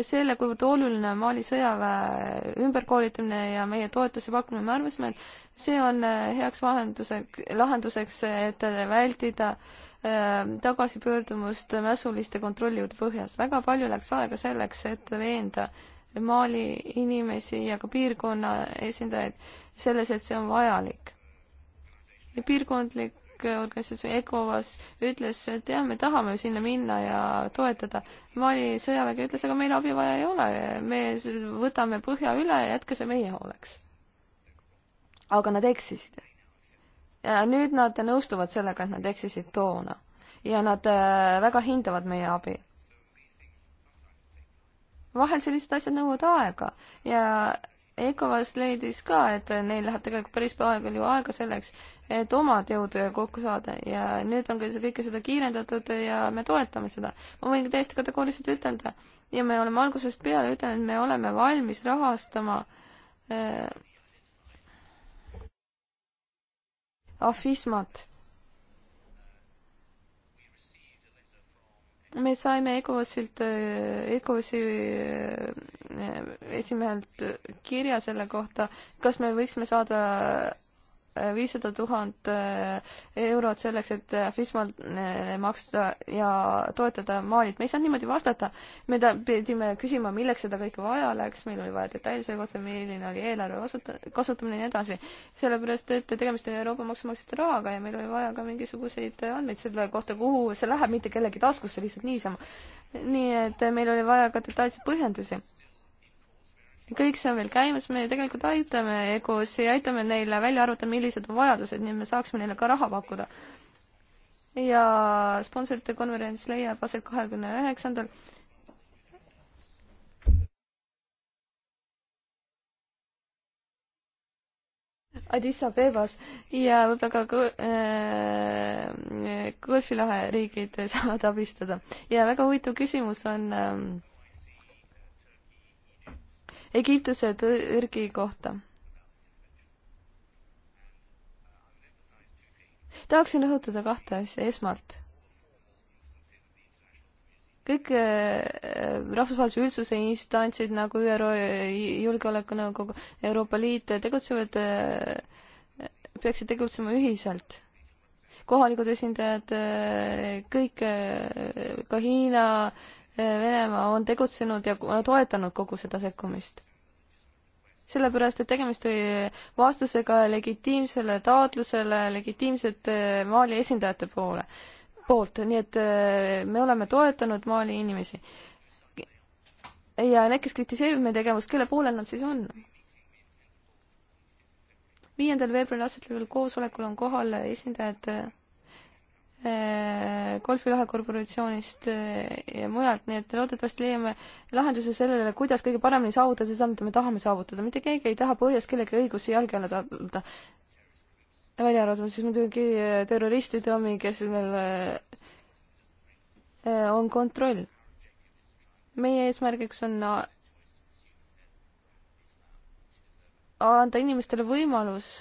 selle, kuivõrd oluline on Mali sõjaväe ümberkoolitamine ja meie toetuse pakkumine, me arvasime, et see on heaks vahenduseks, lahenduseks, et vältida äh, Äh, tagasipöördumust mässuliste kontrolli juurde põhjas. väga palju läks aega selleks, et veenda Mali inimesi ja ka piirkonna esindajaid selles, et see on vajalik. piirkondlik organisatsioon ECOWAS ütles, et jah, me tahame sinna minna ja toetada. Mali sõjavägi ütles, aga meil abi vaja ei ole, me võtame põhja üle ja jätke see meie hooleks. aga nad eksisid ja nüüd nad nõustuvad sellega, et nad eksisid toona. ja nad äh, väga hindavad meie abi. vahel sellised asjad nõuavad aega ja Ekovas leidis ka, et neil läheb tegelikult päris palju aega selleks, et omad jõud kokku saada ja nüüd on kõike seda kiirendatud ja me toetame seda. ma võin täiesti kategooriliselt ütelda ja me oleme algusest peale ütelnud, et me oleme valmis rahastama äh, afismat. me saime ECOWASilt, ECOWASi eh, eh, esimehelt kirja selle kohta, kas me võiksime saada viissada tuhat eh, eurot selleks, et eh, FISMal eh, maksta ja toetada Malit. me ei saanud niimoodi vastata, me ta-, pidime küsima, milleks seda kõike vaja läks, meil oli vaja detaile selle kohta, milline oli eelarve kasuta-, kasutamine ja nii edasi. sellepärast, et tegemist oli Euroopa maksumaksjate rahaga ja meil oli vaja ka mingisuguseid andmeid selle kohta, kuhu see läheb, mitte kellegi taskusse lihtsalt niisama. nii et meil oli vaja ka detailseid põhjendusi kõik see on veel käimas, me tegelikult aitame EGOS ja aitame neile välja arvutada, millised on vajadused, nii et me saaksime neile ka raha pakkuda. ja sponsorite konverents leiab aset kahekümne üheksandal. Addis Abebas ja võib-olla ka äh, Golfi lahe riigid saavad abistada ja väga huvitav küsimus on äh, Egiptuse ja Türgi kohta. tahaksin rõhutada kahte asja, esmalt kõik äh, rahvusvahelise üldsuse instantsid nagu ÜRO Julgeolekunõukogu, Euroopa Liit tegutsevad, äh, peaksid tegutsema ühiselt. kohalikud esindajad, äh, kõik, ka Hiina Venemaa on tegutsenud ja toetanud kogu seda sekkumist. sellepärast, et tegemist oli vastusega legitiimsele taotlusele legitiimsete Mali esindajate poole, poolt, nii et eh, me oleme toetanud Mali inimesi. ja need, kes kritiseerivad meie tegevust, kelle poolel nad siis on? viiendal veebruaril aset leidnud koosolekul on kohal esindajad eh, Äh, Golfi lahe korporatsioonist äh, ja mujalt, nii et loodetavasti leiame lahenduse sellele, kuidas kõige paremini saavutada seda, mida me tahame saavutada. mitte keegi ei taha põhjas kellegi õigusi jalge alla taluda. välja arvatud siis muidugi äh, terroristide omi, kes sellel on kontroll. meie eesmärgiks on anda inimestele võimalus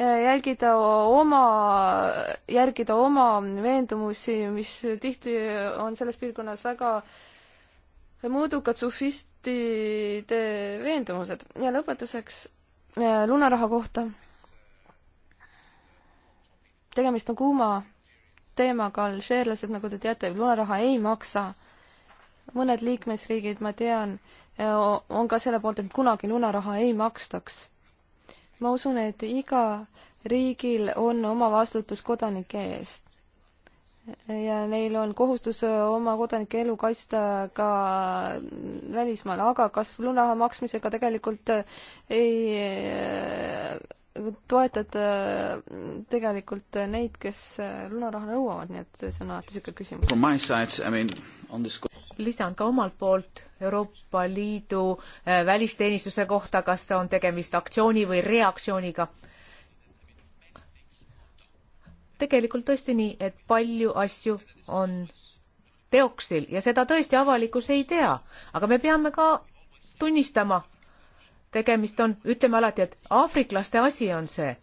jälgida oma, järgida oma veendumusi, mis tihti on selles piirkonnas väga mõõdukad sufistide veendumused. ja lõpetuseks eh, lunaraha kohta. tegemist on kuuma teemaga, alžeerlased, nagu te teate, lunaraha ei maksa. mõned liikmesriigid, ma tean, eh, on ka selle poolt, et kunagi lunaraha ei makstaks ma usun, et iga riigil on oma vastutus kodanike eest. ja neil on kohustus oma kodanike elu kaitsta ka välismaal, aga kas lunaraha maksmisega tegelikult ei äh, toetada äh, tegelikult neid, kes lunaraha nõuavad, nii et see on alati niisugune küsimus. From my side, I mean on this lisan ka omalt poolt Euroopa Liidu äh, välisteenistuse kohta, kas on tegemist aktsiooni või reaktsiooniga. tegelikult tõesti nii, et palju asju on teoksil ja seda tõesti avalikkus ei tea, aga me peame ka tunnistama, tegemist on, ütleme alati, et aafriklaste asi on see.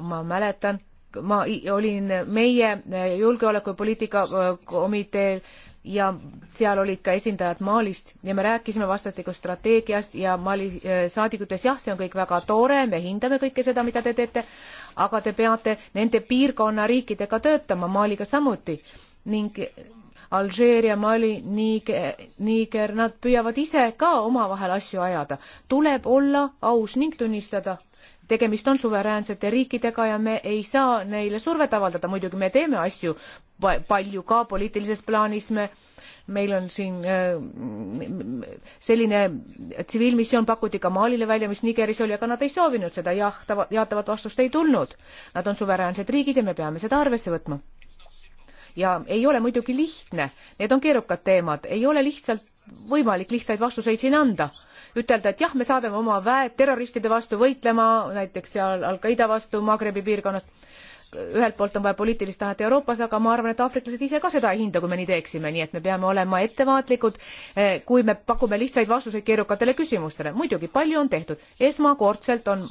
ma mäletan, ma olin meie äh, julgeolekupoliitika äh, komiteel ja seal olid ka esindajad Malist ja me rääkisime vastastikust strateegiast ja Mali äh, saadikud ütles, jah, see on kõik väga tore, me hindame kõike seda, mida te teete, aga te peate nende piirkonna riikidega töötama, Maliga samuti ning Alžeeria, Mali, Niiger, Niiger, nad püüavad ise ka omavahel asju ajada. tuleb olla aus ning tunnistada, tegemist on suveräänsete riikidega ja me ei saa neile survet avaldada, muidugi me teeme asju palju ka poliitilises plaanis, me, meil on siin äh, selline tsiviilmissioon pakuti ka Malile välja, mis Nigeris oli, aga nad ei soovinud seda, jah, jaatavat vastust ei tulnud. Nad on suveräänsed riigid ja me peame seda arvesse võtma. ja ei ole muidugi lihtne, need on keerukad teemad, ei ole lihtsalt võimalik lihtsaid vastuseid siin anda ütelda, et jah, me saadame oma väed terroristide vastu võitlema, näiteks seal Al-Qaeda vastu Magrebi piirkonnas. ühelt poolt on vaja poliitilist tahet Euroopas, aga ma arvan, et aafriklased ise ka seda ei hinda, kui me nii teeksime, nii et me peame olema ettevaatlikud, eh, kui me pakume lihtsaid vastuseid keerukatele küsimustele. muidugi, palju on tehtud. esmakordselt on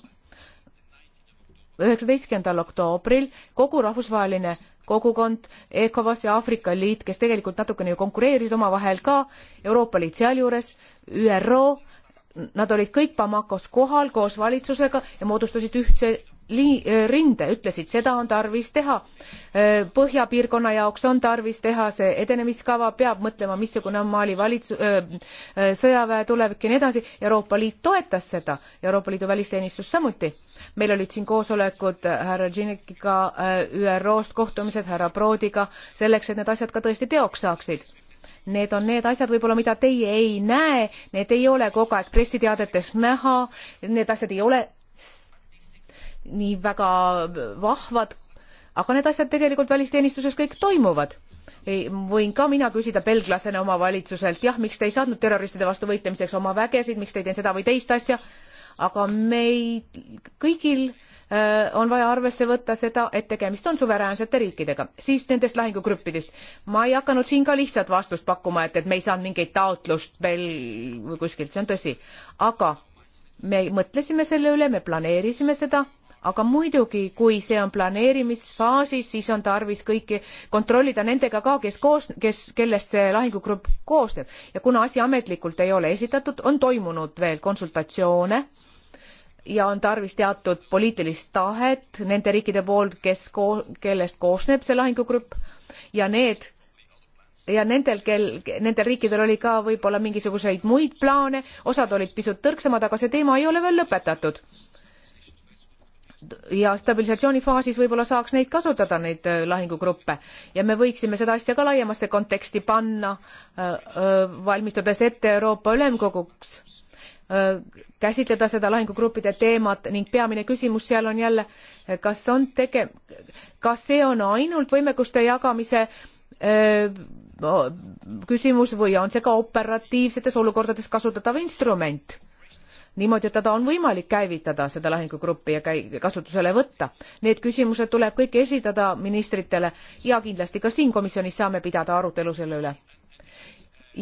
üheksateistkümnendal oktoobril kogu rahvusvaheline kogukond, ECOWAS ja Aafrika Liit, kes tegelikult natukene ju konkureerisid omavahel ka, Euroopa Liit sealjuures, ÜRO nad olid kõik Bamakos kohal koos valitsusega ja moodustasid ühtse li-, äh, rinde, ütlesid, seda on tarvis teha. Äh, põhjapiirkonna jaoks on tarvis teha see edenemiskava, peab mõtlema, missugune on Mali valitsus, äh, sõjaväe tulevik ja nii edasi. Euroopa Liit toetas seda, Euroopa Liidu välisteenistus samuti. meil olid siin koosolekud härra Džinikiga ÜRO-st, kohtumised härra Proodiga, selleks, et need asjad ka tõesti teoks saaksid Need on need asjad võib-olla, mida teie ei näe, need ei ole kogu aeg pressiteadetes näha, need asjad ei ole nii väga vahvad, aga need asjad tegelikult välisteenistuses kõik toimuvad. võin ka mina küsida belglasena omavalitsuselt, jah, miks te ei saatnud terroristide vastu võitlemiseks oma vägesid, miks te ei teinud seda või teist asja, aga meil kõigil äh, Äh, on vaja arvesse võtta seda, et tegemist on suveräänsete riikidega. siis nendest lahingugruppidest. ma ei hakanud siin ka lihtsat vastust pakkuma, et, et me ei saanud mingeid taotlust veel või kuskilt, see on tõsi. aga me mõtlesime selle üle, me planeerisime seda aga muidugi, kui see on planeerimisfaasis, siis on tarvis kõiki kontrollida nendega ka, kes koos, kes, kellest see lahingugrupp koosneb ja kuna asi ametlikult ei ole esitatud, on toimunud veel konsultatsioone äh, ja on tarvis teatud poliitilist tahet nende riikide poolt, kes ko-, kellest koosneb see lahingugrupp ja need, ja nendel, kel, nendel riikidel oli ka võib-olla mingisuguseid muid plaane, osad olid pisut tõrksamad, aga see teema ei ole veel lõpetatud. ja stabilisatsioonifaasis võib-olla saaks neid kasutada, neid äh, lahingugruppe ja me võiksime seda asja ka laiemasse konteksti panna, äh, äh, valmistudes ette Euroopa Ülemkoguks Äh, käsitleda seda lahingugruppide teemat ning peamine küsimus seal on jälle, kas on tege-, kas see on ainult võimekuste jagamise öö, äh, küsimus või on see ka operatiivsetes olukordades kasutatav instrument? niimoodi, et teda on võimalik käivitada, seda lahingugruppi ja käi-, kasutusele võtta. Need küsimused tuleb kõik esitada ministritele ja kindlasti ka siin komisjonis saame pidada arutelu selle üle.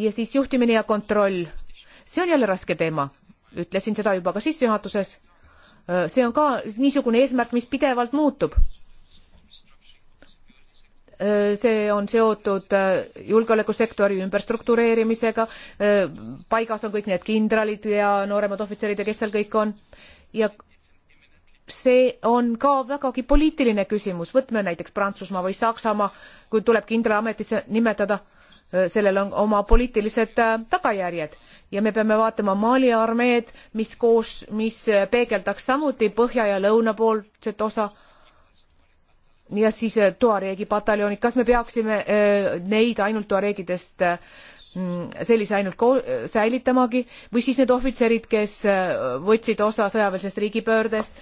ja siis juhtimine ja kontroll see on jälle raske teema, ütlesin seda juba ka sissejuhatuses. see on ka niisugune eesmärk, mis pidevalt muutub. see on seotud julgeolekusektori ümberstruktureerimisega, paigas on kõik need kindralid ja nooremad ohvitserid ja kes seal kõik on ja see on ka vägagi poliitiline küsimus, võtme näiteks Prantsusmaa või Saksamaa, kui tuleb kindral ametisse nimetada, sellel on oma poliitilised tagajärjed ja me peame vaatama Mali armeed, mis koos, mis peegeldaks samuti põhja ja lõuna poolset osa. ja siis äh, Tuareegi pataljonid, kas me peaksime äh, neid ainult Tuareegidest mm, sellise ainult säilitamagi või siis need ohvitserid, kes äh, võtsid osa sõjaväelisest riigipöördest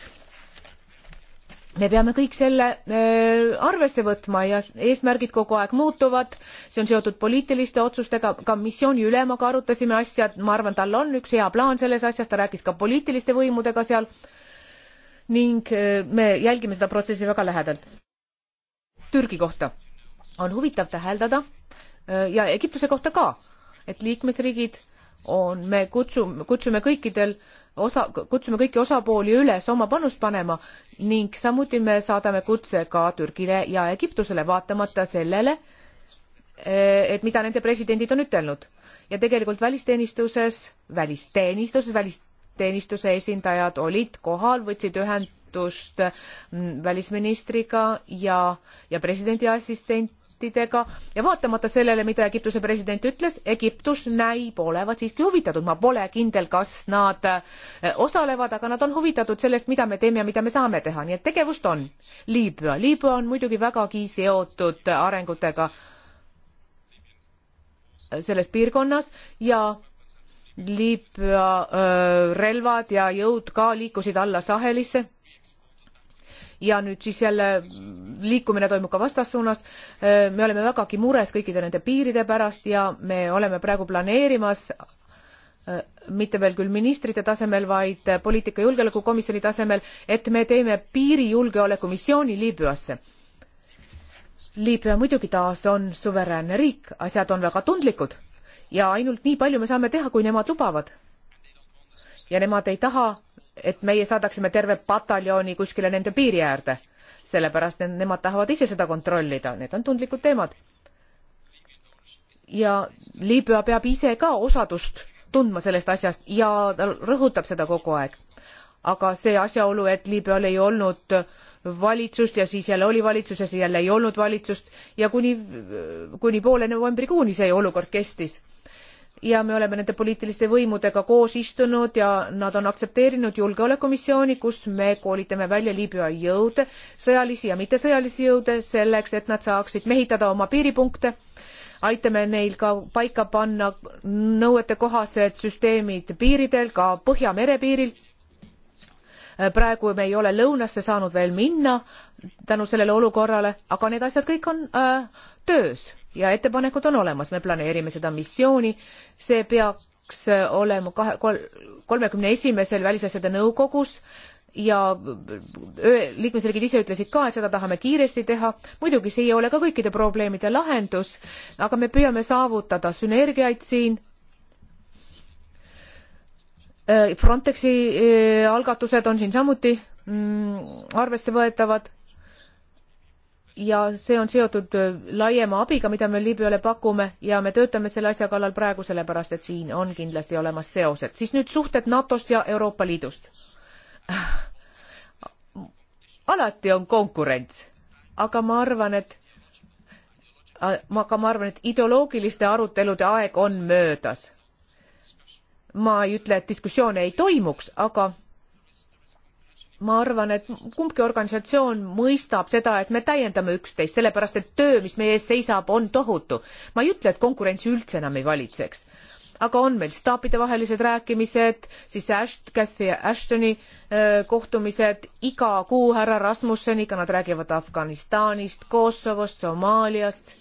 me peame kõik selle arvesse võtma ja eesmärgid kogu aeg muutuvad, see on seotud poliitiliste otsustega, ka missiooni ülemaga arutasime asja, ma arvan, tal on üks hea plaan selles asjas, ta rääkis ka poliitiliste võimudega seal ning me jälgime seda protsessi väga lähedalt. Türgi kohta on huvitav täheldada ja Egiptuse kohta ka, et liikmesriigid on, me kutsume, kutsume kõikidel äh, osa, kutsume kõiki osapooli üles oma panust panema ning samuti me saadame kutse ka Türgile ja Egiptusele, vaatamata sellele, eh, et mida nende presidendid on ütelnud. ja tegelikult välisteenistuses, välisteenistuses, välisteenistuse esindajad olid kohal, võtsid ühendust mm, välisministriga ja, ja presidendi assistent projektidega ja vaatamata sellele, mida Egiptuse president ütles, Egiptus näib olevat siiski huvitatud, ma pole kindel, kas nad eh, osalevad, aga nad on huvitatud sellest, mida me teeme ja mida me saame teha, nii et tegevust on. Liibüa, Liibüa on muidugi vägagi seotud arengutega selles piirkonnas ja Liibüa eh, relvad ja jõud ka liikusid alla Sahelisse ja nüüd siis jälle liikumine toimub ka vastassuunas. Äh, me oleme vägagi mures kõikide nende piiride pärast ja me oleme praegu planeerimas äh, mitte veel küll ministrite tasemel, vaid poliitika julgeolekukomisjoni tasemel, et me teeme piirijulgeoleku missiooni Liibüasse. Liibüa muidugi taas on suveräänne riik, asjad on väga tundlikud ja ainult nii palju me saame teha, kui nemad lubavad. ja nemad ei taha et meie saadaksime terve pataljoni kuskile nende piiri äärde, sellepärast et nemad tahavad ise seda kontrollida, need on tundlikud teemad. ja Liibüa peab ise ka osadust tundma sellest asjast ja ta rõhutab seda kogu aeg. aga see asjaolu, et Liibüal ei olnud valitsust ja siis jälle oli valitsus ja siis jälle ei olnud valitsust ja kuni, kuni poole novembrikuuni see olukord kestis ja me oleme nende poliitiliste võimudega koos istunud ja nad on aktsepteerinud julgeolekumissiooni, kus me koolitame välja Liibüa jõude, sõjalisi ja mittesõjalisi jõude, selleks et nad saaksid mehitada oma piiripunkte. aitame neil ka paika panna nõuetekohased süsteemid piiridel, ka Põhjamere piiril praegu me ei ole lõunasse saanud veel minna tänu sellele olukorrale, aga need asjad kõik on äh, töös ja ettepanekud on olemas, me planeerime seda missiooni, see peaks olema kahe, kolm, kolmekümne esimesel Välisasjade Nõukogus ja liikmesriigid ise ütlesid ka, et seda tahame kiiresti teha. muidugi see ei ole ka kõikide probleemide lahendus, aga me püüame saavutada sünergiaid siin. Frontexi algatused on siin samuti mm, arvesse võetavad ja see on seotud äh, laiema abiga, mida me Liibüale pakume ja me töötame selle asja kallal praegu, sellepärast et siin on kindlasti olemas seosed. siis nüüd suhted NATO-st ja Euroopa Liidust. <laughs> alati on konkurents, aga ma arvan, et aga ma arvan, et ideoloogiliste arutelude aeg on möödas. ma ei ütle, et diskussioone ei toimuks, aga ma arvan, et kumbki organisatsioon mõistab seda, et me täiendame üksteist, sellepärast et töö, mis meie ees seisab, on tohutu. ma ei ütle, et konkurentsi üldse enam ei valitseks, aga on meil staapidevahelised rääkimised, siis Ashton, Cathy ja Ashtoni kohtumised iga kuu härra Rasmusseniga, nad räägivad Afganistanist, Kosovost, Somaaliast,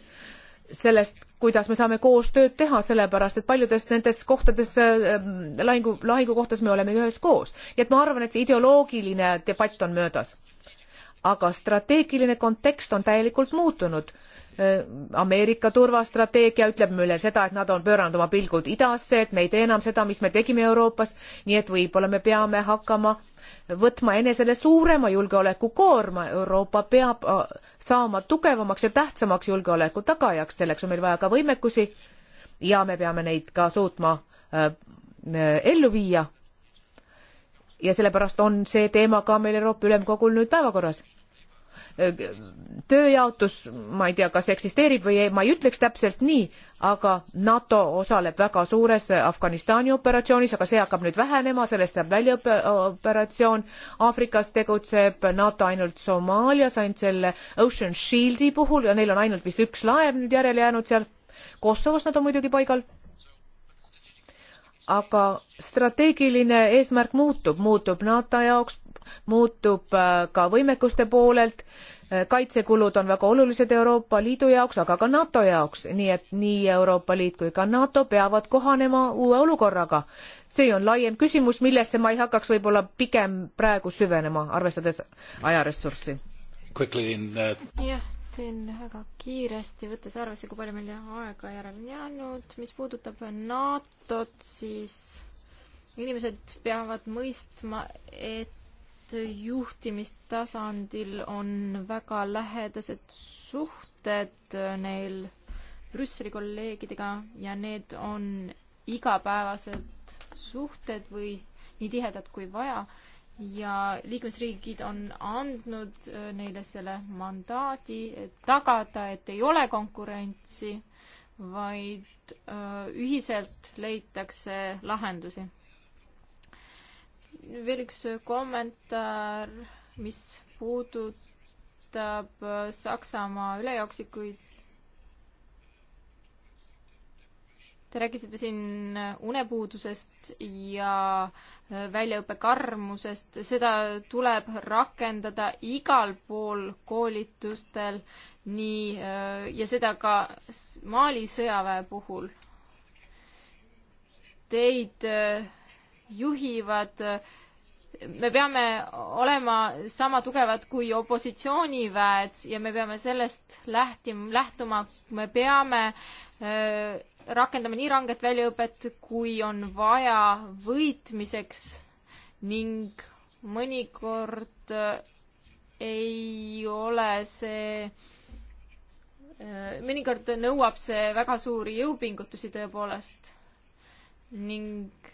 sellest, kuidas me saame koostööd teha, sellepärast et paljudes nendes kohtades ähm, lahingu, lahingukohtades me oleme üheskoos. nii et ma arvan, et see ideoloogiline debatt on möödas. aga strateegiline kontekst on täielikult muutunud Äh, Ameerika turvastrateegia ütleb meile seda, et nad on pööranud oma pilgud idasse, et me ei tee enam seda, mis me tegime Euroopas, nii et võib-olla me peame hakkama võtma enesele suurema julgeolekukoorma, Euroopa peab äh, saama tugevamaks ja tähtsamaks julgeoleku tagajaks, selleks on meil vaja ka võimekusi ja me peame neid ka suutma äh, äh ellu viia. ja sellepärast on see teema ka meil Euroopa Ülemkogul nüüd päevakorras tööjaotus, ma ei tea, kas eksisteerib või ei, ma ei ütleks täpselt nii, aga NATO osaleb väga suures Afganistani operatsioonis, aga see hakkab nüüd vähenema, sellest saab väljaoperatsioon. Aafrikas tegutseb NATO ainult Somaalias, ainult selle Ocean Shieldi puhul ja neil on ainult vist üks laev nüüd järele jäänud seal. Kosovos nad on muidugi paigal aga strateegiline eesmärk muutub, muutub NATO jaoks muutub äh, ka võimekuste poolelt, äh, kaitsekulud on väga olulised Euroopa Liidu jaoks, aga ka NATO jaoks, nii et nii Euroopa Liit kui ka NATO peavad kohanema uue olukorraga. see on laiem küsimus, millesse ma ei hakkaks võib-olla pigem praegu süvenema, arvestades ajaressurssi. Uh, jah, teen väga kiiresti, võttes arvesse, kui palju meil aega järele on jäänud, mis puudutab NATO-t, siis inimesed peavad mõistma, et juhtimistasandil on väga lähedased suhted neil Brüsseli kolleegidega ja need on igapäevased suhted või nii tihedad kui vaja ja liikmesriigid on andnud äh, neile selle mandaadi, et tagada, et ei ole konkurentsi, vaid äh, ühiselt leitakse lahendusi veel üks kommentaar, mis puudutab Saksamaa ülejooksikuid. Te rääkisite siin unepuudusest ja väljaõppe karmusest, seda tuleb rakendada igal pool koolitustel, nii ja seda ka Mali sõjaväe puhul. Teid äh, juhivad. me peame olema sama tugevad kui opositsiooniväed ja me peame sellest lähtima, lähtuma, me peame äh, rakendama nii ranget väljaõpet, kui on vaja võitmiseks ning mõnikord äh, ei ole see äh, mõnikord nõuab see väga suuri jõupingutusi tõepoolest ning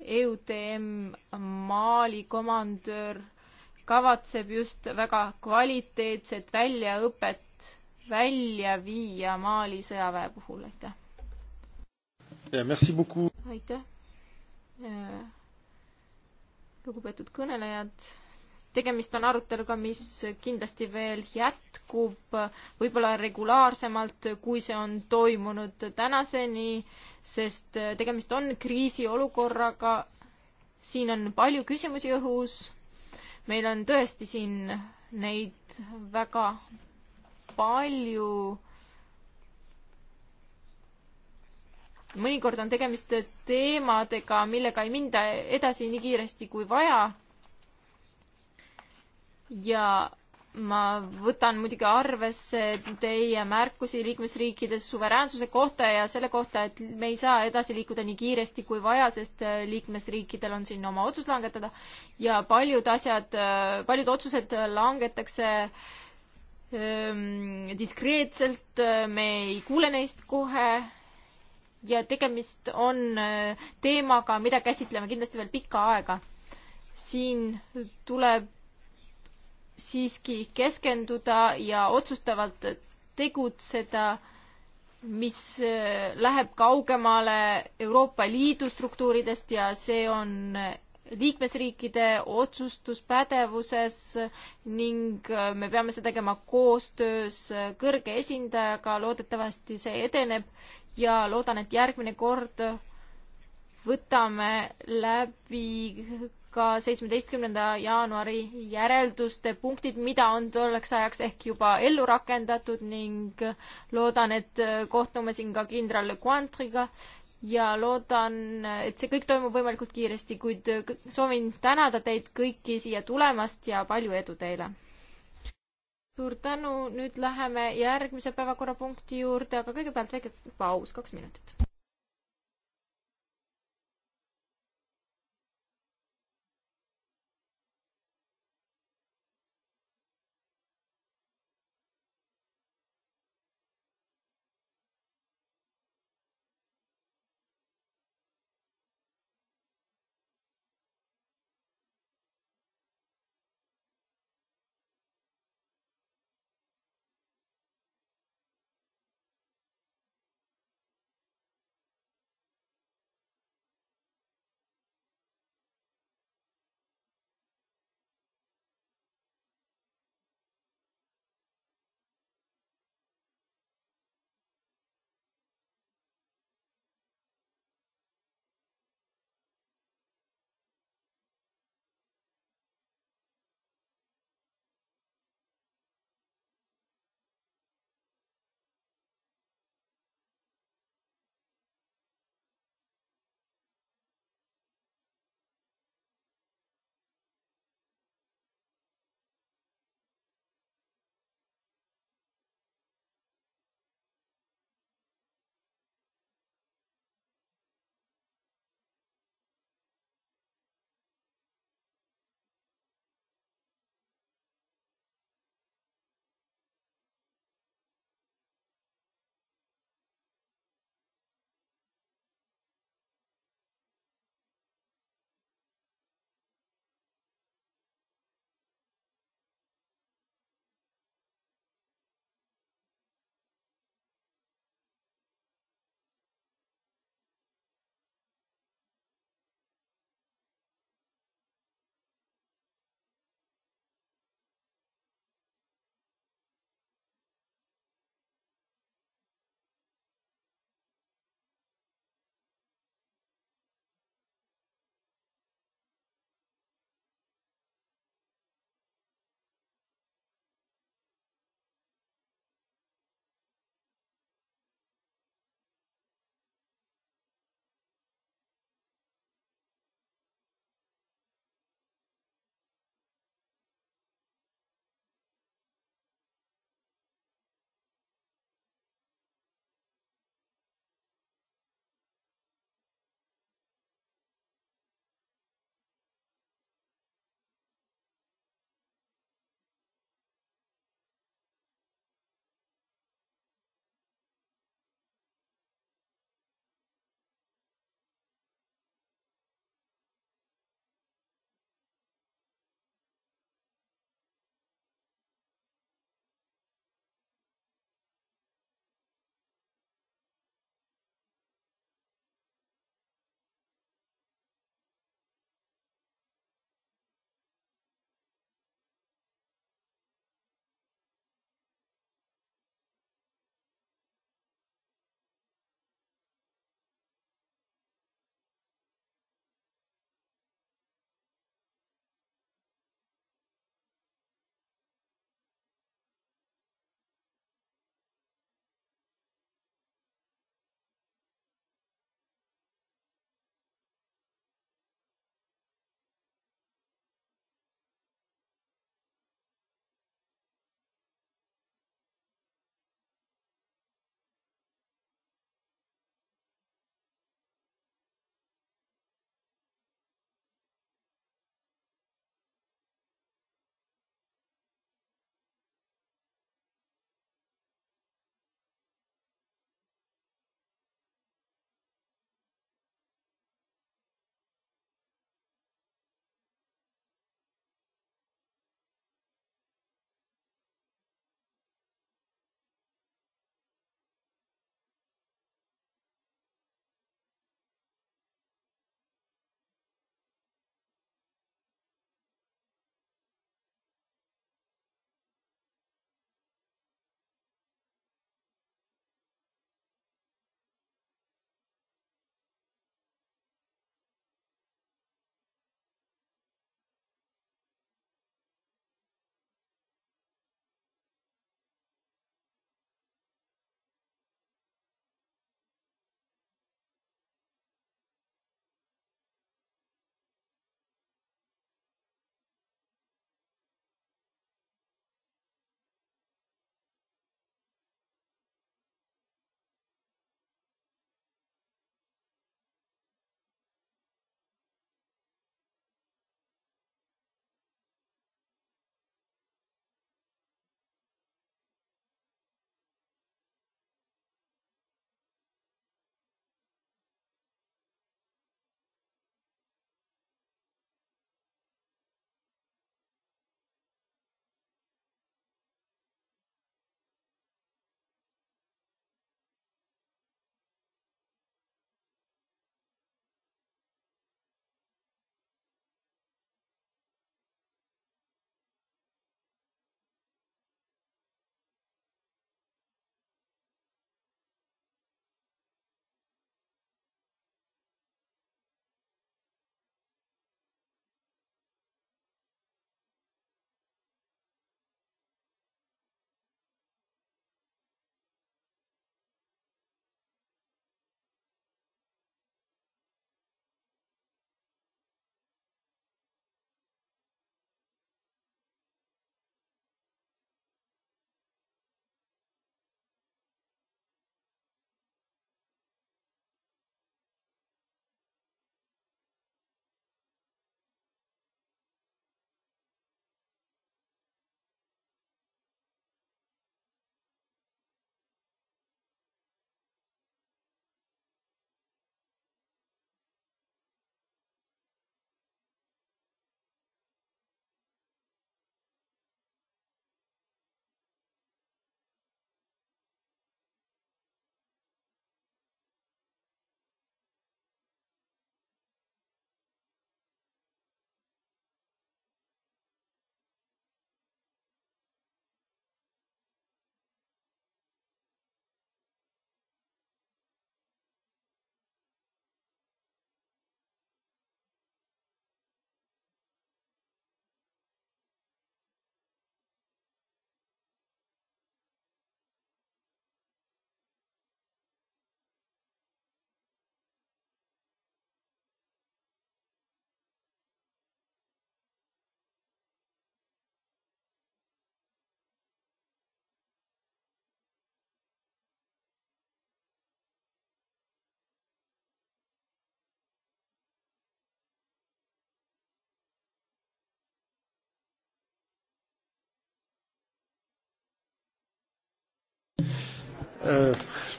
EUTM Mali komandör kavatseb just väga kvaliteetset väljaõpet välja viia Mali sõjaväe puhul, aitäh. Eh, aitäh. Eh, lugupeetud kõnelejad tegemist on aruteluga, mis kindlasti veel jätkub, võib-olla regulaarsemalt, kui see on toimunud tänaseni, sest tegemist on kriisiolukorraga. siin on palju küsimusi õhus. meil on tõesti siin neid väga palju mõnikord on tegemist teemadega, millega ei minda edasi nii kiiresti kui vaja ja ma võtan muidugi arvesse teie märkusi liikmesriikide suveräänsuse kohta ja selle kohta, et me ei saa edasi liikuda nii kiiresti kui vaja, sest äh, liikmesriikidel on siin oma otsus langetada ja paljud asjad, äh, paljud otsused langetakse ähm, diskreetselt, äh, me ei kuule neist kohe ja tegemist on teemaga, mida käsitleme kindlasti veel pikka aega. siin tuleb siiski keskenduda ja otsustavalt tegutseda, mis äh, läheb kaugemale Euroopa Liidu struktuuridest ja see on liikmesriikide otsustuspädevuses ning äh, me peame seda tegema koostöös äh, kõrge esindajaga, loodetavasti see edeneb ja loodan, et järgmine kord võtame läbi ka seitsmeteistkümnenda jaanuari järelduste punktid, mida on tolleks ajaks ehk juba ellu rakendatud ning loodan, et kohtume siin ka kindral Quantriga ja loodan, et see kõik toimub võimalikult kiiresti, kuid soovin tänada teid kõiki siia tulemast ja palju edu teile! suur tänu, nüüd läheme järgmise päevakorrapunkti juurde, aga kõigepealt väike paus, kaks minutit.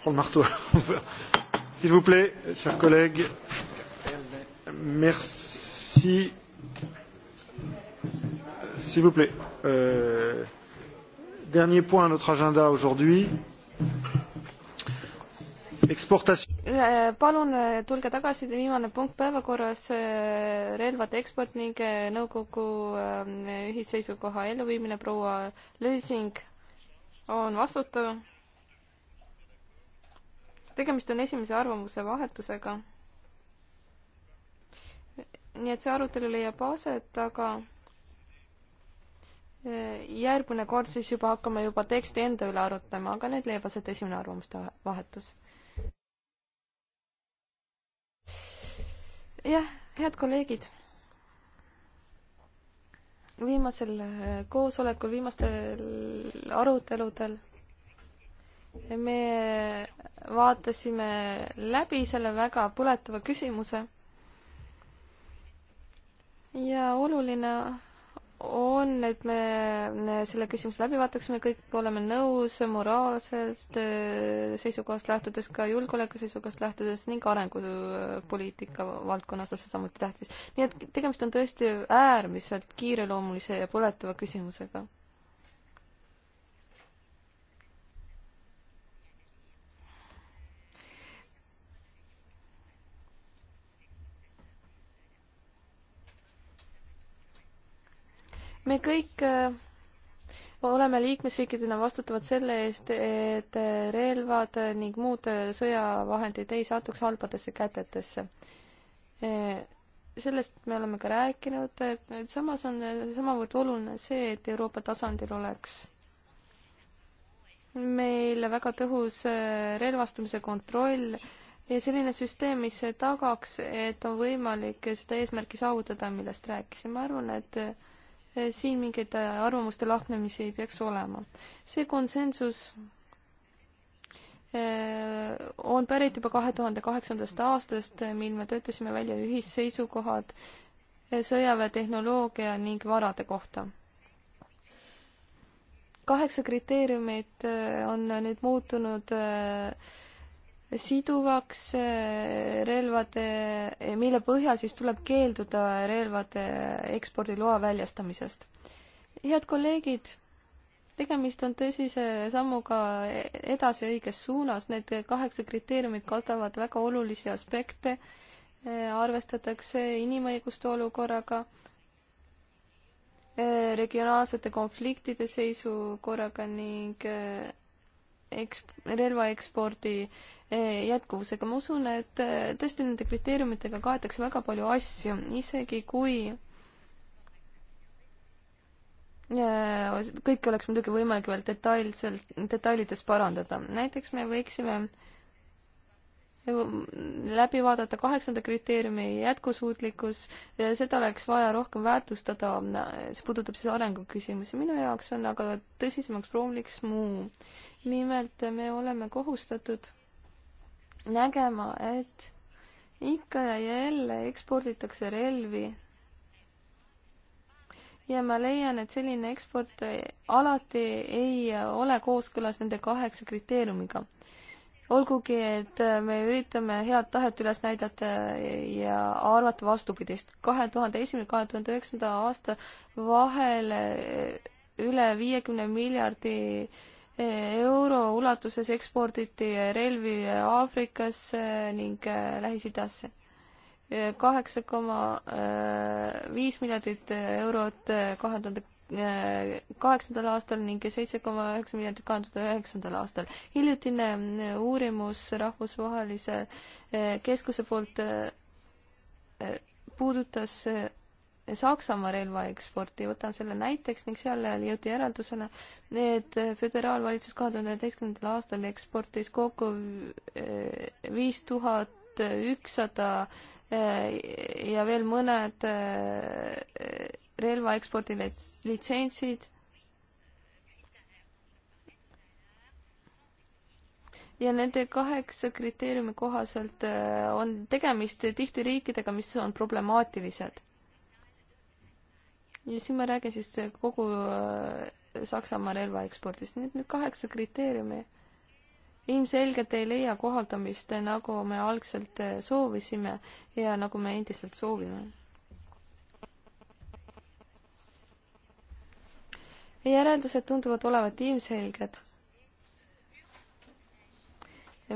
prendre le marteau. <laughs> S'il vous plaît, chers collègues. Merci. S'il vous plaît. Euh, dernier point à notre agenda aujourd'hui. Exportation. palun äh, tulge tagasi, viimane punkt päevakorras, äh, relvade eksport ning äh, nõukogu ähm, ühisseisukoha elluviimine, proua Lösing on vastutav tegemist on esimese arvamuse vahetusega. nii et see arutelu leiab aset, aga e, järgmine kord siis juba hakkame juba teksti enda üle arutlema, aga nüüd leiab aset esimene arvamuste vahetus. jah, head kolleegid. viimasel e, koosolekul, viimastel aruteludel me vaatasime läbi selle väga põletava küsimuse. ja oluline on, et me selle küsimuse läbi vaataksime, kõik oleme nõus moraalsest seisukohast lähtudes, ka julgeoleku seisukohast lähtudes ning arengupoliitika valdkonnas on see samuti tähtis. nii et tegemist on tõesti äärmiselt kiireloomulise ja põletava küsimusega. me kõik äh, oleme liikmesriikidena vastutavad selle eest, et äh, relvad ning muud äh, sõjavahendid ei satuks halbadesse kätetesse. sellest me oleme ka rääkinud, samas on samavõrd oluline see, et Euroopa tasandil oleks meil väga tõhus relvastumise kontroll ja selline süsteem, mis tagaks, et on võimalik seda eesmärki saavutada, millest rääkisin, ma arvan, et Eh, siin mingeid eh, arvamuste lahknemisi ei peaks olema. see konsensus eh, on pärit juba kahe tuhande kaheksandast aastast, mil me töötasime välja ühisseisukohad sõjaväetehnoloogia ning varade kohta. kaheksa kriteeriumit on nüüd muutunud äh, siduvaks äh, relvade, mille põhjal siis tuleb keelduda relvade ekspordiloa väljastamisest. head kolleegid, tegemist on tõsise sammuga edasi õiges suunas, need kaheksa kriteeriumit katavad väga olulisi aspekte, äh, arvestatakse inimõiguste olukorraga, äh, regionaalsete konfliktide seisukorraga ning eks-, relvaekspordi eh, jätkuvusega, ma usun, et eh, tõesti nende kriteeriumitega kaetakse väga palju asju, isegi kui eh, kõike oleks muidugi võimalik veel detailselt, detailides parandada. näiteks me võiksime äh, Nagu läbi vaadata kaheksanda kriteeriumi jätkusuutlikkus, seda oleks vaja rohkem väärtustada, see puudutab siis arenguküsimusi, minu jaoks on aga tõsisemaks probleemiks muu. nimelt me oleme kohustatud nägema, et ikka ja jälle eksporditakse relvi. ja ma leian, et selline eksport alati ei ole kooskõlas nende kaheksa kriteeriumiga olgugi, et me üritame head tahet üles näidata ja arvata vastupidist. kahe tuhande esimene, kahe tuhande üheksanda aasta vahel eh, üle viiekümne miljardi eh, euro ulatuses eksporditi relvi Aafrikasse ning eh, Lähis-Idasse. kaheksa koma viis miljardit eurot kahe tuhande kaheksandal aastal ning seitse koma üheksa miljardit kahe tuhande üheksandal aastal. hiljutine äh, uurimus rahvusvahelise äh, keskuse poolt äh, puudutas Saksamaa relvaeksporti, võtan selle näiteks ning seal jõuti järeldusele, et föderaalvalitsus kahe tuhande üheteistkümnendal aastal eksportis kokku viis tuhat ükssada ja veel mõned relvaekspordi litsentsid ja nende kaheksa kriteeriumi kohaselt äh, on tegemist tihti riikidega, mis on problemaatilised. ja siin ma räägin siis kogu äh, Saksamaa relvaekspordist, nii et need kaheksa kriteeriumi ilmselgelt ei leia kohaldamist, nagu me algselt äh, soovisime ja nagu me endiselt soovime järeldused tunduvad olevat ilmselged.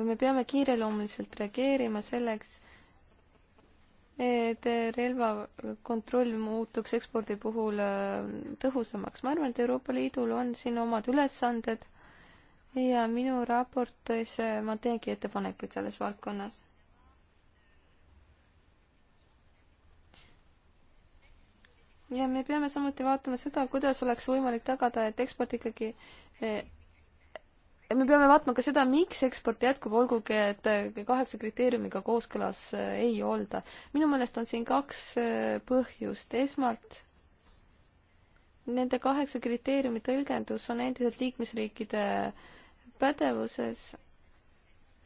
me peame kiireloomuliselt reageerima selleks, et relvakontroll muutuks ekspordi puhul äh, tõhusamaks. ma arvan, et Euroopa Liidul on siin omad ülesanded ja minu raportis äh, ma teengi ettepanekuid selles valdkonnas. ja me peame samuti vaatama seda, kuidas oleks võimalik tagada, et eksport ikkagi eh, me peame vaatama ka seda, miks eksport jätkub, olgugi et eh, kaheksa kriteeriumiga kooskõlas eh, ei olda. minu meelest on siin kaks põhjust. esmalt, nende kaheksa kriteeriumi tõlgendus on endiselt liikmesriikide pädevuses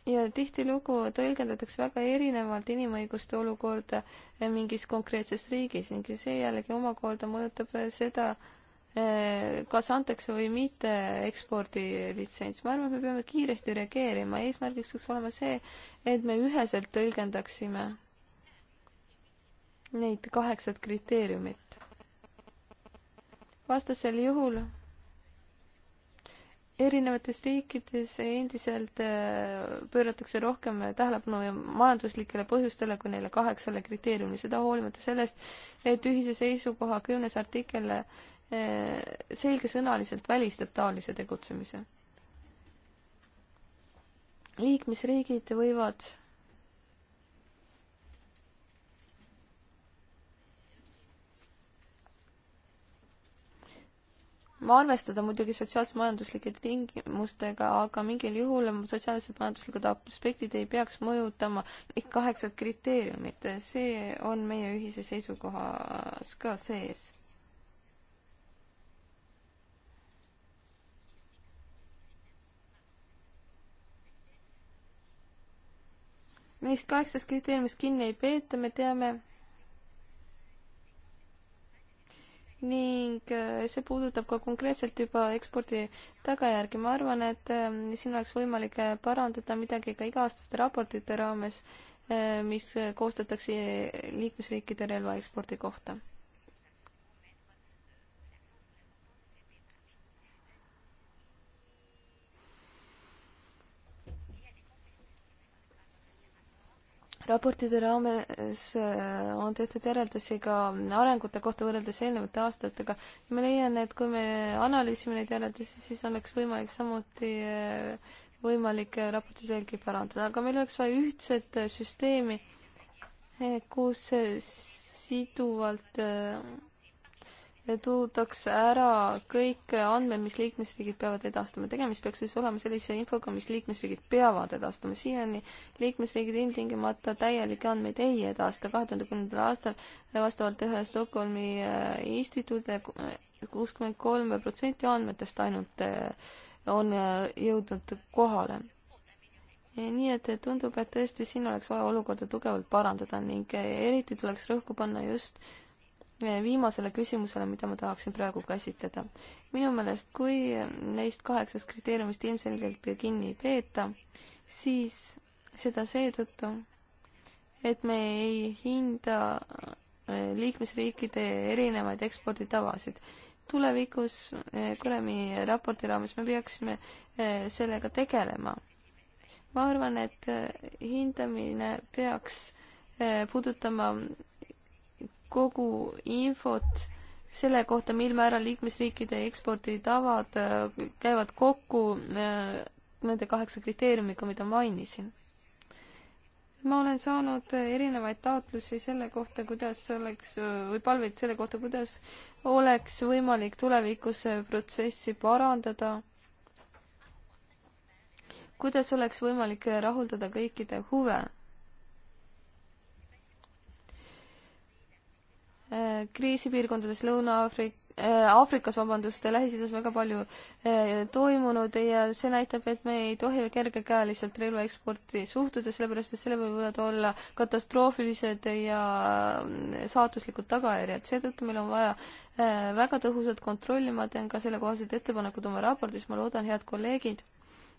ja tihtilugu tõlgendatakse väga erinevalt inimõiguste olukorda eh, mingis konkreetses riigis ning see jällegi omakorda mõjutab eh, seda, eh, kas antakse või mitte ekspordilitsents. ma arvan, et me peame kiiresti reageerima, eesmärgiks peaks olema see, et me üheselt tõlgendaksime neid kaheksat kriteeriumit. vastasel juhul erinevates riikides endiselt äh, pööratakse rohkem tähelepanu majanduslikele põhjustele kui neile kaheksale kriteeriumile, seda hoolimata sellest, et ühise seisukoha kümnes artikkel äh, selgesõnaliselt välistab taolise tegutsemise. liikmesriigid võivad arvestada muidugi sotsiaalse-majanduslike tingimustega, aga mingil juhul sotsiaalsed majanduslikud aspektid ei peaks mõjutama ehk kaheksat kriteeriumit, see on meie ühise seisukohas ka sees. neist kaheksast kriteeriumist kinni ei peeta, me teame ning äh, see puudutab ka konkreetselt juba ekspordi tagajärgi. ma arvan, et äh, siin oleks võimalik äh, parandada midagi ka iga-aastaste raportite raames, mis koostatakse liikmesriikide relvaekspordi kohta. raportide raames äh, on tehtud järeldusi ka arengute kohta võrreldes eelnevate aastatega. ma leian, et kui me analüüsime neid järeldusi, siis oleks võimalik samuti äh, võimalik äh, raportid veelgi parandada, aga meil oleks vaja ühtset süsteemi, kus siduvalt tuuakse ära kõik andmed, mis liikmesriigid peavad edastama. tegemist peaks siis olema sellise infoga, mis liikmesriigid peavad edastama. siiani liikmesriigid ilmtingimata täielikke andmeid ei edasta. kahe tuhande kümnendal aastal vastavalt ühe Stockholmi eh, instituudile kuuskümmend kolm protsenti andmetest ainult eh, on eh, jõudnud kohale. nii et tundub, et tõesti siin oleks vaja olukorda tugevalt parandada ning eriti tuleks rõhku panna just äh, viimasele küsimusele, mida ma tahaksin praegu käsitleda. minu meelest, kui neist kaheksast kriteeriumist ilmselgelt kinni ei peeta, siis seda seetõttu, et me ei hinda äh, liikmesriikide erinevaid eksporditavasid. tulevikus äh, Kõlemi raporti raames me peaksime äh, sellega tegelema. ma arvan, et hindamine peaks puudutama kogu infot selle kohta, mil määral liikmesriikide eksporditavad äh, käivad kokku äh, nende kaheksa kriteeriumiga, mida mainisin. ma olen saanud erinevaid taotlusi selle kohta, kuidas oleks, äh, või palveid selle kohta, kuidas oleks võimalik tulevikus protsessi parandada, kuidas oleks võimalik rahuldada kõikide huve kriisipiirkondades Lõuna-Aafrika äh, Aafrikas, vabandust, Lähis-Idas väga palju äh, toimunud ja see näitab, et me ei tohi kergekäeliselt relvaeksporti suhtuda, sellepärast et selle võivad olla katastroofilised ja äh, saatuslikud tagajärjed. seetõttu meil on vaja väga tõhusat kontrolli, ma teen ka sellekohased ettepanekud oma raportis, ma loodan, head kolleegid,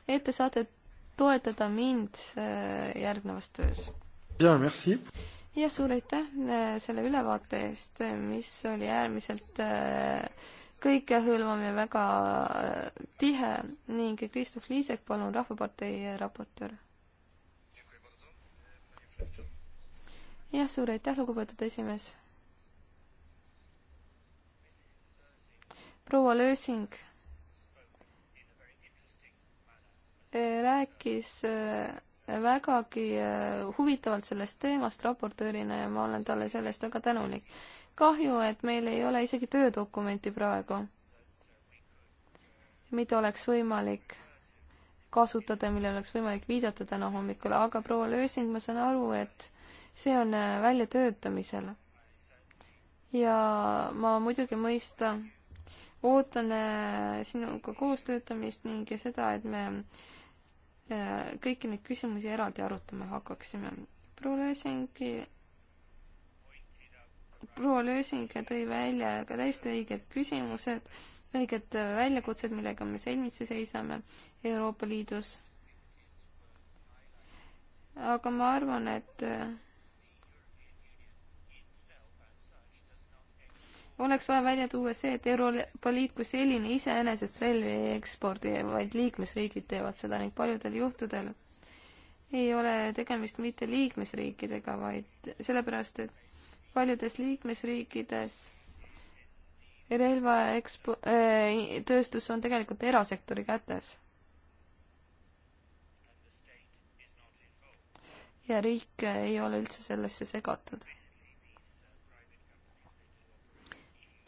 et te saate toetada mind järgnevas töös. jaa, merci! ja suur aitäh äh, selle ülevaate eest, äh, mis oli äärmiselt äh, kõikehõlmav ja väga tihe ning Kristof Liisek, palun, Rahvapartei raportöör. jah, suur aitäh, lugupeetud esimees. proua Lösing rääkis vägagi äh, huvitavalt sellest teemast raportöörina ja ma olen talle selle eest väga tänulik. kahju, et meil ei ole isegi töödokumenti praegu, mida oleks võimalik kasutada, millele oleks võimalik viidata täna hommikul, aga proua Lösing, ma saan aru, et see on äh, väljatöötamisel. ja ma muidugi mõista, ootan äh, sinuga koos töötamist ning seda, et me äh, kõiki neid küsimusi eraldi arutama hakkaksime. proua Lösingi, proua Lösing tõi välja ka täiesti õiged küsimused, õiged väljakutsed, millega me silmitsi seisame Euroopa Liidus. aga ma arvan, et oleks vaja välja tuua see, et Euroopa Liit kui selline iseenesest relvi ei ekspordi, vaid liikmesriigid teevad seda ning paljudel juhtudel ei ole tegemist mitte liikmesriikidega, vaid sellepärast, et paljudes liikmesriikides relva ekspo- äh,, tööstus on tegelikult erasektori kätes. ja riik ei ole üldse sellesse segatud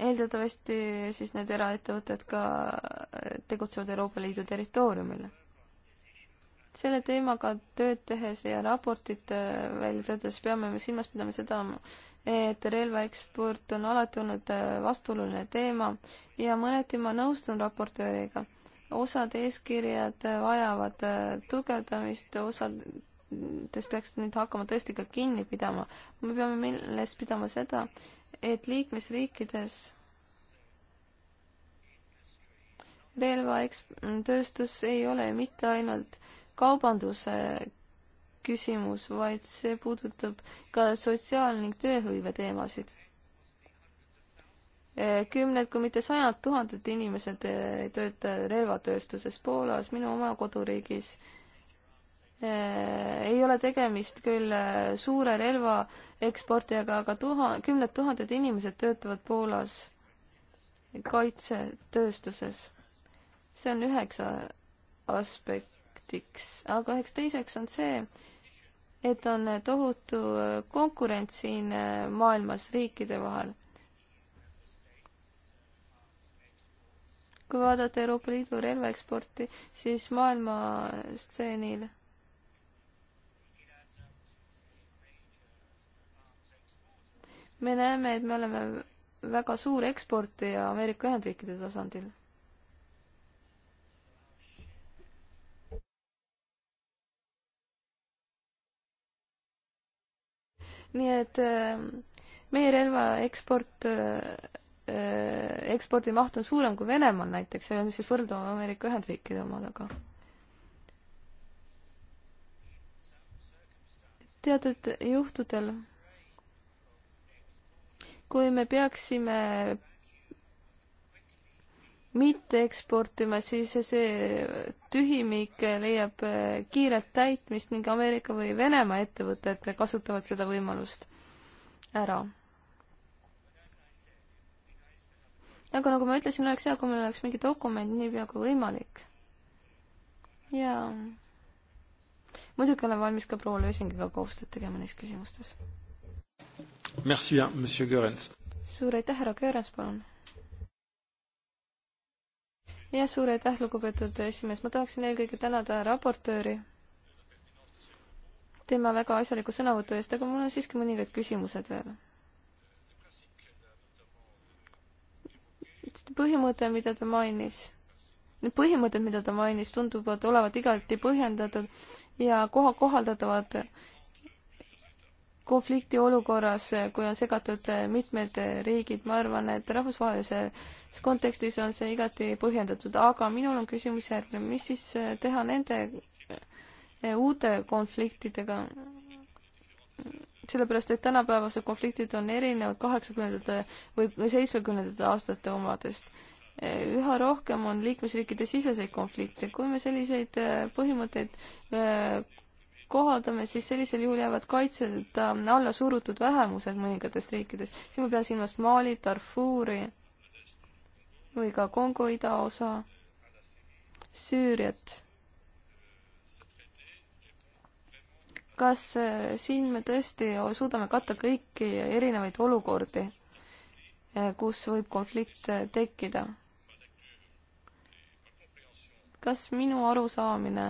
eeldatavasti siis need eraettevõtted ka tegutsevad Euroopa Liidu territooriumil. selle teemaga tööd tehes ja raportit äh, välja töötades peame me silmas pidama seda, et relvaeksport on alati olnud äh, vastuoluline teema ja mõneti ma nõustun raportööriga. osad eeskirjad vajavad äh, tugevdamist, osadest peaks nüüd hakkama tõesti ka kinni pidama. me peame meeles pidama seda, et liikmesriikides relvatööstus ei ole mitte ainult kaubanduse küsimus, vaid see puudutab ka sotsiaal- ning tööhõive teemasid. kümned, kui mitte sajad tuhanded inimesed eh, ei tööta relvatööstuses Poolas, minu oma koduriigis. Eh, ei ole tegemist küll eh, suure relva eksportijaga, aga tuha-, kümned tuhanded inimesed töötavad Poolas kaitsetööstuses. see on üheksa aspektiks, aga üheks teiseks on see, et on tohutu konkurents siin maailmas riikide vahel. kui vaadata Euroopa Liidu relvaeksporti, siis maailma stseenil me näeme, et me oleme väga suur eksportija Ameerika Ühendriikide tasandil. nii et äh, meie relva eksport, äh, ekspordimaht on suurem kui Venemaal näiteks, see on siis võrduv Ameerika Ühendriikide omadega. teatud juhtudel kui me peaksime mitte eksportima, siis see tühimik leiab kiirelt täitmist ning Ameerika või Venemaa ettevõtted kasutavad seda võimalust ära. aga nagu ma ütlesin, oleks hea, kui meil oleks mingi dokument niipea kui võimalik. jaa. muidugi olen valmis ka proua Lösingiga koostööd tegema neis küsimustes Merci bien, monsieur Görens. suur aitäh, härra Görens, palun. ja suur aitäh, lugupeetud esimees, ma tahaksin eelkõige tänada raportööri tema väga asjaliku sõnavõtu eest, aga mul on siiski mõningad küsimused veel. põhimõte, mida ta mainis, need põhimõtted, mida ta mainis, tunduvad olevat igati põhjendatud ja koha, kohaldatavad konflikti olukorras, kui on segatud eh, mitmed eh, riigid, ma arvan, et rahvusvahelises kontekstis on see igati põhjendatud, aga minul on küsimus järgmine, mis siis eh, teha nende uute konfliktidega? sellepärast, et tänapäevased konfliktid on erinevad kaheksakümnendate või seitsmekümnendate aastate omadest. üha rohkem on liikmesriikide siseseid konflikte, kui me selliseid põhimõtteid kohaldame, siis sellisel juhul jäävad kaitsed ähm, alla surutud vähemused mõningates riikides. siin ma pean silmas Mali, Darfuri või ka Kongo idaosa, Süüriat. kas äh, siin me tõesti suudame katta kõiki erinevaid olukordi, äh, kus võib konflikt äh, tekkida? kas minu arusaamine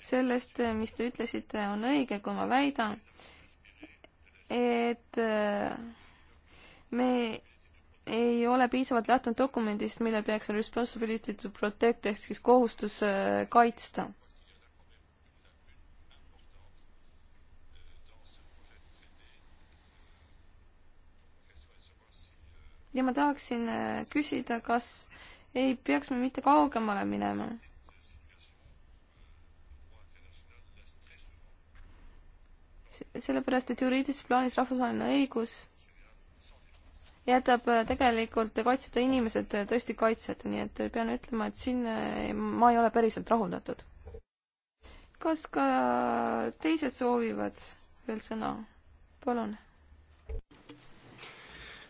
sellest, eh, mis te ütlesite, on õige, kui ma väidan, et eh, me ei ole piisavalt lähtunud dokumendist, mille peaks olema responsibility to protect ehk siis kohustus eh, kaitsta. ja ma tahaksin küsida, kas ei peaks me mitte kaugemale minema sellepärast et juriidilises plaanis rahvusvaheline õigus jätab äh, tegelikult kaitseta inimesed äh, tõesti kaitseta, nii et äh, pean ütlema, et siin ma ei ole päriselt rahuldatud. kas ka teised soovivad veel sõna? palun.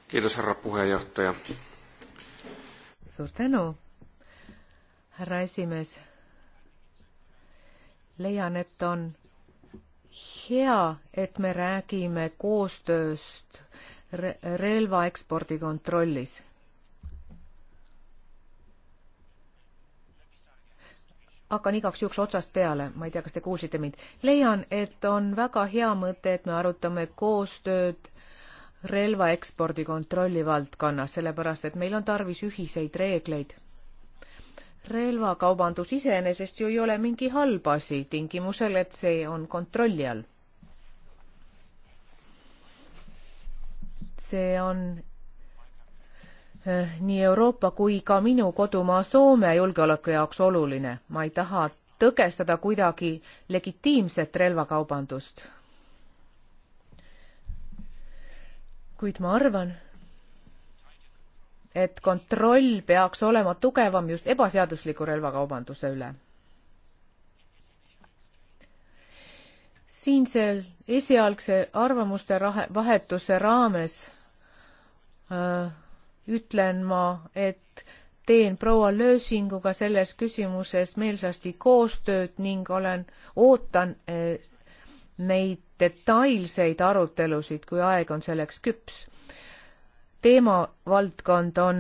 kiitos, härra puhejuhataja. suur tänu, härra esimees. leian, et on hea, et me räägime koostööst re relva ekspordi kontrollis. hakkan igaks juhuks otsast peale, ma ei tea, kas te kuulsite mind. leian, et on väga hea mõte, et me arutame koostööd relva ekspordi kontrolli valdkonnas, sellepärast et meil on tarvis ühiseid reegleid relvakaubandus iseenesest ju ei ole mingi halb asi, tingimusel, et see on kontrolli all. see on eh, nii Euroopa kui ka minu kodumaa Soome julgeoleku jaoks oluline. ma ei taha tõkestada kuidagi legitiimset relvakaubandust. kuid ma arvan et kontroll peaks olema tugevam just ebaseadusliku relvakaubanduse üle. siinsel esialgse arvamuste vahetuse raames öö, ütlen ma, et teen proua Lösinguga selles küsimuses meelsasti koostööd ning olen, ootan öö, neid detailseid arutelusid, kui aeg on selleks küps teemavaldkond on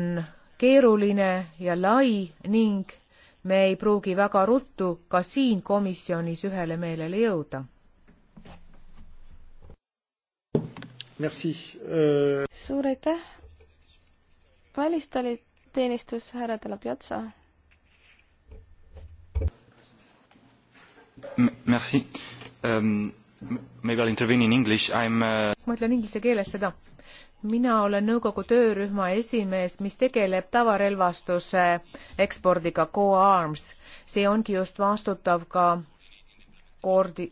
keeruline ja lai ning me ei pruugi väga ruttu ka siin komisjonis ühele meelele jõuda. Äh. suur aitäh. välistaliteenistus, härra De La Piazza. Merci um,. Maybe I will intervene in english, I am uh.... Äh, ma ütlen inglise keeles seda mina olen nõukogu töörühma esimees, mis tegeleb tavarelvastuse ekspordiga Co-Arms. see ongi just vastutav ka koordi-,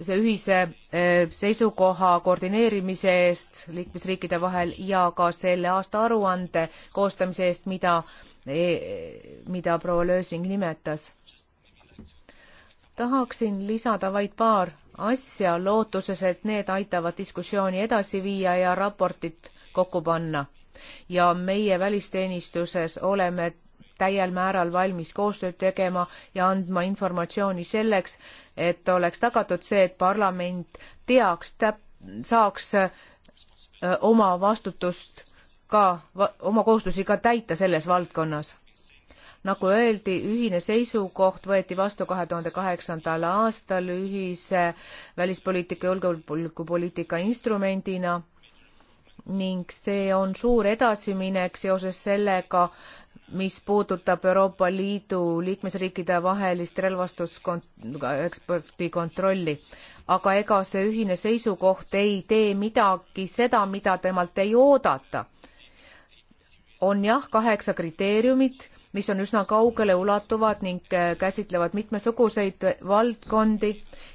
see ühise eh, seisukoha koordineerimise eest liikmesriikide vahel ja ka selle aasta aruande koostamise eest, mida, eh, mida proua Lösing nimetas. tahaksin lisada vaid paar asja lootuses, et need aitavad diskussiooni edasi viia ja raportit kokku panna. ja meie välisteenistuses oleme täiel määral valmis koostööd tegema ja andma informatsiooni selleks, et oleks tagatud see, et parlament teaks, saaks öö, oma vastutust ka, oma kohustusi ka täita selles valdkonnas nagu öeldi, ühine seisukoht võeti vastu kahe tuhande kaheksandal aastal ühise välispoliitika ja julgeolekupoliitika instrumendina ning see on suur edasiminek seoses sellega, mis puudutab Euroopa Liidu liikmesriikide vahelist relvastuseksporti kontrolli. aga ega see ühine seisukoht ei tee midagi seda, mida temalt ei oodata. on jah, kaheksa kriteeriumit mis on üsna kaugele ulatuvad ning äh, käsitlevad mitmesuguseid valdkondi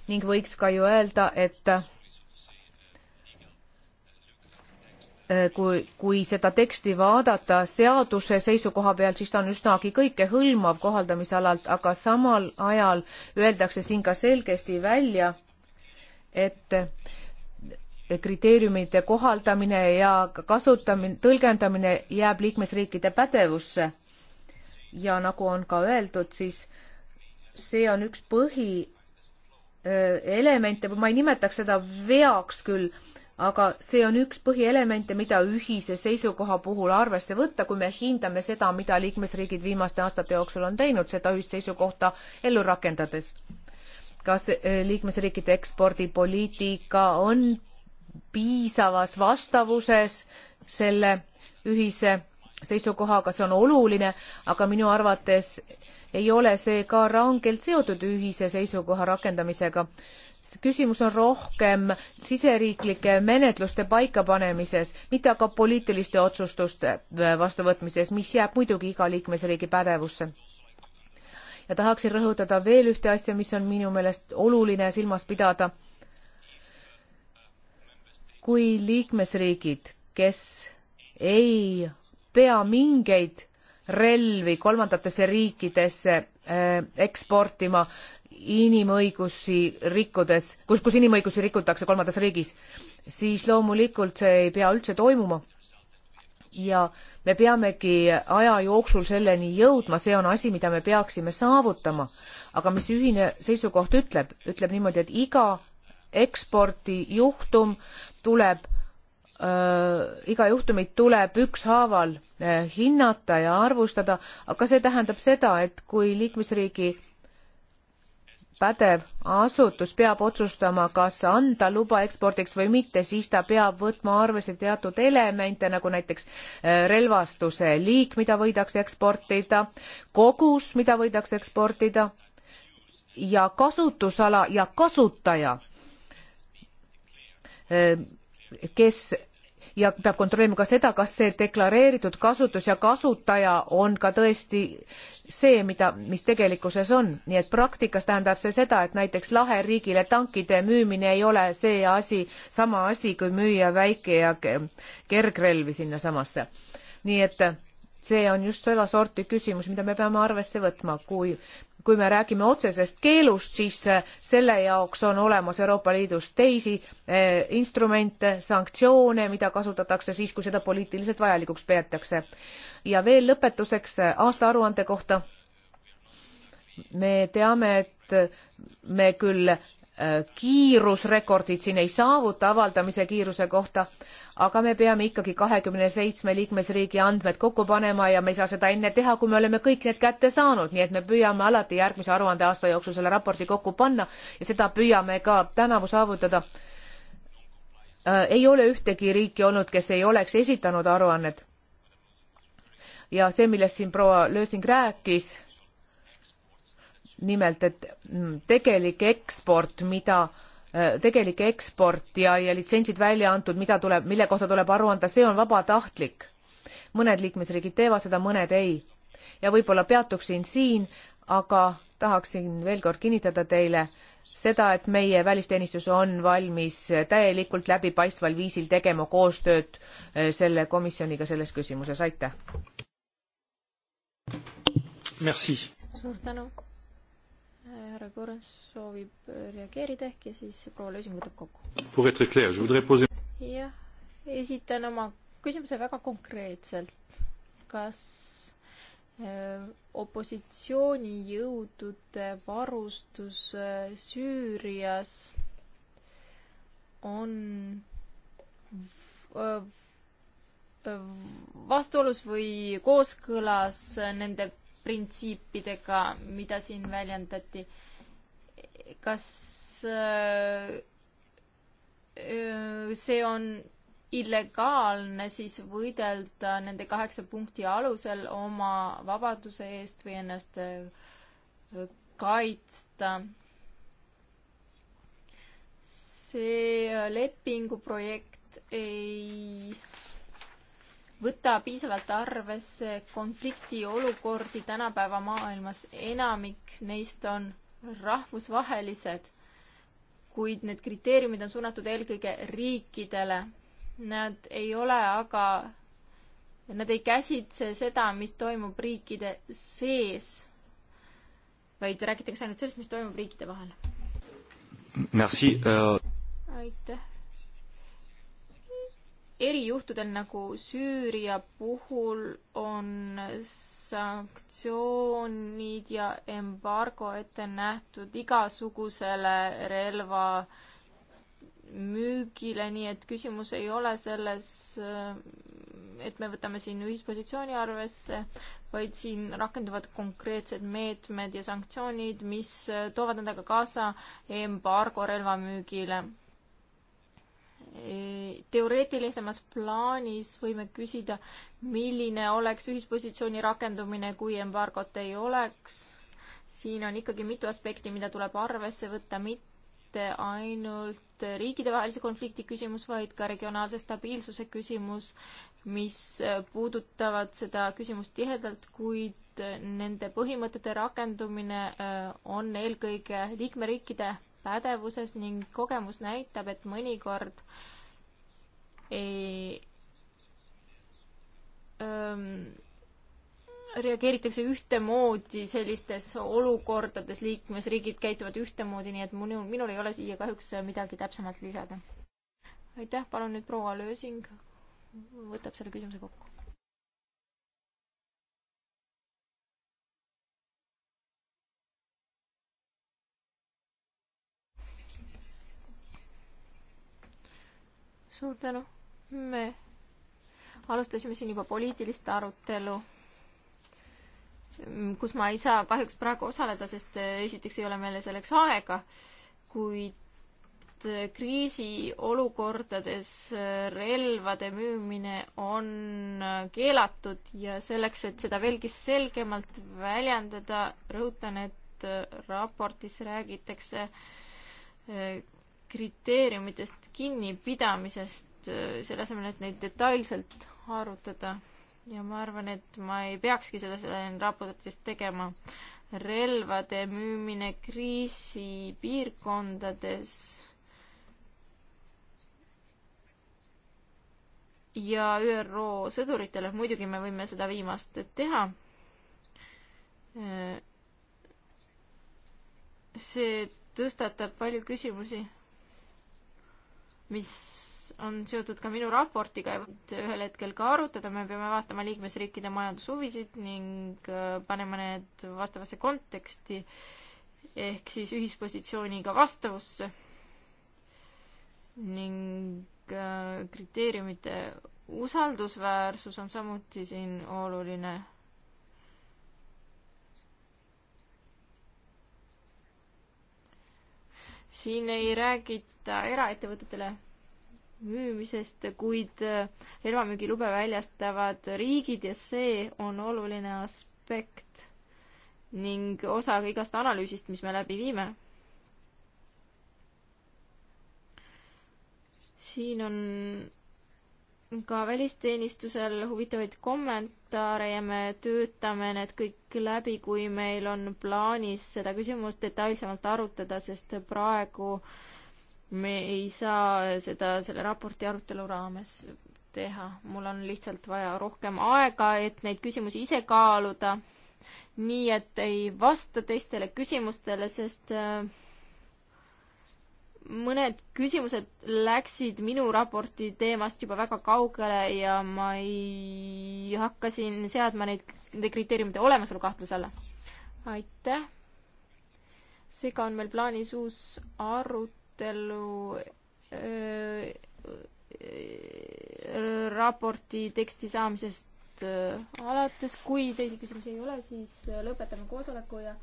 ning võiks ka ju öelda, et äh, kui, kui seda teksti vaadata seaduse seisukoha pealt, siis ta on üsnagi kõikehõlmav kohaldamisalalt, aga samal ajal öeldakse siin ka selgesti välja, et äh, kriteeriumide kohaldamine ja kasutamine, tõlgendamine jääb liikmesriikide pädevusse ja nagu on ka öeldud, siis see on üks põhielemente, ma ei nimetaks seda veaks küll, aga see on üks põhielemente, mida ühise seisukoha puhul arvesse võtta, kui me hindame seda, mida liikmesriigid viimaste aastate jooksul on teinud seda ühist seisukohta ellu rakendades. kas liikmesriikide ekspordipoliitika on piisavas vastavuses selle ühise seisukohaga, see on oluline, aga minu arvates ei ole see ka rangelt seotud ühise seisukoha rakendamisega. küsimus on rohkem siseriiklike menetluste paikapanemises, mitte aga poliitiliste otsustuste vastuvõtmises, mis jääb muidugi iga liikmesriigi pädevusse ja tahaksin rõhutada veel ühte asja, mis on minu meelest oluline silmas pidada. kui liikmesriigid, kes ei pea mingeid relvi kolmandatesse riikidesse äh, eksportima inimõigusi rikkudes, kus, kus inimõigusi rikutakse kolmandas riigis, siis loomulikult see ei pea üldse toimuma. ja me peamegi aja jooksul selleni jõudma, see on asi, mida me peaksime saavutama. aga mis ühine seisukoht ütleb, ütleb niimoodi, et iga ekspordijuhtum tuleb äh,, iga juhtumit tuleb ükshaaval Eh, hinnata ja arvustada, aga see tähendab seda, et kui liikmesriigi pädev asutus peab otsustama, kas anda luba ekspordiks või mitte, siis ta peab võtma arvesse teatud elemente, nagu näiteks eh, relvastuse liik, mida võidakse eksportida, kogus, mida võidakse eksportida ja kasutusala ja kasutaja, eh, kes ja peab kontrollima ka seda, kas see deklareeritud kasutus ja kasutaja on ka tõesti see, mida, mis tegelikkuses on. nii et praktikas tähendab see seda, et näiteks laheriigile tankide müümine ei ole see asi, sama asi, kui müüa väike ja kergrelvi sinnasamasse. nii et see on just seda sorti küsimus, mida me peame arvesse võtma, kui kui me räägime otsesest keelust, siis eh, selle jaoks on olemas Euroopa Liidus teisi eh, instrumente, sanktsioone, mida kasutatakse siis, kui seda poliitiliselt vajalikuks peetakse. ja veel lõpetuseks eh, aastaaruande kohta. me teame, et me küll Äh, kiirusrekordit siin ei saavuta avaldamise kiiruse kohta, aga me peame ikkagi kahekümne seitsme liikmesriigi andmed kokku panema ja me ei saa seda enne teha, kui me oleme kõik need kätte saanud, nii et me püüame alati järgmise aruandeaasta jooksul selle raporti kokku panna ja seda püüame ka tänavu saavutada. Äh, ei ole ühtegi riiki olnud, kes ei oleks esitanud aruannet. ja see, millest siin proua Lösing rääkis nimelt, et mm, tegelik eksport, mida äh, tegelik eksport ja, ja litsentsid välja antud, mida tuleb, mille kohta tuleb aru anda, see on vabatahtlik. mõned liikmesriigid teevad seda, mõned ei. ja võib-olla peatuksin siin, aga tahaksin veel kord kinnitada teile seda, et meie välisteenistus on valmis täielikult läbipaistval viisil tegema koostööd äh, selle komisjoniga selles küsimuses, aitäh! suur tänu! härra Korens soovib reageerida ehk ja siis proua Lösing võtab kokku. jah, esitan oma küsimuse väga konkreetselt. kas äh, opositsioonijõudude varustus äh, Süürias on äh, vastuolus või kooskõlas nende alusprintsiipidega, mida siin väljendati. kas äh, äh, see on illegaalne siis võidelda nende kaheksa punkti alusel oma vabaduse eest või ennast äh, kaitsta? see lepinguprojekt ei võta piisavalt arvesse konfliktiolukordi tänapäeva maailmas. enamik neist on rahvusvahelised, kuid need kriteeriumid on suunatud eelkõige riikidele. Nad ei ole aga, nad ei käsitse seda, mis toimub riikide sees, vaid räägitakse ainult sellest, mis toimub riikide vahel. Merci uh.... aitäh erijuhtudel nagu Süüria puhul on sanktsioonid ja embargo ette nähtud igasugusele relva müügile, nii et küsimus ei ole selles, et me võtame siin ühispositsiooni arvesse, vaid siin rakenduvad konkreetsed meetmed ja sanktsioonid, mis toovad endaga kaasa embargo relvamüügile teoreetilisemas plaanis võime küsida, milline oleks ühispositsiooni rakendumine, kui embargot ei oleks. siin on ikkagi mitu aspekti, mida tuleb arvesse võtta, mitte ainult riikidevahelise konflikti küsimus, vaid ka regionaalse stabiilsuse küsimus, mis puudutavad seda küsimust tihedalt, kuid nende põhimõtete rakendumine äh, on eelkõige liikmeriikide pädevuses ning kogemus näitab, et mõnikord ei öö, reageeritakse ühtemoodi sellistes olukordades, liikmesriigid käituvad ühtemoodi, nii et minul, minul ei ole siia kahjuks midagi täpsemalt lisada. aitäh, palun nüüd proua Lösing võtab selle küsimuse kokku. suur tänu. me alustasime siin juba poliitilist arutelu, kus ma ei saa kahjuks praegu osaleda, sest äh, esiteks ei ole meil selleks aega, kuid äh, kriisiolukordades äh, relvade müümine on keelatud ja selleks, et seda veelgi selgemalt väljendada, rõhutan, et raportis räägitakse kriteeriumitest kinnipidamisest, äh, selle asemel, et neid detailselt arutada. ja ma arvan, et ma ei peakski seda siin raportis tegema. relvade müümine kriisipiirkondades ja ÜRO sõduritele, muidugi me võime seda viimast teha äh, see tõstatab palju küsimusi mis on seotud ka minu raportiga, et ühel hetkel ka arutada, me peame vaatama liikmesriikide majandushuvisid ning äh, panema need vastavasse konteksti ehk siis ühispositsiooniga vastavusse ning äh, kriteeriumite usaldusväärsus on samuti siin oluline siin ei räägita eraettevõtetele müümisest, kuid äh, relvamüügilube väljastavad riigid ja see on oluline aspekt ning osa igast analüüsist, mis me läbi viime. siin on ka välisteenistusel huvitavaid kommentaare ja me töötame need kõik läbi, kui meil on plaanis seda küsimust detailsemalt arutada, sest praegu me ei saa seda selle raporti arutelu raames teha. mul on lihtsalt vaja rohkem aega, et neid küsimusi ise kaaluda. nii et ei vasta teistele küsimustele, sest äh, mõned küsimused läksid minu raporti teemast juba väga kaugele ja ma ei hakka siin seadma neid, nende kriteeriumide olemasolu kahtluse alla. aitäh. seega on meil plaanis uus arutelu öö, raporti teksti saamisest alates. kui teisi küsimusi ei ole, siis lõpetame koosoleku ja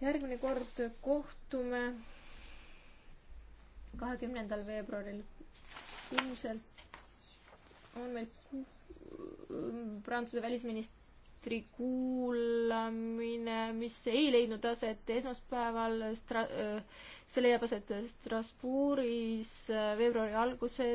järgmine kord kohtume kahekümnendal veebruaril. ilmselt on meil Prantsuse välisministri kuulamine, mis ei leidnud aset esmaspäeval, äh, see leiab aset Strasbourgis äh, veebruari alguses.